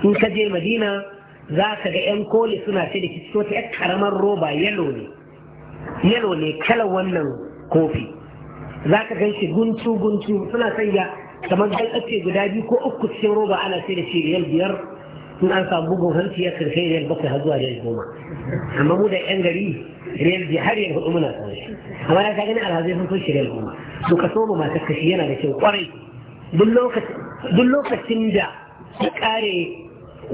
in ka je madina za ka ga 'yan koli suna ce da shi cikin wata karamar roba yalo ne yalo ne kalar wannan kofi za ka gan shi guntu guntu suna sanya kamar ake guda biyu ko uku cikin roba ana sai da shi riyal biyar in an samu bugun hanci ya karshe riyal bakwai har zuwa riyal goma amma mu da yan gari riyal ji har riyal hudu muna samun shi amma na gani alhazai sun shi riyal goma to ka soma masu kashi yana da kyau kwarai duk lokacin da su kare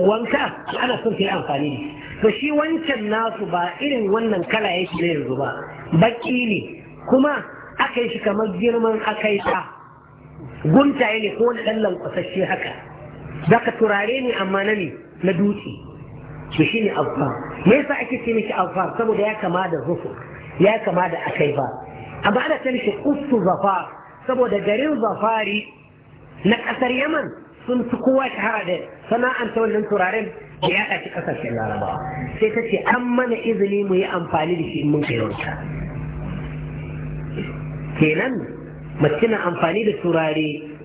wanka ana son su yi amfani da to shi wancan nasu ba irin wannan kala yake ne yanzu ba baki ne kuma aka yi shi kamar girman aka yi ta guntaye ne ko wani ɗan lankwasashe haka za ka turare ni amma na ne na dutse to shi ne alfar me yasa ake ce miki alfar saboda ya kama da zufu ya kama da akai ba amma ana ce miki ustu zafa saboda garin zafari na ƙasar yaman sun fi kowa shahara da sana'anta wannan turaren da ya ɗaci ƙasashen larabawa sai ta ce an mana izini mu yi amfani da shi mun kai kenan mace na amfani da turare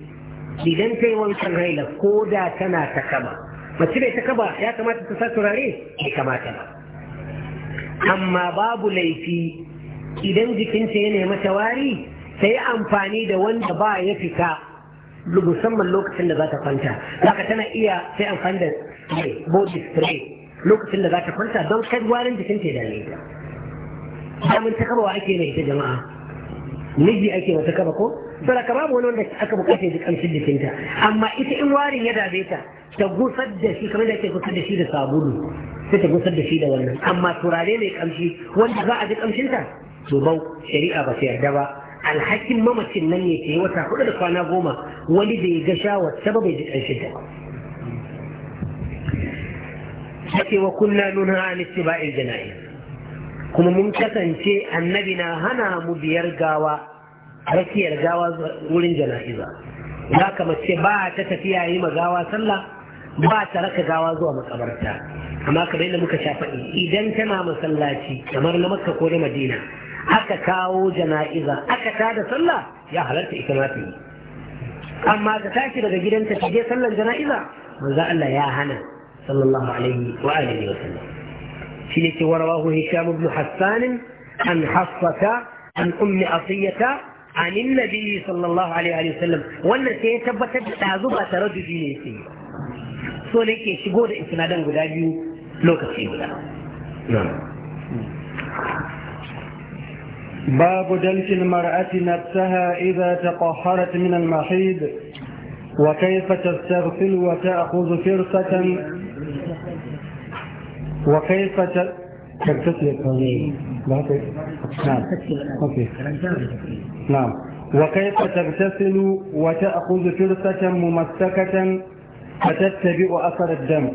idan ta yi wankan haila ko da tana ta kaba mace bai ta kama ya kamata ta sa turare bai kamata ba amma babu laifi idan jikinta ya nemi ta wari ta yi amfani da wanda ba ya fita musamman lokacin da za ta kwanta zaka tana iya sai amfani da body spray lokacin da za ta kwanta don kai warin jikinta ya dame ta Amin ta kaba wa ake mai ita jama'a miji ake wata kaba ko saboda babu wani wanda aka bukata ya ji kamshin jikinta amma ita in warin ya dame ta ta gusar da shi kamar da ke gusar da shi da sabulu sai ta gusar da shi da wannan amma turare mai kamshi wanda za a ji kamshinta to bau shari'a ba ta yarda ba alhakin mamacin nan ne ke wata hudu da kwana goma wani bai ga shawar ta ba bai ji kanshinta ba Sake wa kunna nuna an istiba'il jana'i kuma mun kasance annabi na hana mu biyar gawa rakiyar gawa wurin jana'iza za ka mace ba ta tafiya yi ma gawa sallah ba ta raka gawa zuwa makabarta amma kamar yadda muka sha faɗi idan tana masallaci kamar na makka ko na madina aka kawo jana'iza aka tada sallah ya halarta ita ma ta yi amma ka tashi daga gidanta ta je sallar jana'iza manzo Allah ya hana sallallahu alaihi wa alihi wa sallam shi ne ke warawahu hisham ibn hassan an hafsata an ummi asiyata عن النبي صلى الله عليه وسلم وانا sai ya tabbatar da ɗazu ba tare da ne yake so ne ke shigo باب دلك المرأة نفسها إذا تقهرت من المحيض وكيف تستغفل وتأخذ فرصة وكيف تغتسل نعم نعم وكيف تغتسل وتأخذ فرصة ممسكة فتتبع أثر الدم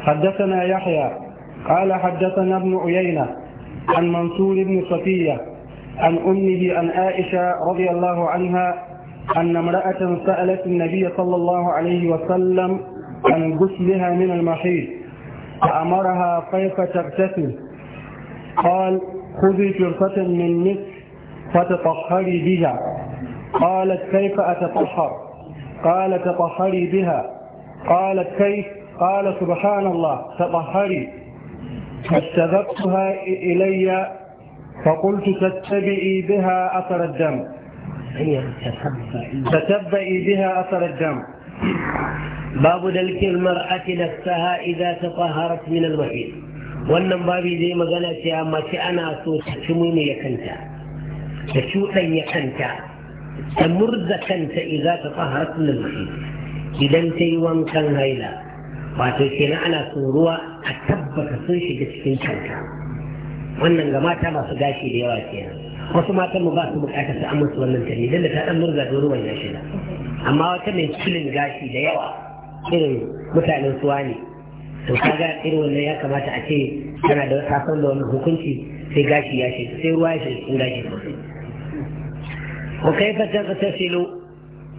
حدثنا يحيى قال حدثنا ابن عيينة عن منصور بن صفية عن أمه عن عائشة رضي الله عنها أن امرأة سألت النبي صلى الله عليه وسلم عن غسلها من المحيط فأمرها كيف تغتسل قال خذي فرصة من نصف فتطهري بها قالت كيف أتطهر قال تطهري بها قالت كيف قال سبحان الله تطهري فاستذبتها إلي فقلت تتبئي بها أثر الدم تتبئي بها أثر الدم باب دلك المرأة نفسها إذا تطهرت من الوحيد وأن بابي zai magana cewa mace ana so ta ci da cuɗanya kanta ta murza kanta iza ta tsaharar kullum idan ta yi wankan haila wato kenan ana son ruwa a tabbata sun shiga cikin kanta wannan ga mata masu gashi da yawa kenan wasu matan mu ba su bukatar su amsa wannan tani da ta dan murza da ruwan ya shiga amma wata mai cilin gashi da yawa irin mutanen suwa ne to kaga irin wannan ya kamata a ce tana da ta da wani hukunci sai gashi ya shiga sai ruwa ya shiga cikin gashi sosai وكيف تغتسل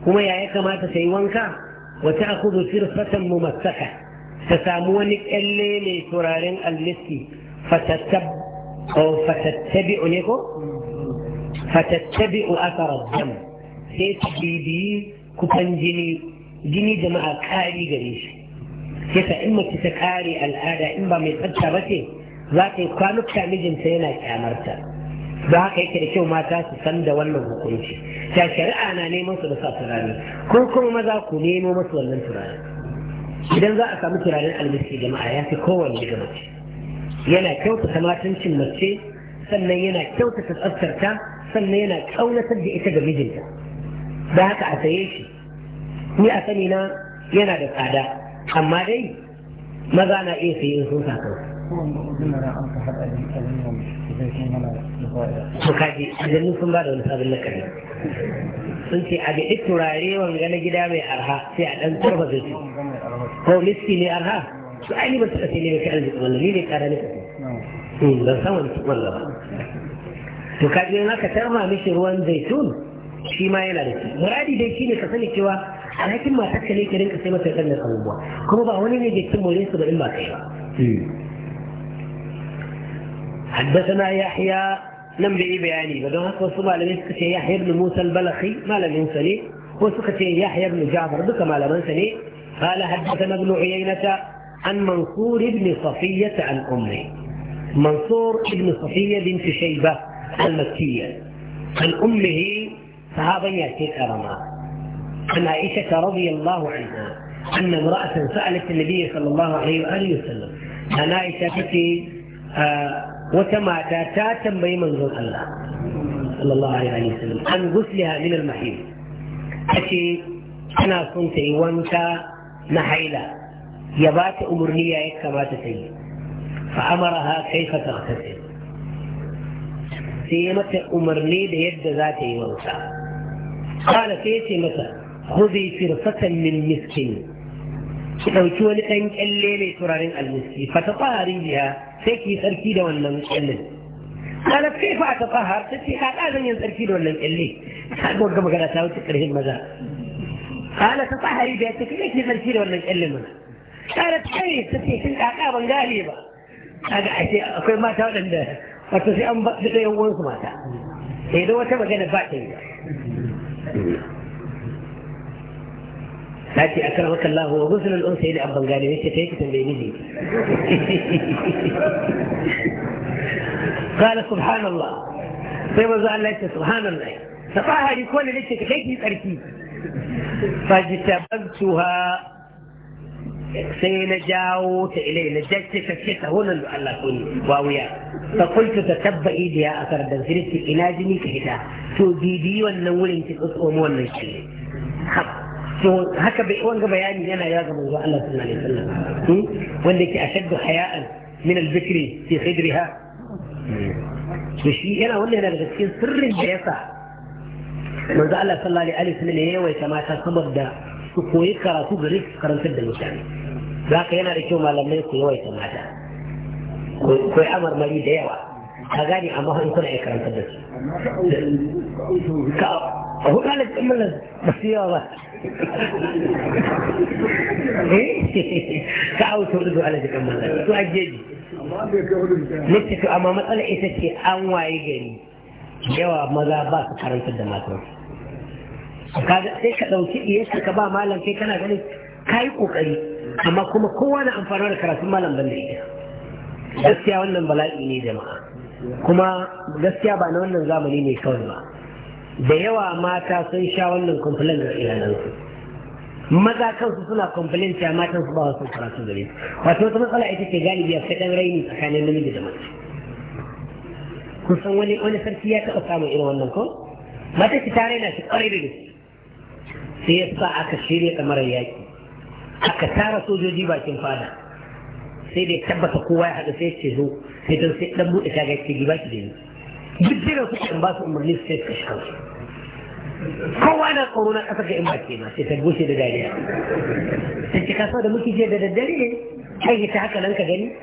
كما يا كما تسي وانكا وتأخذ فرصة ممسكة تسامونك اللي من سرارين المسكي فتتب أو فتتبع نيكو فتتبع أثر الدم سيتبيدي كفن جني جني جماعة كاري جريش كيف إما تتكاري الآلة إما من فتشة بسي ذاتي كانت كامجن سينا كامرتا da haka yake da kyau mata su san da wannan hukunci ta shari'a na neman su da sa turare ko kuma maza ku nemo masu wannan turare idan za a samu turaren almiski jama'a ya fi kowanne ga mace yana kyautata matancin mace sannan yana kyautata tsaftarta sannan yana kaunatar da ita ga mijinta da haka a saye shi ni a sani na yana da tsada amma dai maza na iya saye sun sa to kaji idan sun ba da wani sabon lakari sun ce a biɗi turare wanga na gida mai arha sai a ɗan tarfa zai ko miski ne arha su aini ba su kasi ne mai kai arziki wannan ne kara ne kasi hmm, ban san wani wannan ba to kaji yana ka tarma mishi ruwan zaitun shi ma yana da shi muradi dai shi ne ka sani cewa alhakin matar ka ne ka rinka sai mata ɗan abubuwa kuma ba wani ne da cin more su ba in ba kai ba hmm. حدثنا يحيى لم بإبياني فدوهك وصبع لم يسكت يحيى بن موسى البلخي ما لم ينسني وسكت يحيى بن جعفر بك ما لم ينسني قال حدثنا ابن عيينة عن منصور بن صفية عن أمه منصور بن صفية بنت شيبة المكية عن أمه صحابا يأتي كرما عن عائشة رضي الله عنها أن امرأة سألت النبي صلى الله عليه وآله وسلم عن عائشة آه، wata mata ta tambayi manzon Allah sallallahu alaihi wa sallam an gusliha min al-mahid kace ana son ta yi wanka na haila ya ba ta umarni ya yi kamata ta yi fa amaraha kaifa taghtasil sai ya mata umarni da yadda za ta yi wanka kana sai ce mata khudhi firfatan min miskin ki dauki wani dan kyalle ne turaren almiski fa ta biya sai ki tsarki da wannan kyalle kana kai fa ta tsahar ta ce ka ɗazan yin tsarki da wannan kyalle ta ga magana ta wuce ƙarfin maza kana ta tsahari da ya ce kai ki tsarki da wannan kyalle mana kana kai ta ce kin ƙaƙa ban gane ba kaga ashe akwai mata waɗanda wato sai an ba da yan uwansu mata sai eh, da wata magana ba ta yi na اكرمك الله kan الانثى الى wa قال لي sai da abban قال سبحان الله سيما طيب زال الله سبحان الله فقاها يكون لك كيف تركي فاجتبتها سينا جاو إلي نجدت فكيت هنا الله كوني واويا فقلت تتبعي لي أثر دنسلتي إلى جنيك هدا تو ديدي والنول انت تقوم والنشي خب to haka bai wanga bayani yana ya ga manzo Allah sallallahu alaihi wasallam wanda yake ashaddu haya'an min al-zikri fi khidriha to shi yana wannan yana daga cikin sirrin da yasa manzo Allah sallallahu alaihi wasallam ya yawaita mata saboda su koyi karatu gare su karantar da mutane za ka yana da kyau malamai ku yawaita mata koyi amarmari da yawa ka gane amma in kuna iya karantar da su ka hudu halittar mallar ba su yawa ba Eh? ka auto rudu ala jikan manzan su ajeji nake to amma matsala ita ce an waye gari yawa maza ba su karantar da matan sai ka ɗauki iyaka ka ba malam kai kana ganin ka yi ƙoƙari amma kuma kowa na amfani da karatun malam ban da ita gaskiya wannan bala'i ne jama'a kuma gaskiya ba na wannan zamani ne kawai ba da yawa mata sun sha wannan complain da iyalansu maza kansu suna complain cewa matan su ba wasu karatu gare wato wata matsala ita ce galibi a kaɗan raini tsakanin namiji da mace kusan wani wani sarki ya taɓa samun irin wannan ko mata ki tare na shi ƙwarai da gaske sai ya sa aka shirya kamarar yaƙi aka tara sojoji bakin fada sai da ya tabbata kowa ya haɗu sai ce zo sai don sai ɗan buɗe shagaki ki ba ki da yanzu. duk jiran suke in ba su umarni su sai su kashe kansu kowa na tsoro na ƙasar da in ba ke ma sai ta bushe da dariya ta ce kasuwa da muke jiya da daddare ne kai ta haka nan ka gani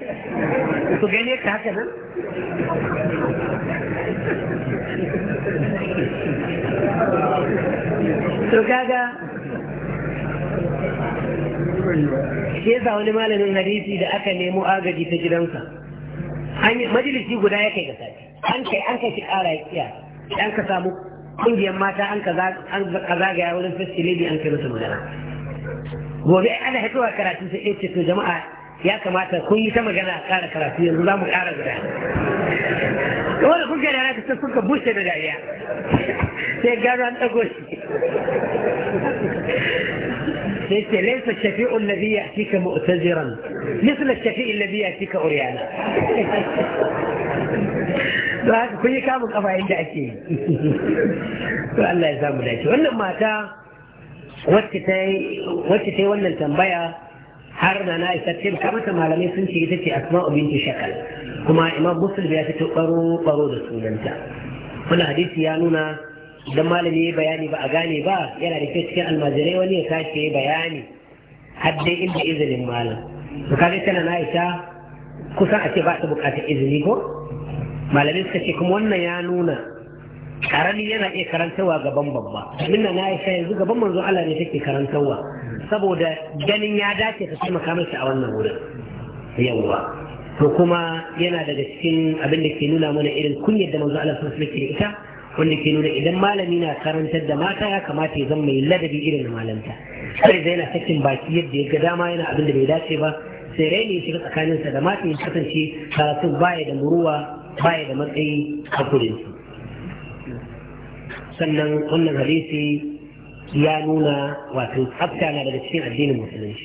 ku gane ta haka nan to kaga shi yasa wani malamin hadisi da aka nemo agaji ta gidansa majalisi guda ya kai ga sati an kai an kai shi ƙara ya an ka samu ƙungiyar mata an ka zagaya wurin fasili an kai musu magana gobe ana haɗuwa karatu sai ɗaya ce to jama'a ya kamata kun yi ta magana a ƙara karatu yanzu za mu ƙara guda wanda kuka da raka sai kuka bushe da dariya sai gano an ɗago shi ليس ليس الشفيع الذي يأتيك مؤتزرا مثل الشفيع الذي يأتيك عريانا to haka kun yi kamun kafa yadda ake yi to Allah ya samu dace wannan mata wacce ta yi wannan tambaya har na na isa ce ka mata malamai sun ce ita ce asma'u binti shakal kuma imam muslim ya fito baro baro da sunanta wani hadisi ya nuna idan malami ya bayani ba a gane ba yana da kyau cikin almajirai wani ya tashi bayani har dai inda izinin malam to kaga tana na isa kusan a ce ba ta bukatar izini ko Malamin suka ce kuma wannan ya nuna karami yana iya karantarwa gaban babba abin na aisha yanzu gaban manzo Allah ne take karantarwa saboda ganin ya dace ta taimaka masa a wannan wurin yawwa to kuma yana daga cikin abin da ke nuna mana irin kunyar da manzo Allah sallallahu ke ita wanda ke nuna idan malami na karantar da mata ya kamata ya zama mai ladabi irin malanta sai zai na sakin baki yadda ya ga dama yana abin da bai dace ba sai rai ne shiga tsakaninsa da mata ya kasance karatu baya da muruwa baya da matsayi a gurinsu sannan wannan hadisi ya nuna wato tsafta na daga cikin addinin musulunci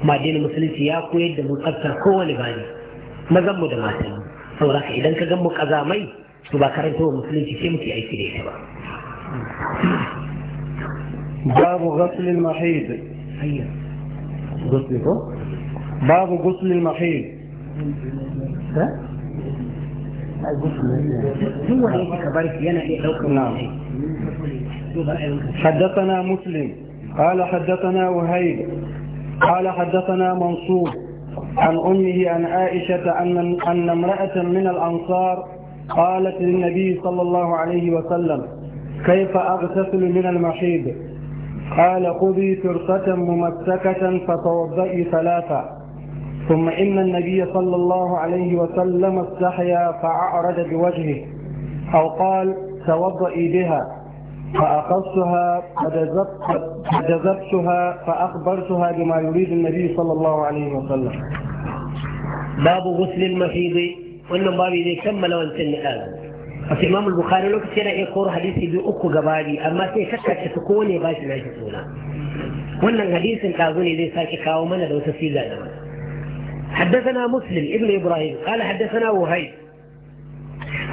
kuma addinin musulunci ya koyar da mu tsafta kowane bani mazan mu da matan saboda haka idan ka gan mu kazamai to ba karanta wa musulunci sai muke aiki da ita ba babu ghusl al-mahid ghusl ko babu ghusl al-mahid حدثنا مسلم قال حدثنا وهيب قال حدثنا منصور عن أمه عن عائشة أن, أن امرأة من الأنصار قالت للنبي صلى الله عليه وسلم كيف أغتسل من المحيض قال خذي فرصة ممسكة فتوضئي ثلاثة ثم إن النبي صلى الله عليه وسلم استحيا فعرج بوجهه أو قال توضئي بها فأخذتها فجذبتها فأخبرتها بما يريد النبي صلى الله عليه وسلم باب غسل المحيض وإنما بابي إذا كمل وانتن هذا الإمام البخاري لو كتير يقول حديثي بأكو قبالي أما في تيكتك تكوني باش ما يشتونا وإن الحديث كاظوني ذي ساكي كاومنا لو تسيلا نمت حدثنا مسلم ابن إبراهيم قال حدثنا وهيب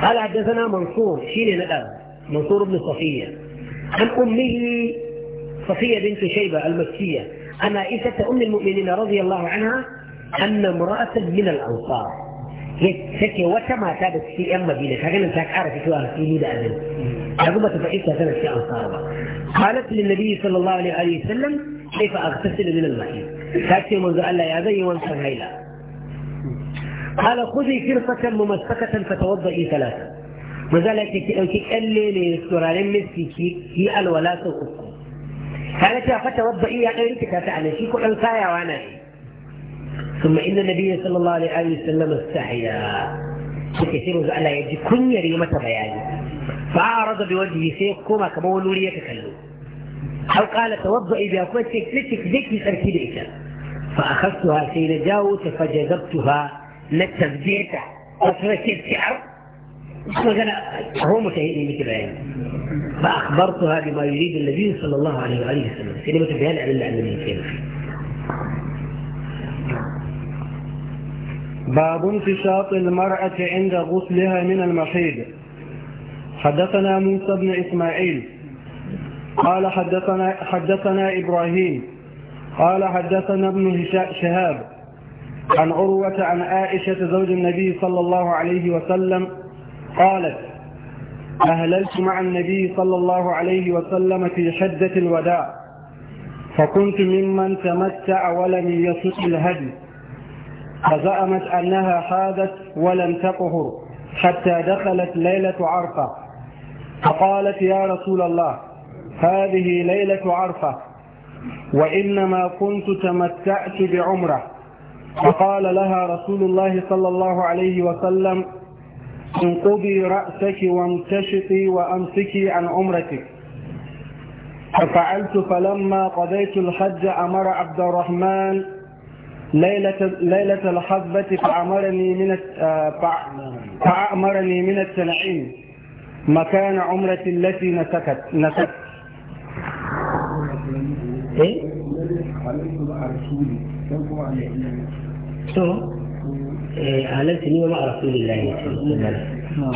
قال حدثنا منصور شين الأب منصور بن صفية عن أمه صفية بنت شيبة المكية أنا عائشة أم المؤمنين رضي الله عنها أن امرأة من الأنصار سكي وتما كانت في أم مدينة فكنا نتاك عارف سؤال في ميدا أدن عظمة فإسة كانت في أنصار قالت للنبي صلى الله عليه وسلم كيف أغتسل من المحيط فأكتب منذ ألا يا ذي وانصر هيلا قال خذي فرصة ممسكة فتوضئي ثلاثة مازال زال كي قال لي سورارين مسكي كي كي الولاء أكو قالت يا فتوضئي يا غيرك كاتعني شيكو الفايا وانا ثم إن النبي صلى الله عليه وسلم استحيا كثير على يجي كن يريمة بياني فأعرض بوجهه سيقوم كما ولولي يتكلم أو قال توضئي بأقوتك لتك ذكي تركيد فأخذتها حين جاوت فجذبتها للتثبيت أصبحت شعر هو متهيئني مثل بعين يعني. فأخبرتها بما يريد النبي صلى الله عليه وآله وسلم كلمة بيان عن الله النبي كيف باب انتشاط المرأة عند غسلها من المحيض حدثنا موسى بن إسماعيل قال حدثنا, حدثنا إبراهيم قال حدثنا ابن شهاب عن عروة عن عائشة زوج النبي صلى الله عليه وسلم قالت أهللت مع النبي صلى الله عليه وسلم في شدة الوداع فكنت ممن تمتع ولم يسق الهدي فزعمت أنها حاذت ولم تطهر حتى دخلت ليلة عرفة فقالت يا رسول الله هذه ليلة عرفة وإنما كنت تمتعت بعمره فقال لها رسول الله صلى الله عليه وسلم انقضي رأسك وامتشطي وأمسكي عن عمرتك ففعلت فلما قضيت الحج أمر عبد الرحمن ليلة, ليلة الحزبة فأمرني من آه، فأمرني من التنعيم مكان عمرتي التي نسكت نسكت إيه؟ to eh, halarta ni ma a rasulillahi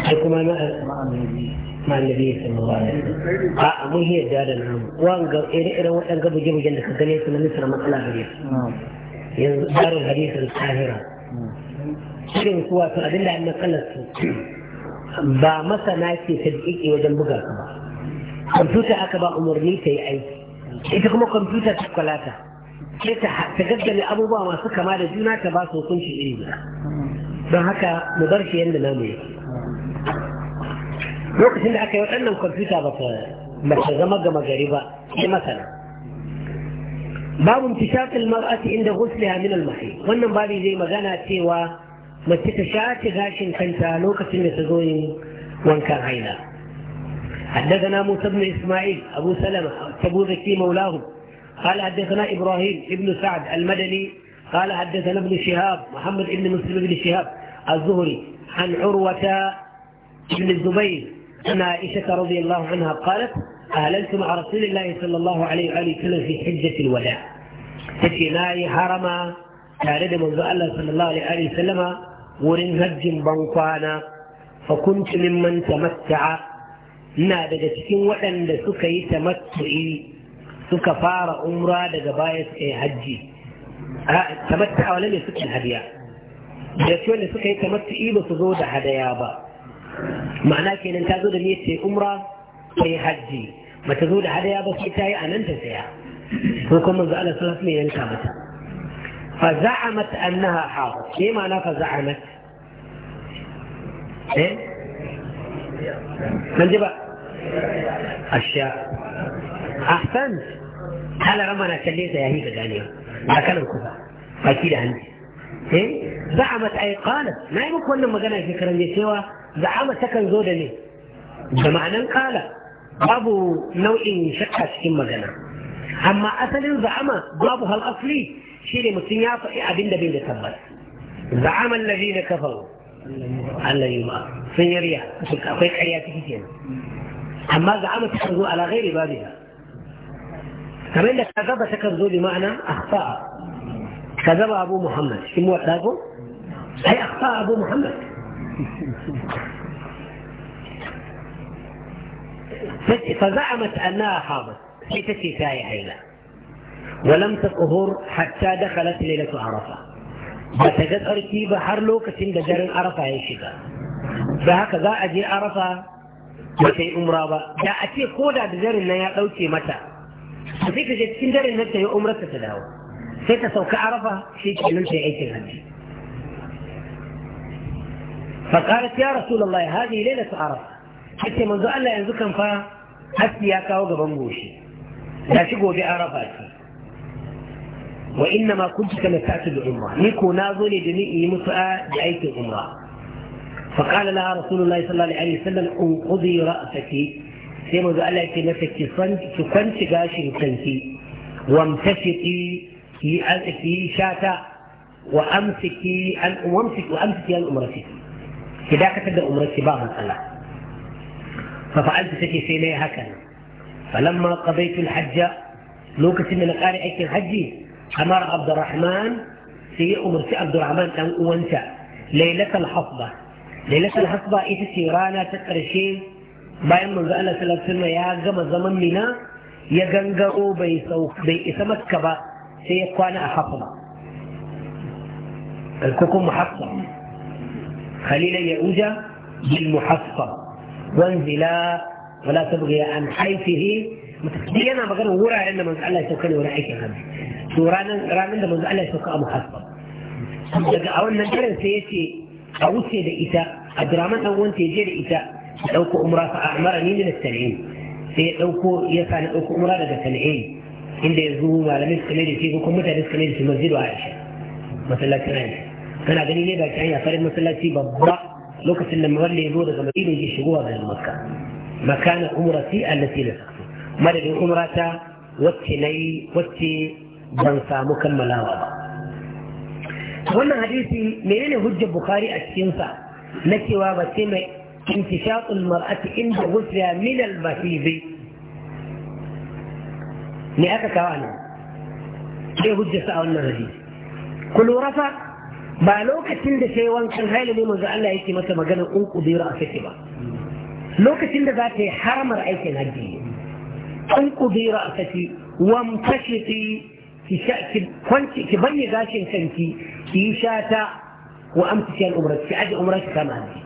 sai kuma na ma annabi sallallahu alaihi wasallam a mun yadda da namu wanga ire-iren waɗanda buge-bugen da ka gane su na misra matsala gare su yanzu tsarin hadisin tahira shirin kuwa wato abinda an matsalar su ba masa na ce ta daƙiƙe wajen buga ka ba kwamfuta aka ba umarni ta yi aiki ita kuma kwamfuta ta kwalata sai ta gaggame abubuwa masu kama da juna ta ba su hukunci iri guda don haka mu bar shi yadda namu yake lokacin da aka yi waɗannan kwamfuta ba ta zama gama gari ba sai masana babu intishafil mar'ati inda ghusliha min al-mahi wannan babi zai magana cewa mace ta shace gashin kanta lokacin da ta zo yin wankan haila حدثنا موسى بن اسماعيل ابو سلمه ابو ذكي مولاه قال حدثنا إبراهيم ابن سعد المدني قال حدثنا ابن شهاب محمد ابن مسلم بن شهاب الزهري عن عروة بن الزبير عن عائشة رضي الله عنها قالت أهللت مع رسول الله صلى الله عليه وآله وسلم في حجة الوداع فتناي حرم تارد منذ الله صلى الله عليه وآله وسلم ورن هج بنقانا فكنت ممن تمتع ina daga وعند سكي تمتعي suka fara umra daga baya suka yi hajji tamatta a wani ne suka yi hadiya da su wanda suka yi tamatta ba su zo da hadaya ba ma'ana kenan ta zo da niyyar ta umra ta yi hajji bata zo da hadaya ba sai ta yi a nan ta saya ko kuma za Allah sallallahu alaihi yanka mata fa za'amat annaha hafu ke ma'ana fa za'amat eh nan ji ba asha ahsan ala ramana kalle ta yayi ga ganewa ba kalan ku ba baki da hanci eh za'amat ay qalat na yi muku wannan magana shekaran da za'a za'ama takan zo da ne da ma'anan qala babu nau'in shakka cikin magana amma asalin za'ama babu hal shine mutum ya faɗi abin da bai da tabbas za'ama allazina kafaru Allah yi ma sun yi riya akwai ƙarya ciki kenan أما زعمت تكذب على غير بابها كما إن كذب تكذب بمعنى أخطاء كذب أبو محمد شمو موتاكم أي أخطاء أبو محمد فزعمت أنها حاضر ليست ساي حيلة ولم تظهر حتى دخلت ليلة عرفة فتجد أركيب بحر لوكة دجر عرفة يشبه فهكذا أجي عرفة ba ta yi umra ba da a ce ko da da jarin nan ya ɗauke mata to sai ta je cikin jarin nan ta yi umrar ta dawo sai ta sauka arafa shi ke nan ta yi aikin hajji فقالت يا رسول الله هذه ليلة عرفة حتى منذ الله ينزكم فا حتى يكاو قبن da لا تقوى بعرفات وإنما كنت كما تعتد عمره نيكو ناظني دنيئي متأى بأيت العمره فقال لها رسول الله صلى الله عليه وسلم انقضي رأسك sai mu Allah ya ce masa ki kwanci gashin kanki wamtashiki ki yi shata wa amsiki an wamsiki wa amsiki an umrati ki dakatar da umrati ba matsala fa fa'alta take sai nayi haka falamma qadaytu al-hajj lokacin da na kare aikin hajji amara abdurrahman sai ya umarci abdurrahman dan uwanta lailatul hasba lailatul hasba ita ce rana ta ƙarshe bayan manzo Allah sallallahu alaihi ya gama zaman mina ya gangaro bai bai isa makka ba sai ya kwana a hafa alkukun muhaffa khalilan ya'uja bil muhaffa wanzila wala tabghi an haifihi duk yana magana wuraren da manzo Allah ya sauka ne wani aikin hannu to ranar da manzo Allah ya sauka a muhasba daga a wannan karin sai yace أوسي لإتاء أدرامان أول تيجي لإتاء لو كو أمرا فأعمرني من التنعيم في لو كو يفعل لو كو أمرا لدى التنعيم إن دي يزوه ما لم يستمر في كو متى يستمر في مسجد وعائشة مثلا كنان كان أدني ليبا كان يفعل مثلا في ببرا لو كسل لما ولي يزوه يجي شغوها من المكة مكان أمرا في التي لك ما لدي أمرا تا واتي لي واتي جنسا مكملا وضع wannan hadisi menene hujjar bukhari a cikinsa na cewa ba ce mai intishaqul mar'ati inda ghusla min al ne aka kawo anan sai hujjarsa a wannan hadisi ku lura fa ba lokacin da sai wankan haila ne manzo Allah yake masa maganar in kubira a ba lokacin da za ta yi haramar aikin hajji in kubira a saki wamtashiti ki kwanci ki banye gashin kanki ki yi shata wa amsiki al'umra ki aje umra ki kama haji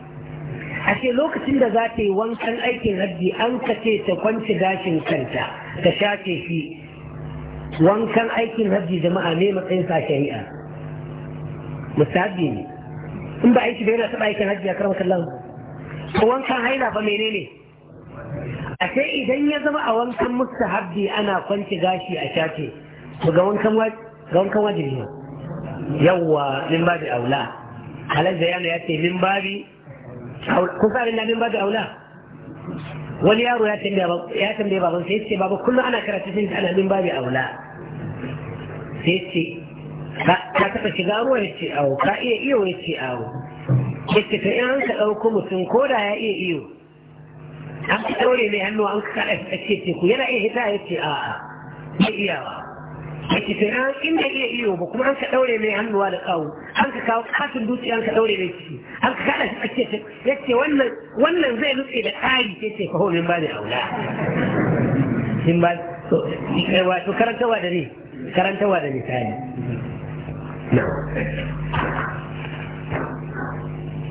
ashe lokacin da za ta yi wankan aikin hajji an ka ce ta kwanci gashin kanta ta shace shi wankan aikin hajji jama'a ne matsayin sa shari'a musabi ne in ba aiki da yana taɓa aikin hajji a karamar kallon wankan haila ba menene ashe idan ya zama a wankan mustahabbi ana kwanci gashi a shace to ga wankan wajibi ne yawwa min babi aula halar da yana ya ce min babi kun sa na min babi aula wani yaro ya tambaye baban sai ce baba kullum ana karatu sun ana min babi aula sai ce ka taɓa shiga ruwa ya ce awo ka iya iyo ya ce awo ya ce ta in an ka ɗauko mutum ko da ya iya iyo an ka ɗaure mai hannu an ka kaɗa ce ku. yana iya hita ya ce a'a ya iyawa الان ان يهيوبك وما انك دولي من اهم والد او انك كاو حاسم دوتي انك دولي من اهم انك كان اسم اكتشك يكتي وانا وانا زي نسي لحاجة يكتي فهو من بعد او لا من بعد وكرن توادني كرن توادني ثاني نعم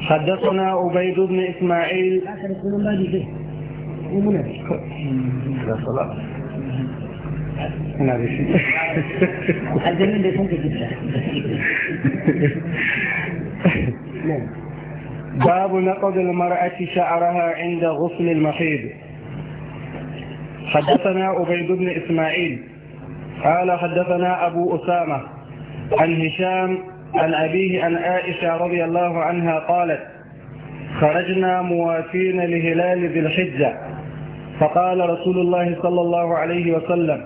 حدثنا عبيد بن اسماعيل لا كان اسم من بعد ايه ومنا لا صلاة الجميل نعم. جدا باب نقض المرأة شعرها عند غسل المحيض حدثنا عبيد بن إسماعيل قال حدثنا أبو أسامة عن هشام عن أبيه عن عائشة رضي الله عنها قالت خرجنا موافين لهلال ذي الحجة فقال رسول الله صلى الله عليه وسلم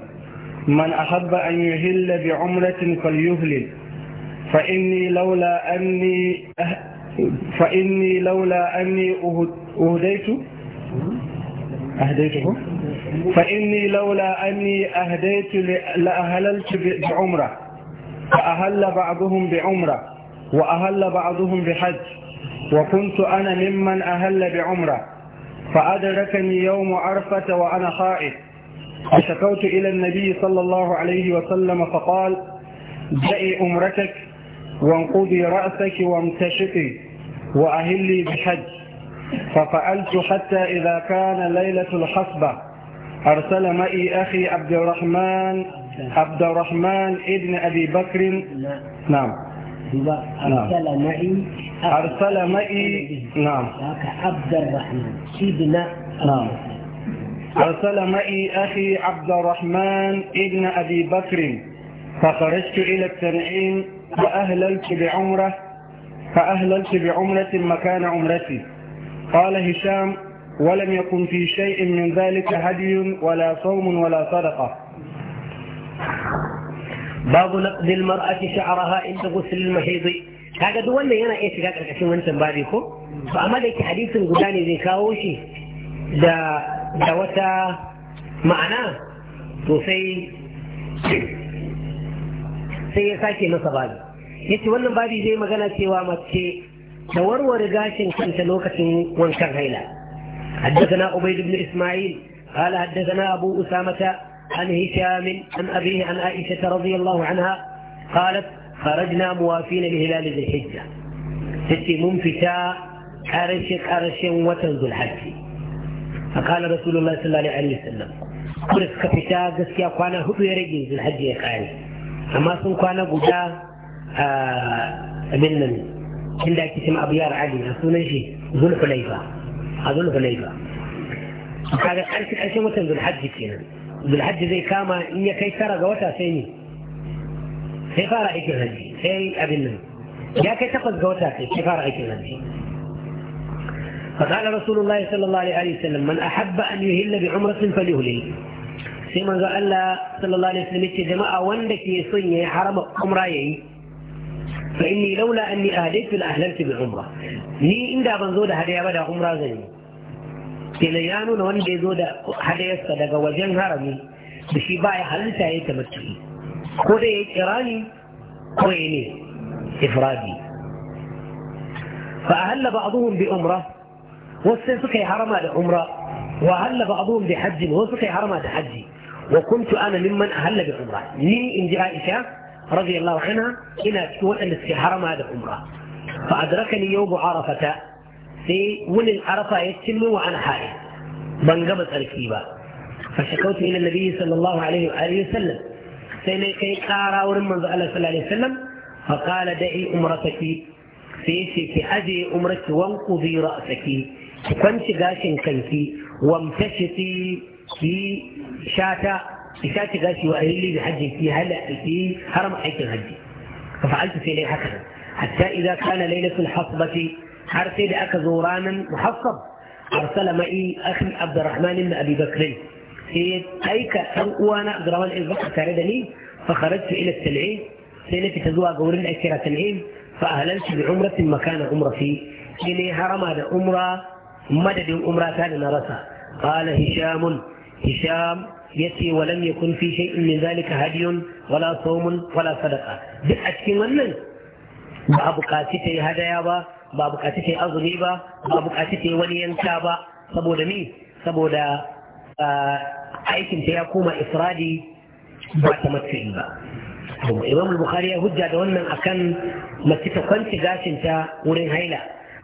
من أحب أن يهل بعمرة فليهلل فإني لولا أني أه-، فإني لولا أني أهديت أهديته فإني لولا أني أهديت لأهللت بعمرة فأهل بعضهم بعمرة وأهل بعضهم بحج وكنت أنا ممن أهل بعمرة فأدركني يوم عرفة وأنا خائف فشكوت إلى النبي صلى الله عليه وسلم فقال دعي أمرتك وانقضي رأسك وامتشقي وأهلي بحج ففعلت حتى إذا كان ليلة الحصبة أرسل معي أخي عبد الرحمن عبد الرحمن ابن أبي بكر نعم أرسل معي أرسل معي نعم عبد الرحمن سيدنا نعم أرسل معي أخي عبد الرحمن ابن أبي بكر فخرجت إلى التنعيم فأهللت بعمرة فأهللت بعمرة مكان عمرتي قال هشام ولم يكن في شيء من ذلك هدي ولا صوم ولا صدقة باب نقد المرأة شعرها عند غسل المحيض هذا دولنا ينا إيه شكاك الكشم وانتم باريكو فأما ليك حديث قداني ذي كاوشي da دا معنا تو سي سي ساكي مصابي يتي ونن بادي زي مغانا تيوا مكي تور ورغاشن كنت لوكتن ونكر هيلا حدثنا عبيد بن إسماعيل قال حدثنا أبو أسامة عن هشام عن أبيه عن عائشة رضي الله عنها قالت خرجنا موافين لهلال ذي الحجة ستي ممفتا أرشق أرشق وتنزل حجي فقال رسول الله صلى الله عليه وسلم da suka fita gaskiya kwana hudu ya rage zulhajji ya kare amma sun kwana guda a abin nan inda ake cin abu yara ali a sunan shi zulhulaifa a zulhulaifa kaga ƙarshen ƙarshen watan zulhajji kenan zulhajji zai kama in ya kai tara ga wata sai ne sai fara aikin hajji sai abin nan ya kai takwas ga wata sai sai fara aikin hajji فقال رسول الله صلى الله عليه وسلم من أحب أن يهل بعمرة فليهلل سيما قال صلى الله عليه وسلم جماعة وندك يصني حرم عمرائي إيه؟ فإني لولا أني أهديت لأهللت بعمرة ني إندا من زود هدية بدا عمرة زيني تليانون وندي زود هدية صدق وجن هرمي بشي باي حلتا يتمتعي خودي إيراني خويني إيه إفرادي فأهل بعضهم بعمره وسن سكي حرما ده وهل بعضهم بحج وسكي حرما ده حجي وكنت انا ممن اهل بعمره لي ان عائشه رضي الله عنها هنا تقول ان سكي حرما ده فادركني يوم عرفه في ولن عرفه يتم وانا حائل بن قبل تركيبا فشكوت الى النبي صلى الله عليه واله وسلم سيني كي قارا ورم صلى الله عليه وسلم فقال دعي امرتك في في حجي امرك وانقضي راسك فانتي غاشن كنتي وامتشتي في شاتا شاتي غاشي وأهلي بحج في هلا في هرم حيث الهجي ففعلت في لي حكرا حتى إذا كان ليلة الحصبة أرسل أك زورانا محصب أرسل معي أخي عبد الرحمن بن أبي بكر سيد أيك أنا عبد الرحمن البكر كاردني فخرجت إلى التلعيم سيدة تزوى قول العشرة تلعيم فأهلنت بعمرة مكان عمرة في إلي هرم هذا عمره مدد الأمرة كان رسه قال هشام هشام يتي ولم يكن في شيء من ذلك هدي ولا صوم ولا صدقة بحج في باب قاتتي هدايا با باب قاتتي أغريبا باب قاتتي ولينكابا سبودا مي سبودا آه، أي انت يقوم إفرادي بعد ما تفعل إمام البخاري يهجى دوانا أكان ما تتقنت جاشن تا ورين هيلا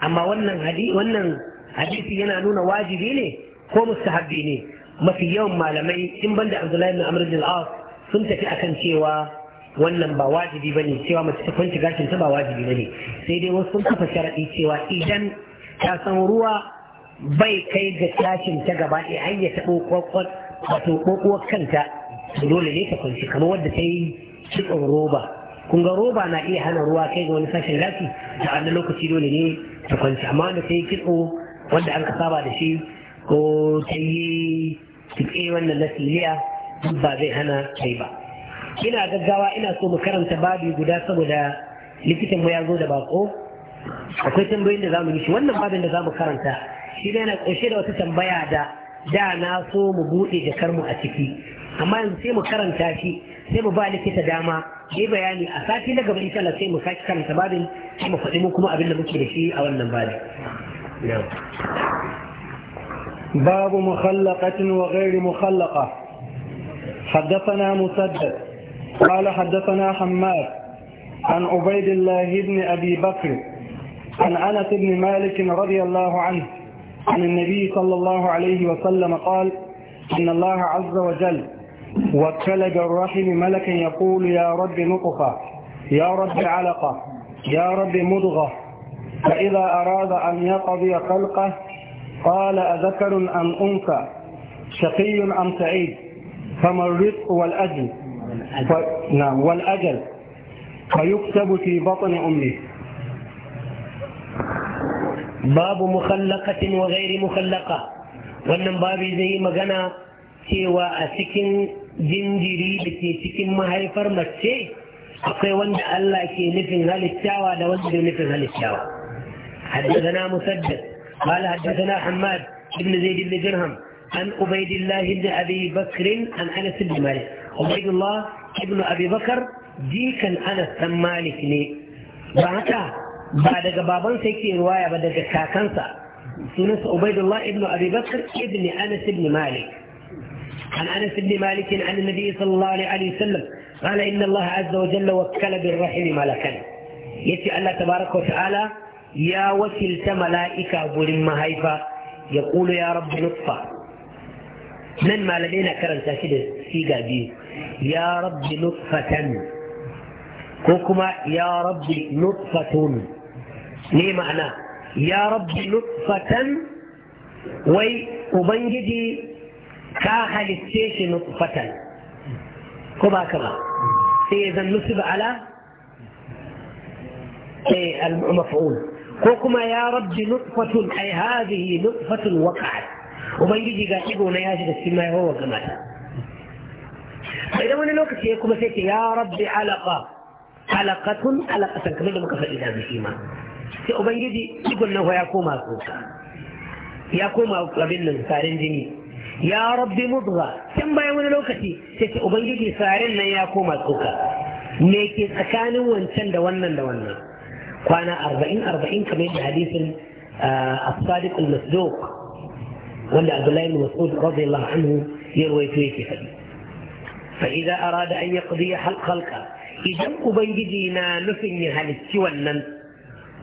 أما ونن هدي ونن hadisi yana nuna wajibi ne ko mustahabbi ne mafi yawan malamai in banda abdullahi bin amr bin al sun tafi akan cewa wannan ba wajibi bane cewa mace ta kwanci gashin ta ba wajibi bane sai dai wasu sun kafa sharadi cewa idan ta san ruwa bai kai ga tashin ta gaba ɗaya an ya taɓo kwakwal wato kanta dole ne ta kwanci kamar wadda ta yi kitson roba kun ga roba na iya hana ruwa kai ga wani sashen lafi da a lokaci dole ne ta kwanci amma da ta yi kitso wanda an saba da shi ko ta yi tuƙe wannan lasiliya duk ba zai hana kai ba ina gaggawa ina so mu karanta babi guda saboda likitan mu ya zo da bako akwai tambayoyin da zamu yi shi wannan babin da zamu karanta shi ne yana ƙunshe da wata tambaya da da na so mu buɗe jakar mu a ciki amma yanzu sai mu karanta shi sai mu ba likita dama yi bayani a sati na gaba insha Allah sai mu sake karanta babin sai mu faɗi mu kuma abin da muke da shi a wannan babin باب مخلقة وغير مخلقة حدثنا مسدد قال حدثنا حماد عن عبيد الله بن أبي بكر عن أنس بن مالك رضي الله عنه عن النبي صلى الله عليه وسلم قال إن الله عز وجل وكل بالرحم ملكا يقول يا رب نطفة يا رب علقة يا رب مضغة فإذا أراد أن يقضي خلقه قال أذكر أم أنثى شقي أم سعيد فما الرزق والأجل ف... نعم والأجل فيكتب في بطن أمه باب مخلقة وغير مخلقة wannan babi zai yi magana cewa a cikin jinjiri da ke cikin mahaifar mace akwai wanda Allah ke nufin halittawa da wanda ke nufin halittawa حدثنا مسدد قال حدثنا حماد بن زيد بن درهم عن عبيد الله بن أبي بكر عن أنس بن مالك عبيد الله بن أبي بكر ديك أنس بن مالك لي بعدها بعد جبابان سيكي رواية بعد كاكنسا سنس عبيد الله بن أبي بكر ابن أنس بن مالك عن أنس بن مالك عن النبي صلى الله عليه وسلم قال إن الله عز وجل وكل بالرحم ملكا يتي الله تبارك وتعالى يا وسلت ملائكة بولم هايفا يقول يا رب نطفة من ما لدينا كرن تاشد سيقا بيه يا رب نطفة كوكما يا رب نطفة ليه معنى يا رب نطفة وي أبنجدي كاحل السيش نطفة كما كما سيزن نصب على إيه، المفعول ko kuma ya rabbi nutfatun ai hadhihi nutfatun waqa'at ubangiji ga ido na ya shiga cikin mahaifar ga Sai idan wani lokaci ya kuma sai ce ya rabbi alaqa alaqatun alaqatan kamar da muka faɗi da shi ma sai ubangiji igon nan ya koma tsoka ya koma abin nan sarin jini ya rabbi mudgha can bayan wani lokaci sai ce ubangiji sarin nan ya koma tsoka me ke tsakanin wancan da wannan da wannan كان أربعين أربعين كما يجي حديث آه، الصادق المصدوق ولا عبد الله بن مسعود رضي الله عنه يروي في حديث فإذا أراد أن يقضي حلق خلقه إذا أبين دينا نفن يهل السوانن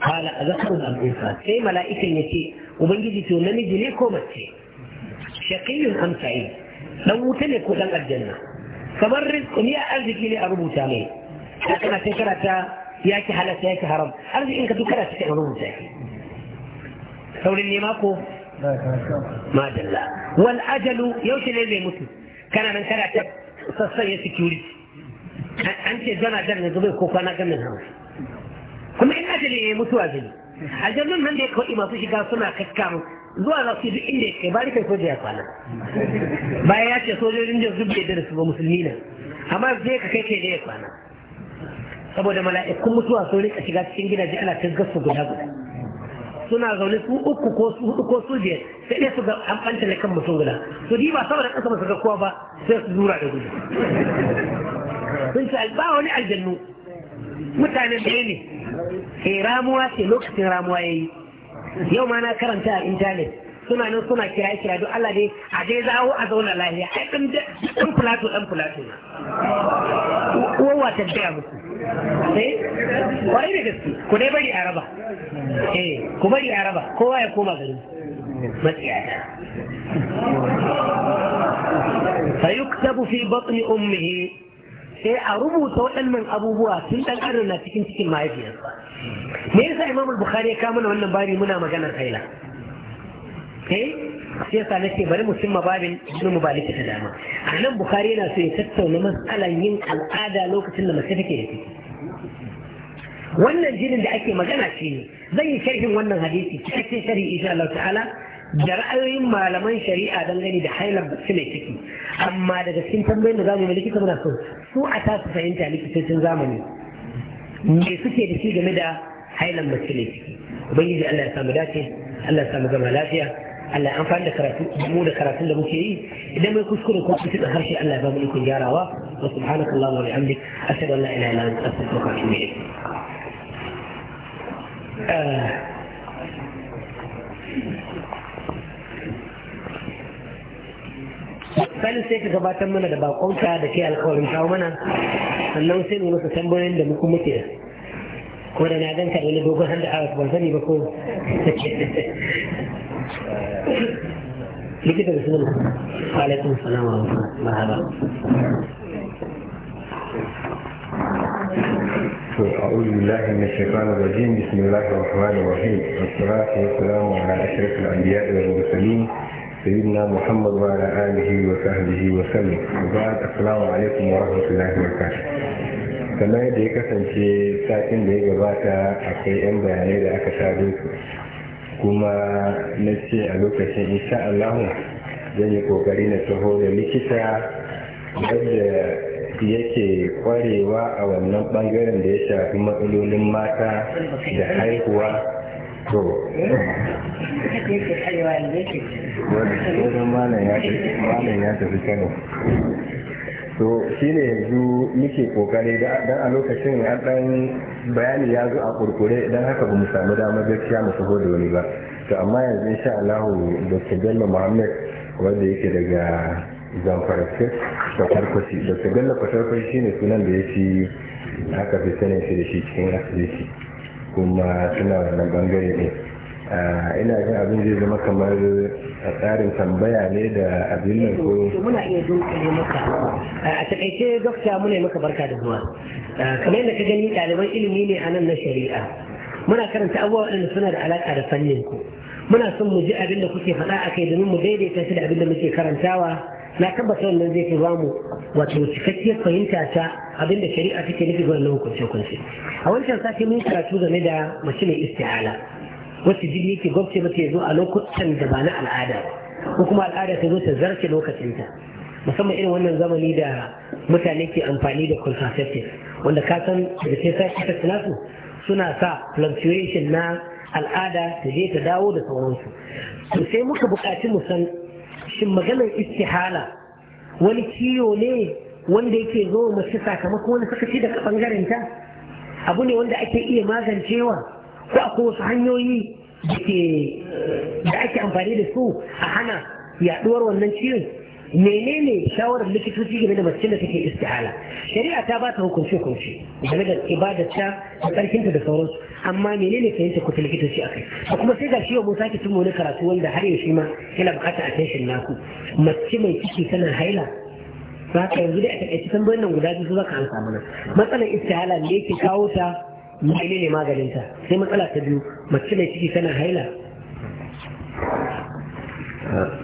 قال أذكر أم أنفا كي ملائكة يتي أبين دينا نجي لكم أتي شقي أم سعيد لو تلك ودن الجنة فمرزكم رزق يا أرزق لي أربو تامي لكن أتكرت Ya ki halatta ki haram arzikin ka duk kana cikin mutane saurin ne mako madalla wal ajalu yaushe ne zai mutu kana nan kana ta ya security an ce zana dan ne zubai ko kwana ganin hawa kuma in ajali ne mutuwa zai aljannun nan da ya kawai masu shiga suna kakkamu zuwa za su duk inda ya kai bari kai soja ya kwana bayan ya ce sojojin da zubbe da su ba musulmi amma zai ka kai kai da ya kwana saboda mala'ikun mutuwa sun rika shiga cikin gidaje ana ta gasu guda guda suna zaune su uku ko su hudu ko su biyar sai dai su ga banta kan mutum guda su ba saboda kasa ba kowa ba sai su zura da gudu sun ci ba wani aljannu mutane da ne eh ramuwa ce lokacin ramuwa yayi yau ma na karanta a intanet suna nan suna kira kira duk Allah dai a dai zawo a zauna lafiya ai kan dan fulato dan fulato na kowa ta gaya muku sai kwarai da gaske ku dai bari a eh ku bari a kowa ya koma garin matsiyata فيكتب في بطن أمه sai a rubuta waɗannan abubuwa tun ɗan adam na cikin cikin mahaifiyarsa me yasa imam bukhari ya kama wannan bari muna maganar kaila eh sai yasa nake bari mu cimma mu ba mubaliki ta dama a nan bukari yana so ya tattauna matsalan yin al'ada lokacin da mace take da ciki wannan jinin da ake magana shi ne zan yi sharhin wannan hadisi cikakken sharhi insha Allah ta'ala da ra'ayoyin malaman shari'a dangane da hailar mace mai ciki amma daga cikin tambayoyin da zamu yi likita muna so su a su fahimta likitocin zamani me suke da shi game da hailar mace mai ciki ubangiji Allah ya samu dace Allah ya samu gama lafiya Allah an fara da karatu mu da karatun da muke yi idan mai kuskure ko kuskure da harshe Allah ya ba mu ikon gyarawa wa subhanakallah wa bihamdik ashhadu an la ilaha illa anta astaghfiruka wa atubu ilayk sani sai ka gabatar mana da bakonka da ke alkawarin kawo mana sannan sai mu masa tambayoyin da muku muke wani na ganka da wani dogon handa a ban sani ba عليكم likita da sunan alaikun marhaba أعوذ بالله من الشيطان الرجيم بسم الله الرحمن الرحيم والصلاة والسلام على أشرف الأنبياء والمرسلين سيدنا محمد وعلى آله وصحبه وسلم وبعد السلام عليكم ورحمة الله وبركاته kamar yadda ya kasance satin da ya gabata akwai 'yan bayanai da aka tado su kuma na ce a lokacin insha Allah zan yi kokari na taho da likita yadda yake kwarewa a wannan bangaren da ya shafi matsalolin mata da haihuwa to wani ya tafi kano so shi ne yanzu muke kokari dan a lokacin an dan bayani ya zo a kurkure idan haka ba mu samu damar gaskiya mu saho da wani ba to amma yanzu insha Allah Dr. Bello Muhammad wanda yake daga Zamfara da Kwarkwasi Dr. Bello Kwarkwasi shine sunan da ya yake aka fi sanin shi da shi cikin asibiti kuma suna wannan bangare ne ina jin abin zai zama kamar a tsarin tambaya ne da abin nan ko eh, muna iya dunkule maka a takaice dokta muna maka barka da zuwa kamar yadda ka gani ɗaliban ilimi ne a nan na shari'a muna karanta abubuwa waɗanda suna da alaƙa da fannin ku muna son mu ji abin da kuke faɗa a kai domin mu daidaita shi da abin da muke karantawa na tabbata wannan zai fi bamu wato cikakkiyar fahimta ta abin da shari'a take nufi wannan hukunce-hukunce a wancan sati mun karatu game da mace mai isti'ala wacce jini yake gwabce mata ya zo a lokutan da ba na al'ada ko kuma al'ada ta zo ta zarce lokacinta musamman irin wannan zamani da mutane ke amfani da contraceptive wanda ka san da sai sai ta nasu suna sa fluctuation na al'ada ta je ta dawo da sauransu to sai muka buƙaci mu san shin maganar istihala wani ciwo ne wanda yake zo mace sakamakon wani sakaci daga ɓangaren ta abu ne wanda ake iya magancewa ko akwai wasu hanyoyi da ake amfani da su a hana yaduwar wannan ciwon menene shawarar likitoci game da mace da take istihala shari'a ta ba ta hukunci hukunci game da ibadarta da tsarkinta da sauransu amma menene fahimta kuta likitoci akai da kuma sai ga shi Musa sake cin wani karatu wanda har yaushe ma yana a attention naku mace mai ciki tana haila za ka yanzu da a takaice tambayoyin nan guda biyu za ka amsa mana matsalar istihala ne yake kawo ta mu mene ne maganinta sai matsala ta biyu mace mai ciki tana haila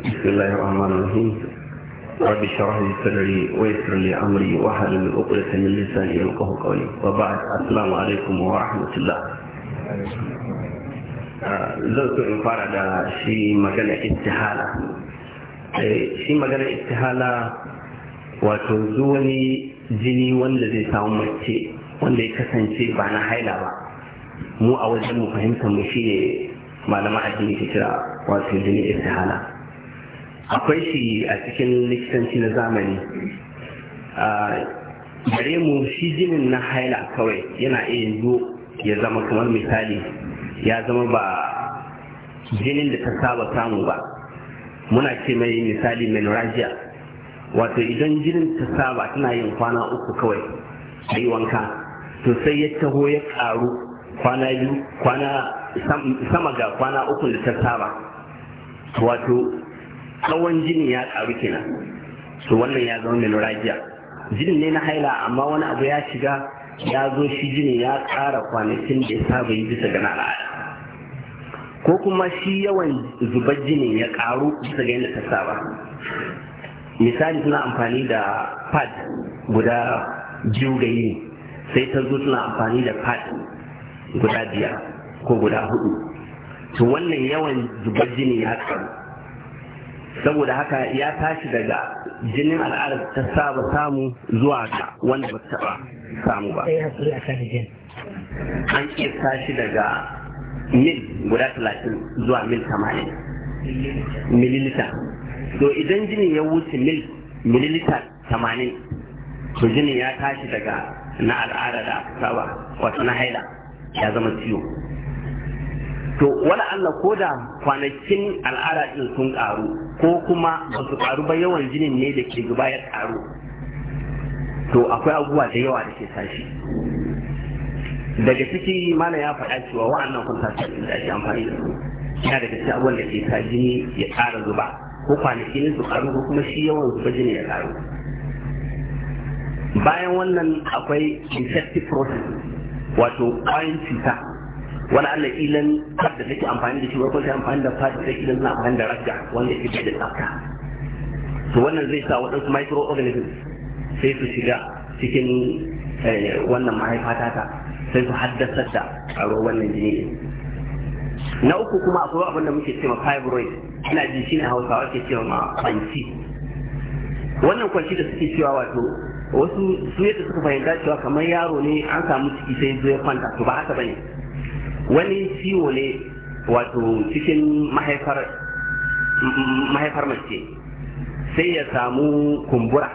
bismillahir rahmanir rahim rabbi shrah li sadri wa yassir li amri wa hlul 'uqdatan min lisani yafqahu qawli wa ba'd assalamu alaikum wa rahmatullah uh, zan so in fara da shi magana istihala eh, shi magana istihala wato zuwa ne jini wanda zai samu mace wanda ya kasance ba na haila ba mu a wajen mu fahimtar mu shine malama addini ke kira wato jini istihala akwai shi a cikin likitanci na zamani gare mu shi jinin na haila kawai yana iya zo ya zama kamar misali ya zama ba jinin da ta saba samu ba muna ce mai misali menorrhagia wato idan jinin ta saba tana yin kwana uku kawai a yi wanka to sai ya taho ya karu kwana biyu kwana sama ga kwana uku da ta saba wato tsawon jini ya karu kenan to wannan ya zama menorrhagia jinin ne na haila amma wani abu ya shiga ya zo shi jinin ya ƙara kwanakin da ya saba yi bisa ga al'ada ko kuma shi yawan zubar jinin ya ƙaru bisa ga yadda ta saba misali suna amfani da pad guda biyu ga yini sai ta zo suna amfani da fad guda biyar ko guda hudu to wannan yawan zubar jini ya karu saboda haka ya tashi daga jinin al'ada ta saba samu zuwa ga wanda ba taba samu ba an iya tashi daga mil guda talatin zuwa mil tamanin mililita to idan jinin ya wuce mil mililita tamanin to jinin ya tashi daga na al'ada da saba wato na haila ya zama ciwo to wala Allah ko da kwanakin al'ada din sun karu ko kuma ba su karu ba yawan jinin ne da ke zuba ya karu to akwai abubuwa da yawa da ke sashi daga ciki mana ya faɗa cewa wa'annan kun tashi da ake amfani da su yana daga cikin abubuwan da ke sa jini ya ƙara zuba ko kwanaki ne su ƙaru ko kuma shi yawan zuba jini ya ƙaru bayan wannan akwai infective process wato kwayan cuta wani allah ilan fad da take amfani da shi wani kuma amfani da fad da ilan na amfani da ragga wanda ke da tsafta to wannan zai sa waɗansu microorganisms sai su shiga cikin eh, wannan mahaifatata ta sai su haddasa da ƙaruwar wannan jini na uku kuma akwai abin da muke cewa fibroid ina ji shi ne hausawa ke cewa ma kwanci wannan kwanci da suke cewa wato wasu su yadda suka fahimta cewa kamar yaro ne an samu ciki sai zai kwanta to ba haka bane wani ciwo ne wato cikin mahaifar mahaifar mace sai ya samu kumbura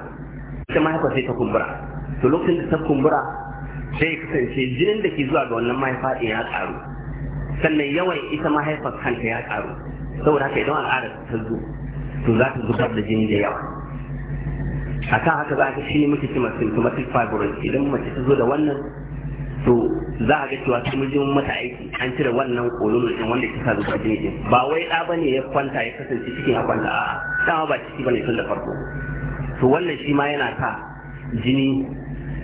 ita mahaifar sai ta kumbura to lokacin da ta kumbura sai kasance jinin da ke zuwa ga wannan mahaifa ɗin ya ƙaru sannan yawan ita mahaifar kanta ya ƙaru saboda haka idan al'adar ta zo to za ta zubar da jini da yawa A akan haka za ka shi mace ce masu symptomatic fibroid idan mace ta zo da wannan to za a ga cewa sun jin mata aiki an cire wannan kolon din wanda ke sa zuba jini din ba wai da ne ya kwanta ya kasance cikin ya kwanta a'a dama ba ciki ne tun da farko to wannan shi ma yana sa jini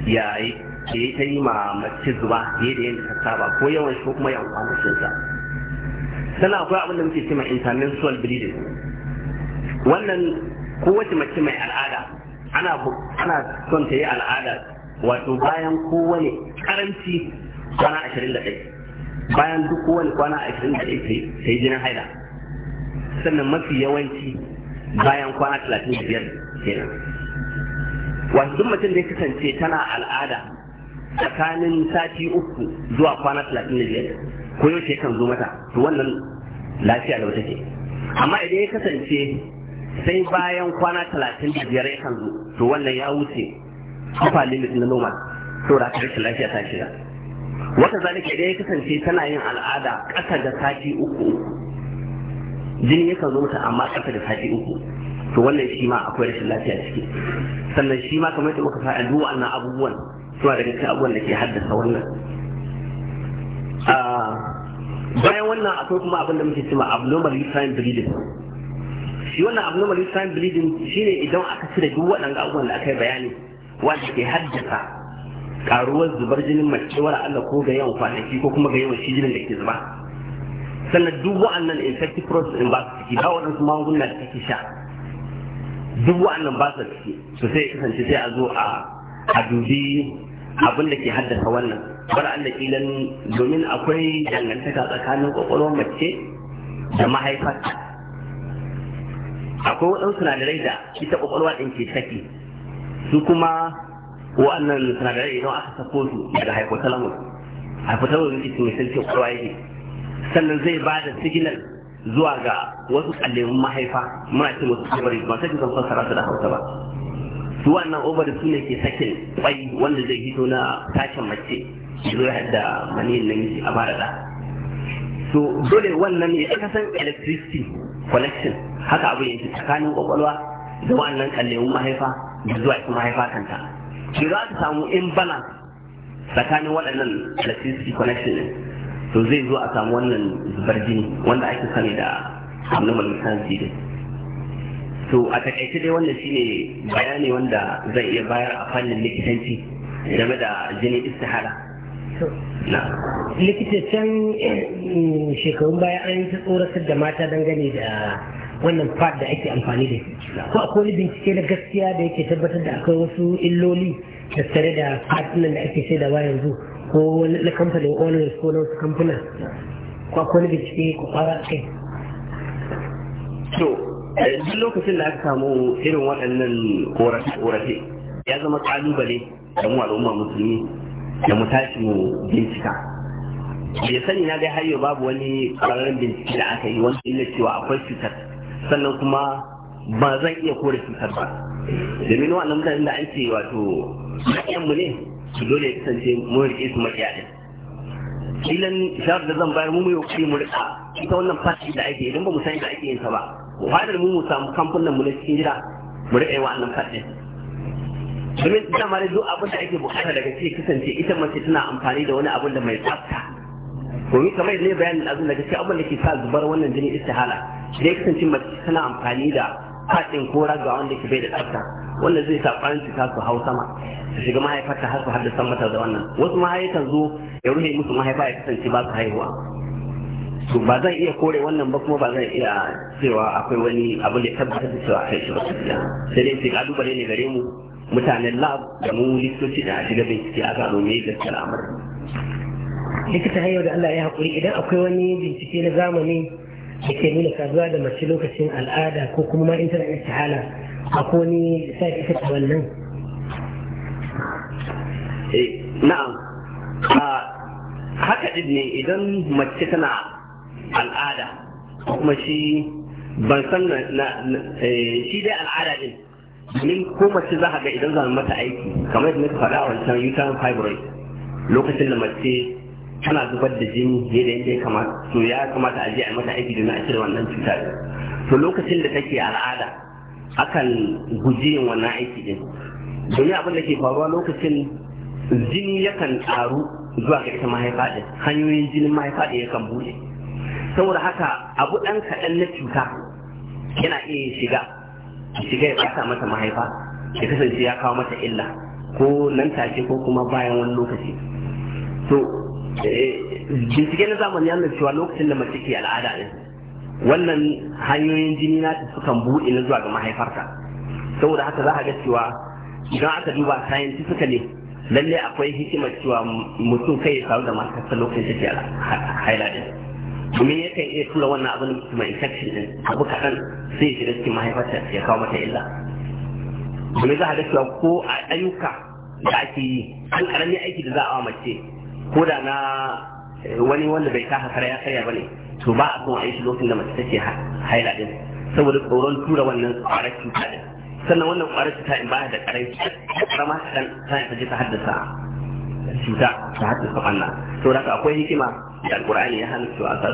ya yi ta yi ma mace zuba fiye da yadda ta saba ko yawan shi ko kuma yawan kwanakin sa sannan akwai abin da muke cewa intermenstrual bleeding wannan kowace mace mai al'ada ana ana son ta yi al'ada wato bayan kowane karanci kwana ashirin da ɗaya bayan duk kowane kwana ashirin da ɗaya ta yi jinin haila sannan mafi yawanci bayan kwana talatin da biyar kenan wato duk mutum da ya kasance tana al'ada tsakanin sati uku zuwa kwana talatin da biyar ko yaushe kan zo mata to wannan lafiya da wata ce amma idan ya kasance sai bayan kwana talatin da biyar ya kan zo to wannan ya wuce kafa limit na normal to da rashin lafiya ta shiga wata zalika idan ya kasance tana yin al'ada ƙasa da sati uku jini ya kan zo mata amma ƙasa da sati uku to wannan shi ma akwai rashin lafiya ciki sannan shi ma kamar yadda muka faɗa duk wannan abubuwan suna daga cikin abubuwan da ke haddasa wannan ah, bayan wannan akwai kuma abin da muke cewa abnormal uterine bleeding shi wannan abnormal uterine bleeding shine idan aka cire duk waɗanda abubuwan da aka yi bayani wanda ke haddasa karuwar zubar jinin mace wani Allah ko ga yawan kwanaki ko kuma ga yawan shi jinin da ke zuba sannan duk waɗannan infective process in ba su ciki ba waɗansu magunguna da take sha duk waɗannan ba su ciki so sai kasance sai a zo a dubi abin da ke haddasa wannan bar Allah kilan domin akwai dangantaka tsakanin kwakwalwar mace da mahaifarta akwai waɗansu sinadarai da ita ƙwaƙwalwa ɗin ke saki su kuma waɗannan sinadarai idan aka sako su daga hypothalamus hypothalamus ne mai sarki ƙwaƙwalwa yake sannan zai ba da signal zuwa ga wasu ƙallemin mahaifa muna ce wasu ovary ba sai kan fassara su da hausa ba su wannan ovary su ne ke sakin kwai wanda zai hito na tashin mace zai da maniyin nan a bara da so dole wannan ya san electricity collection haka abu yake tsakanin kwakwalwa da wannan kallewun mahaifa da zuwa ita mahaifa kanta shi za ta samu imbalance tsakanin waɗannan electricity connection ɗin to zai zo a samu wannan zubar jini wanda ake sani da abnormal mechanism jini to a takaice dai wannan shine bayani wanda zai iya bayar a fannin likitanci game da jinin istihara likita can eh, mm, shekarun baya an ta tsoratar da mata dangane da wannan fad da ake amfani da ko akwai wani bincike na gaskiya da yake tabbatar da akwai wasu illoli tattare da fad da ake sai da yanzu ko na kamfanin owners ko na wasu kamfuna ko akwai wani bincike ko fara kai to eh, duk lokacin da aka samu irin waɗannan korafe ya zama kalubale da mu al'umma musulmi da mu tashi mu bincika bai sani na dai har yau babu wani ƙararren bincike da aka yi wanda illa cewa akwai cutar sannan kuma ba zan iya kore cutar ba domin wannan mutanen da an ce wato mu ne su dole ya kasance mun rike su maƙiya ɗin ilan shawar da zan bayar mu mai kuɗi mu riƙa ita wannan fashi da ake idan ba mu san da ake yin ta ba fadar mu mu samu kamfanin mu na cikin gida mu riƙa yi wa'annan fashi domin dama da duk abin da ake bukata daga ce kasance ita mace tana amfani da wani abin da mai tsafta domin kamar ne bayanin azun daga ciki abin da ke sa zubar wannan jini istihala da ya kasance mace tana amfani da faɗin ko raga wanda ke bai da tsafta wanda zai sa kwayan cuta su hau sama su shiga mahaifarta har su haddasa mata da wannan wasu mahaifan zo ya rufe musu mahaifa ya kasance ba su haihuwa to ba zan iya kore wannan ba kuma ba zan iya cewa akwai wani abu da tabbatar da cewa kai shi ba sai dai sai kalubale ne gare mu mutanen lab da mu likitoci da a shiga bincike a gano me gaskiya al'amarin likita hanyar da Allah ya haƙuri idan akwai wani bincike na zamani da ke nuna kazuwa da mace lokacin al'ada ko kuma ma intanet na shahala akwai wani sa ita ta wannan na'am haka din ne idan mace tana al'ada kuma shi ban san na shi dai al'ada din domin ko mace za a ga idan zan mata aiki kamar yadda muka faɗa a wancan uterine fibroid lokacin da mace tana zubar da jini ne da yadda ya kamata to ya kamata a je a mata aiki domin a cire wannan cutar to lokacin da take al'ada akan guji yin wannan aiki din domin abin da ke faruwa lokacin jini yakan taru zuwa ga ita mahaifa ɗin hanyoyin jinin mahaifa ɗin yakan buɗe saboda haka abu ɗan kaɗan na cuta yana iya shiga shiga ya ɓata mata mahaifa ya kasance ya kawo mata illa ko nan take ko kuma bayan wani lokaci to eh, bincike na zamani ya cewa lokacin da mace ke al'ada ne wannan hanyoyin jini na sukan buɗe na zuwa ga mahaifarta saboda haka za a ga cewa idan aka duba suka ne lallai akwai hikimar cewa mutum kai ya samu da matarsa lokacin take ke al'ada domin yakan iya tura wannan abin mai infection din abu kaɗan sai ya shiga cikin mahaifarta ya kawo mata illa domin za a ga cewa ko a ayyuka da ake yi an ƙaramin aiki da za a mace ko da na eh, wani wanda bai taka kara ya karya bane to ba a son a yi shi lokacin da mace take haila din saboda tsoron tura wannan ƙwarar cuta din sannan wannan ƙwarar cuta in baya da ƙarai ƙarama kaɗan ta yi ta je ta haddasa cuta ta haddasa wannan saboda akwai hikima da alƙur'ani ya hana cewa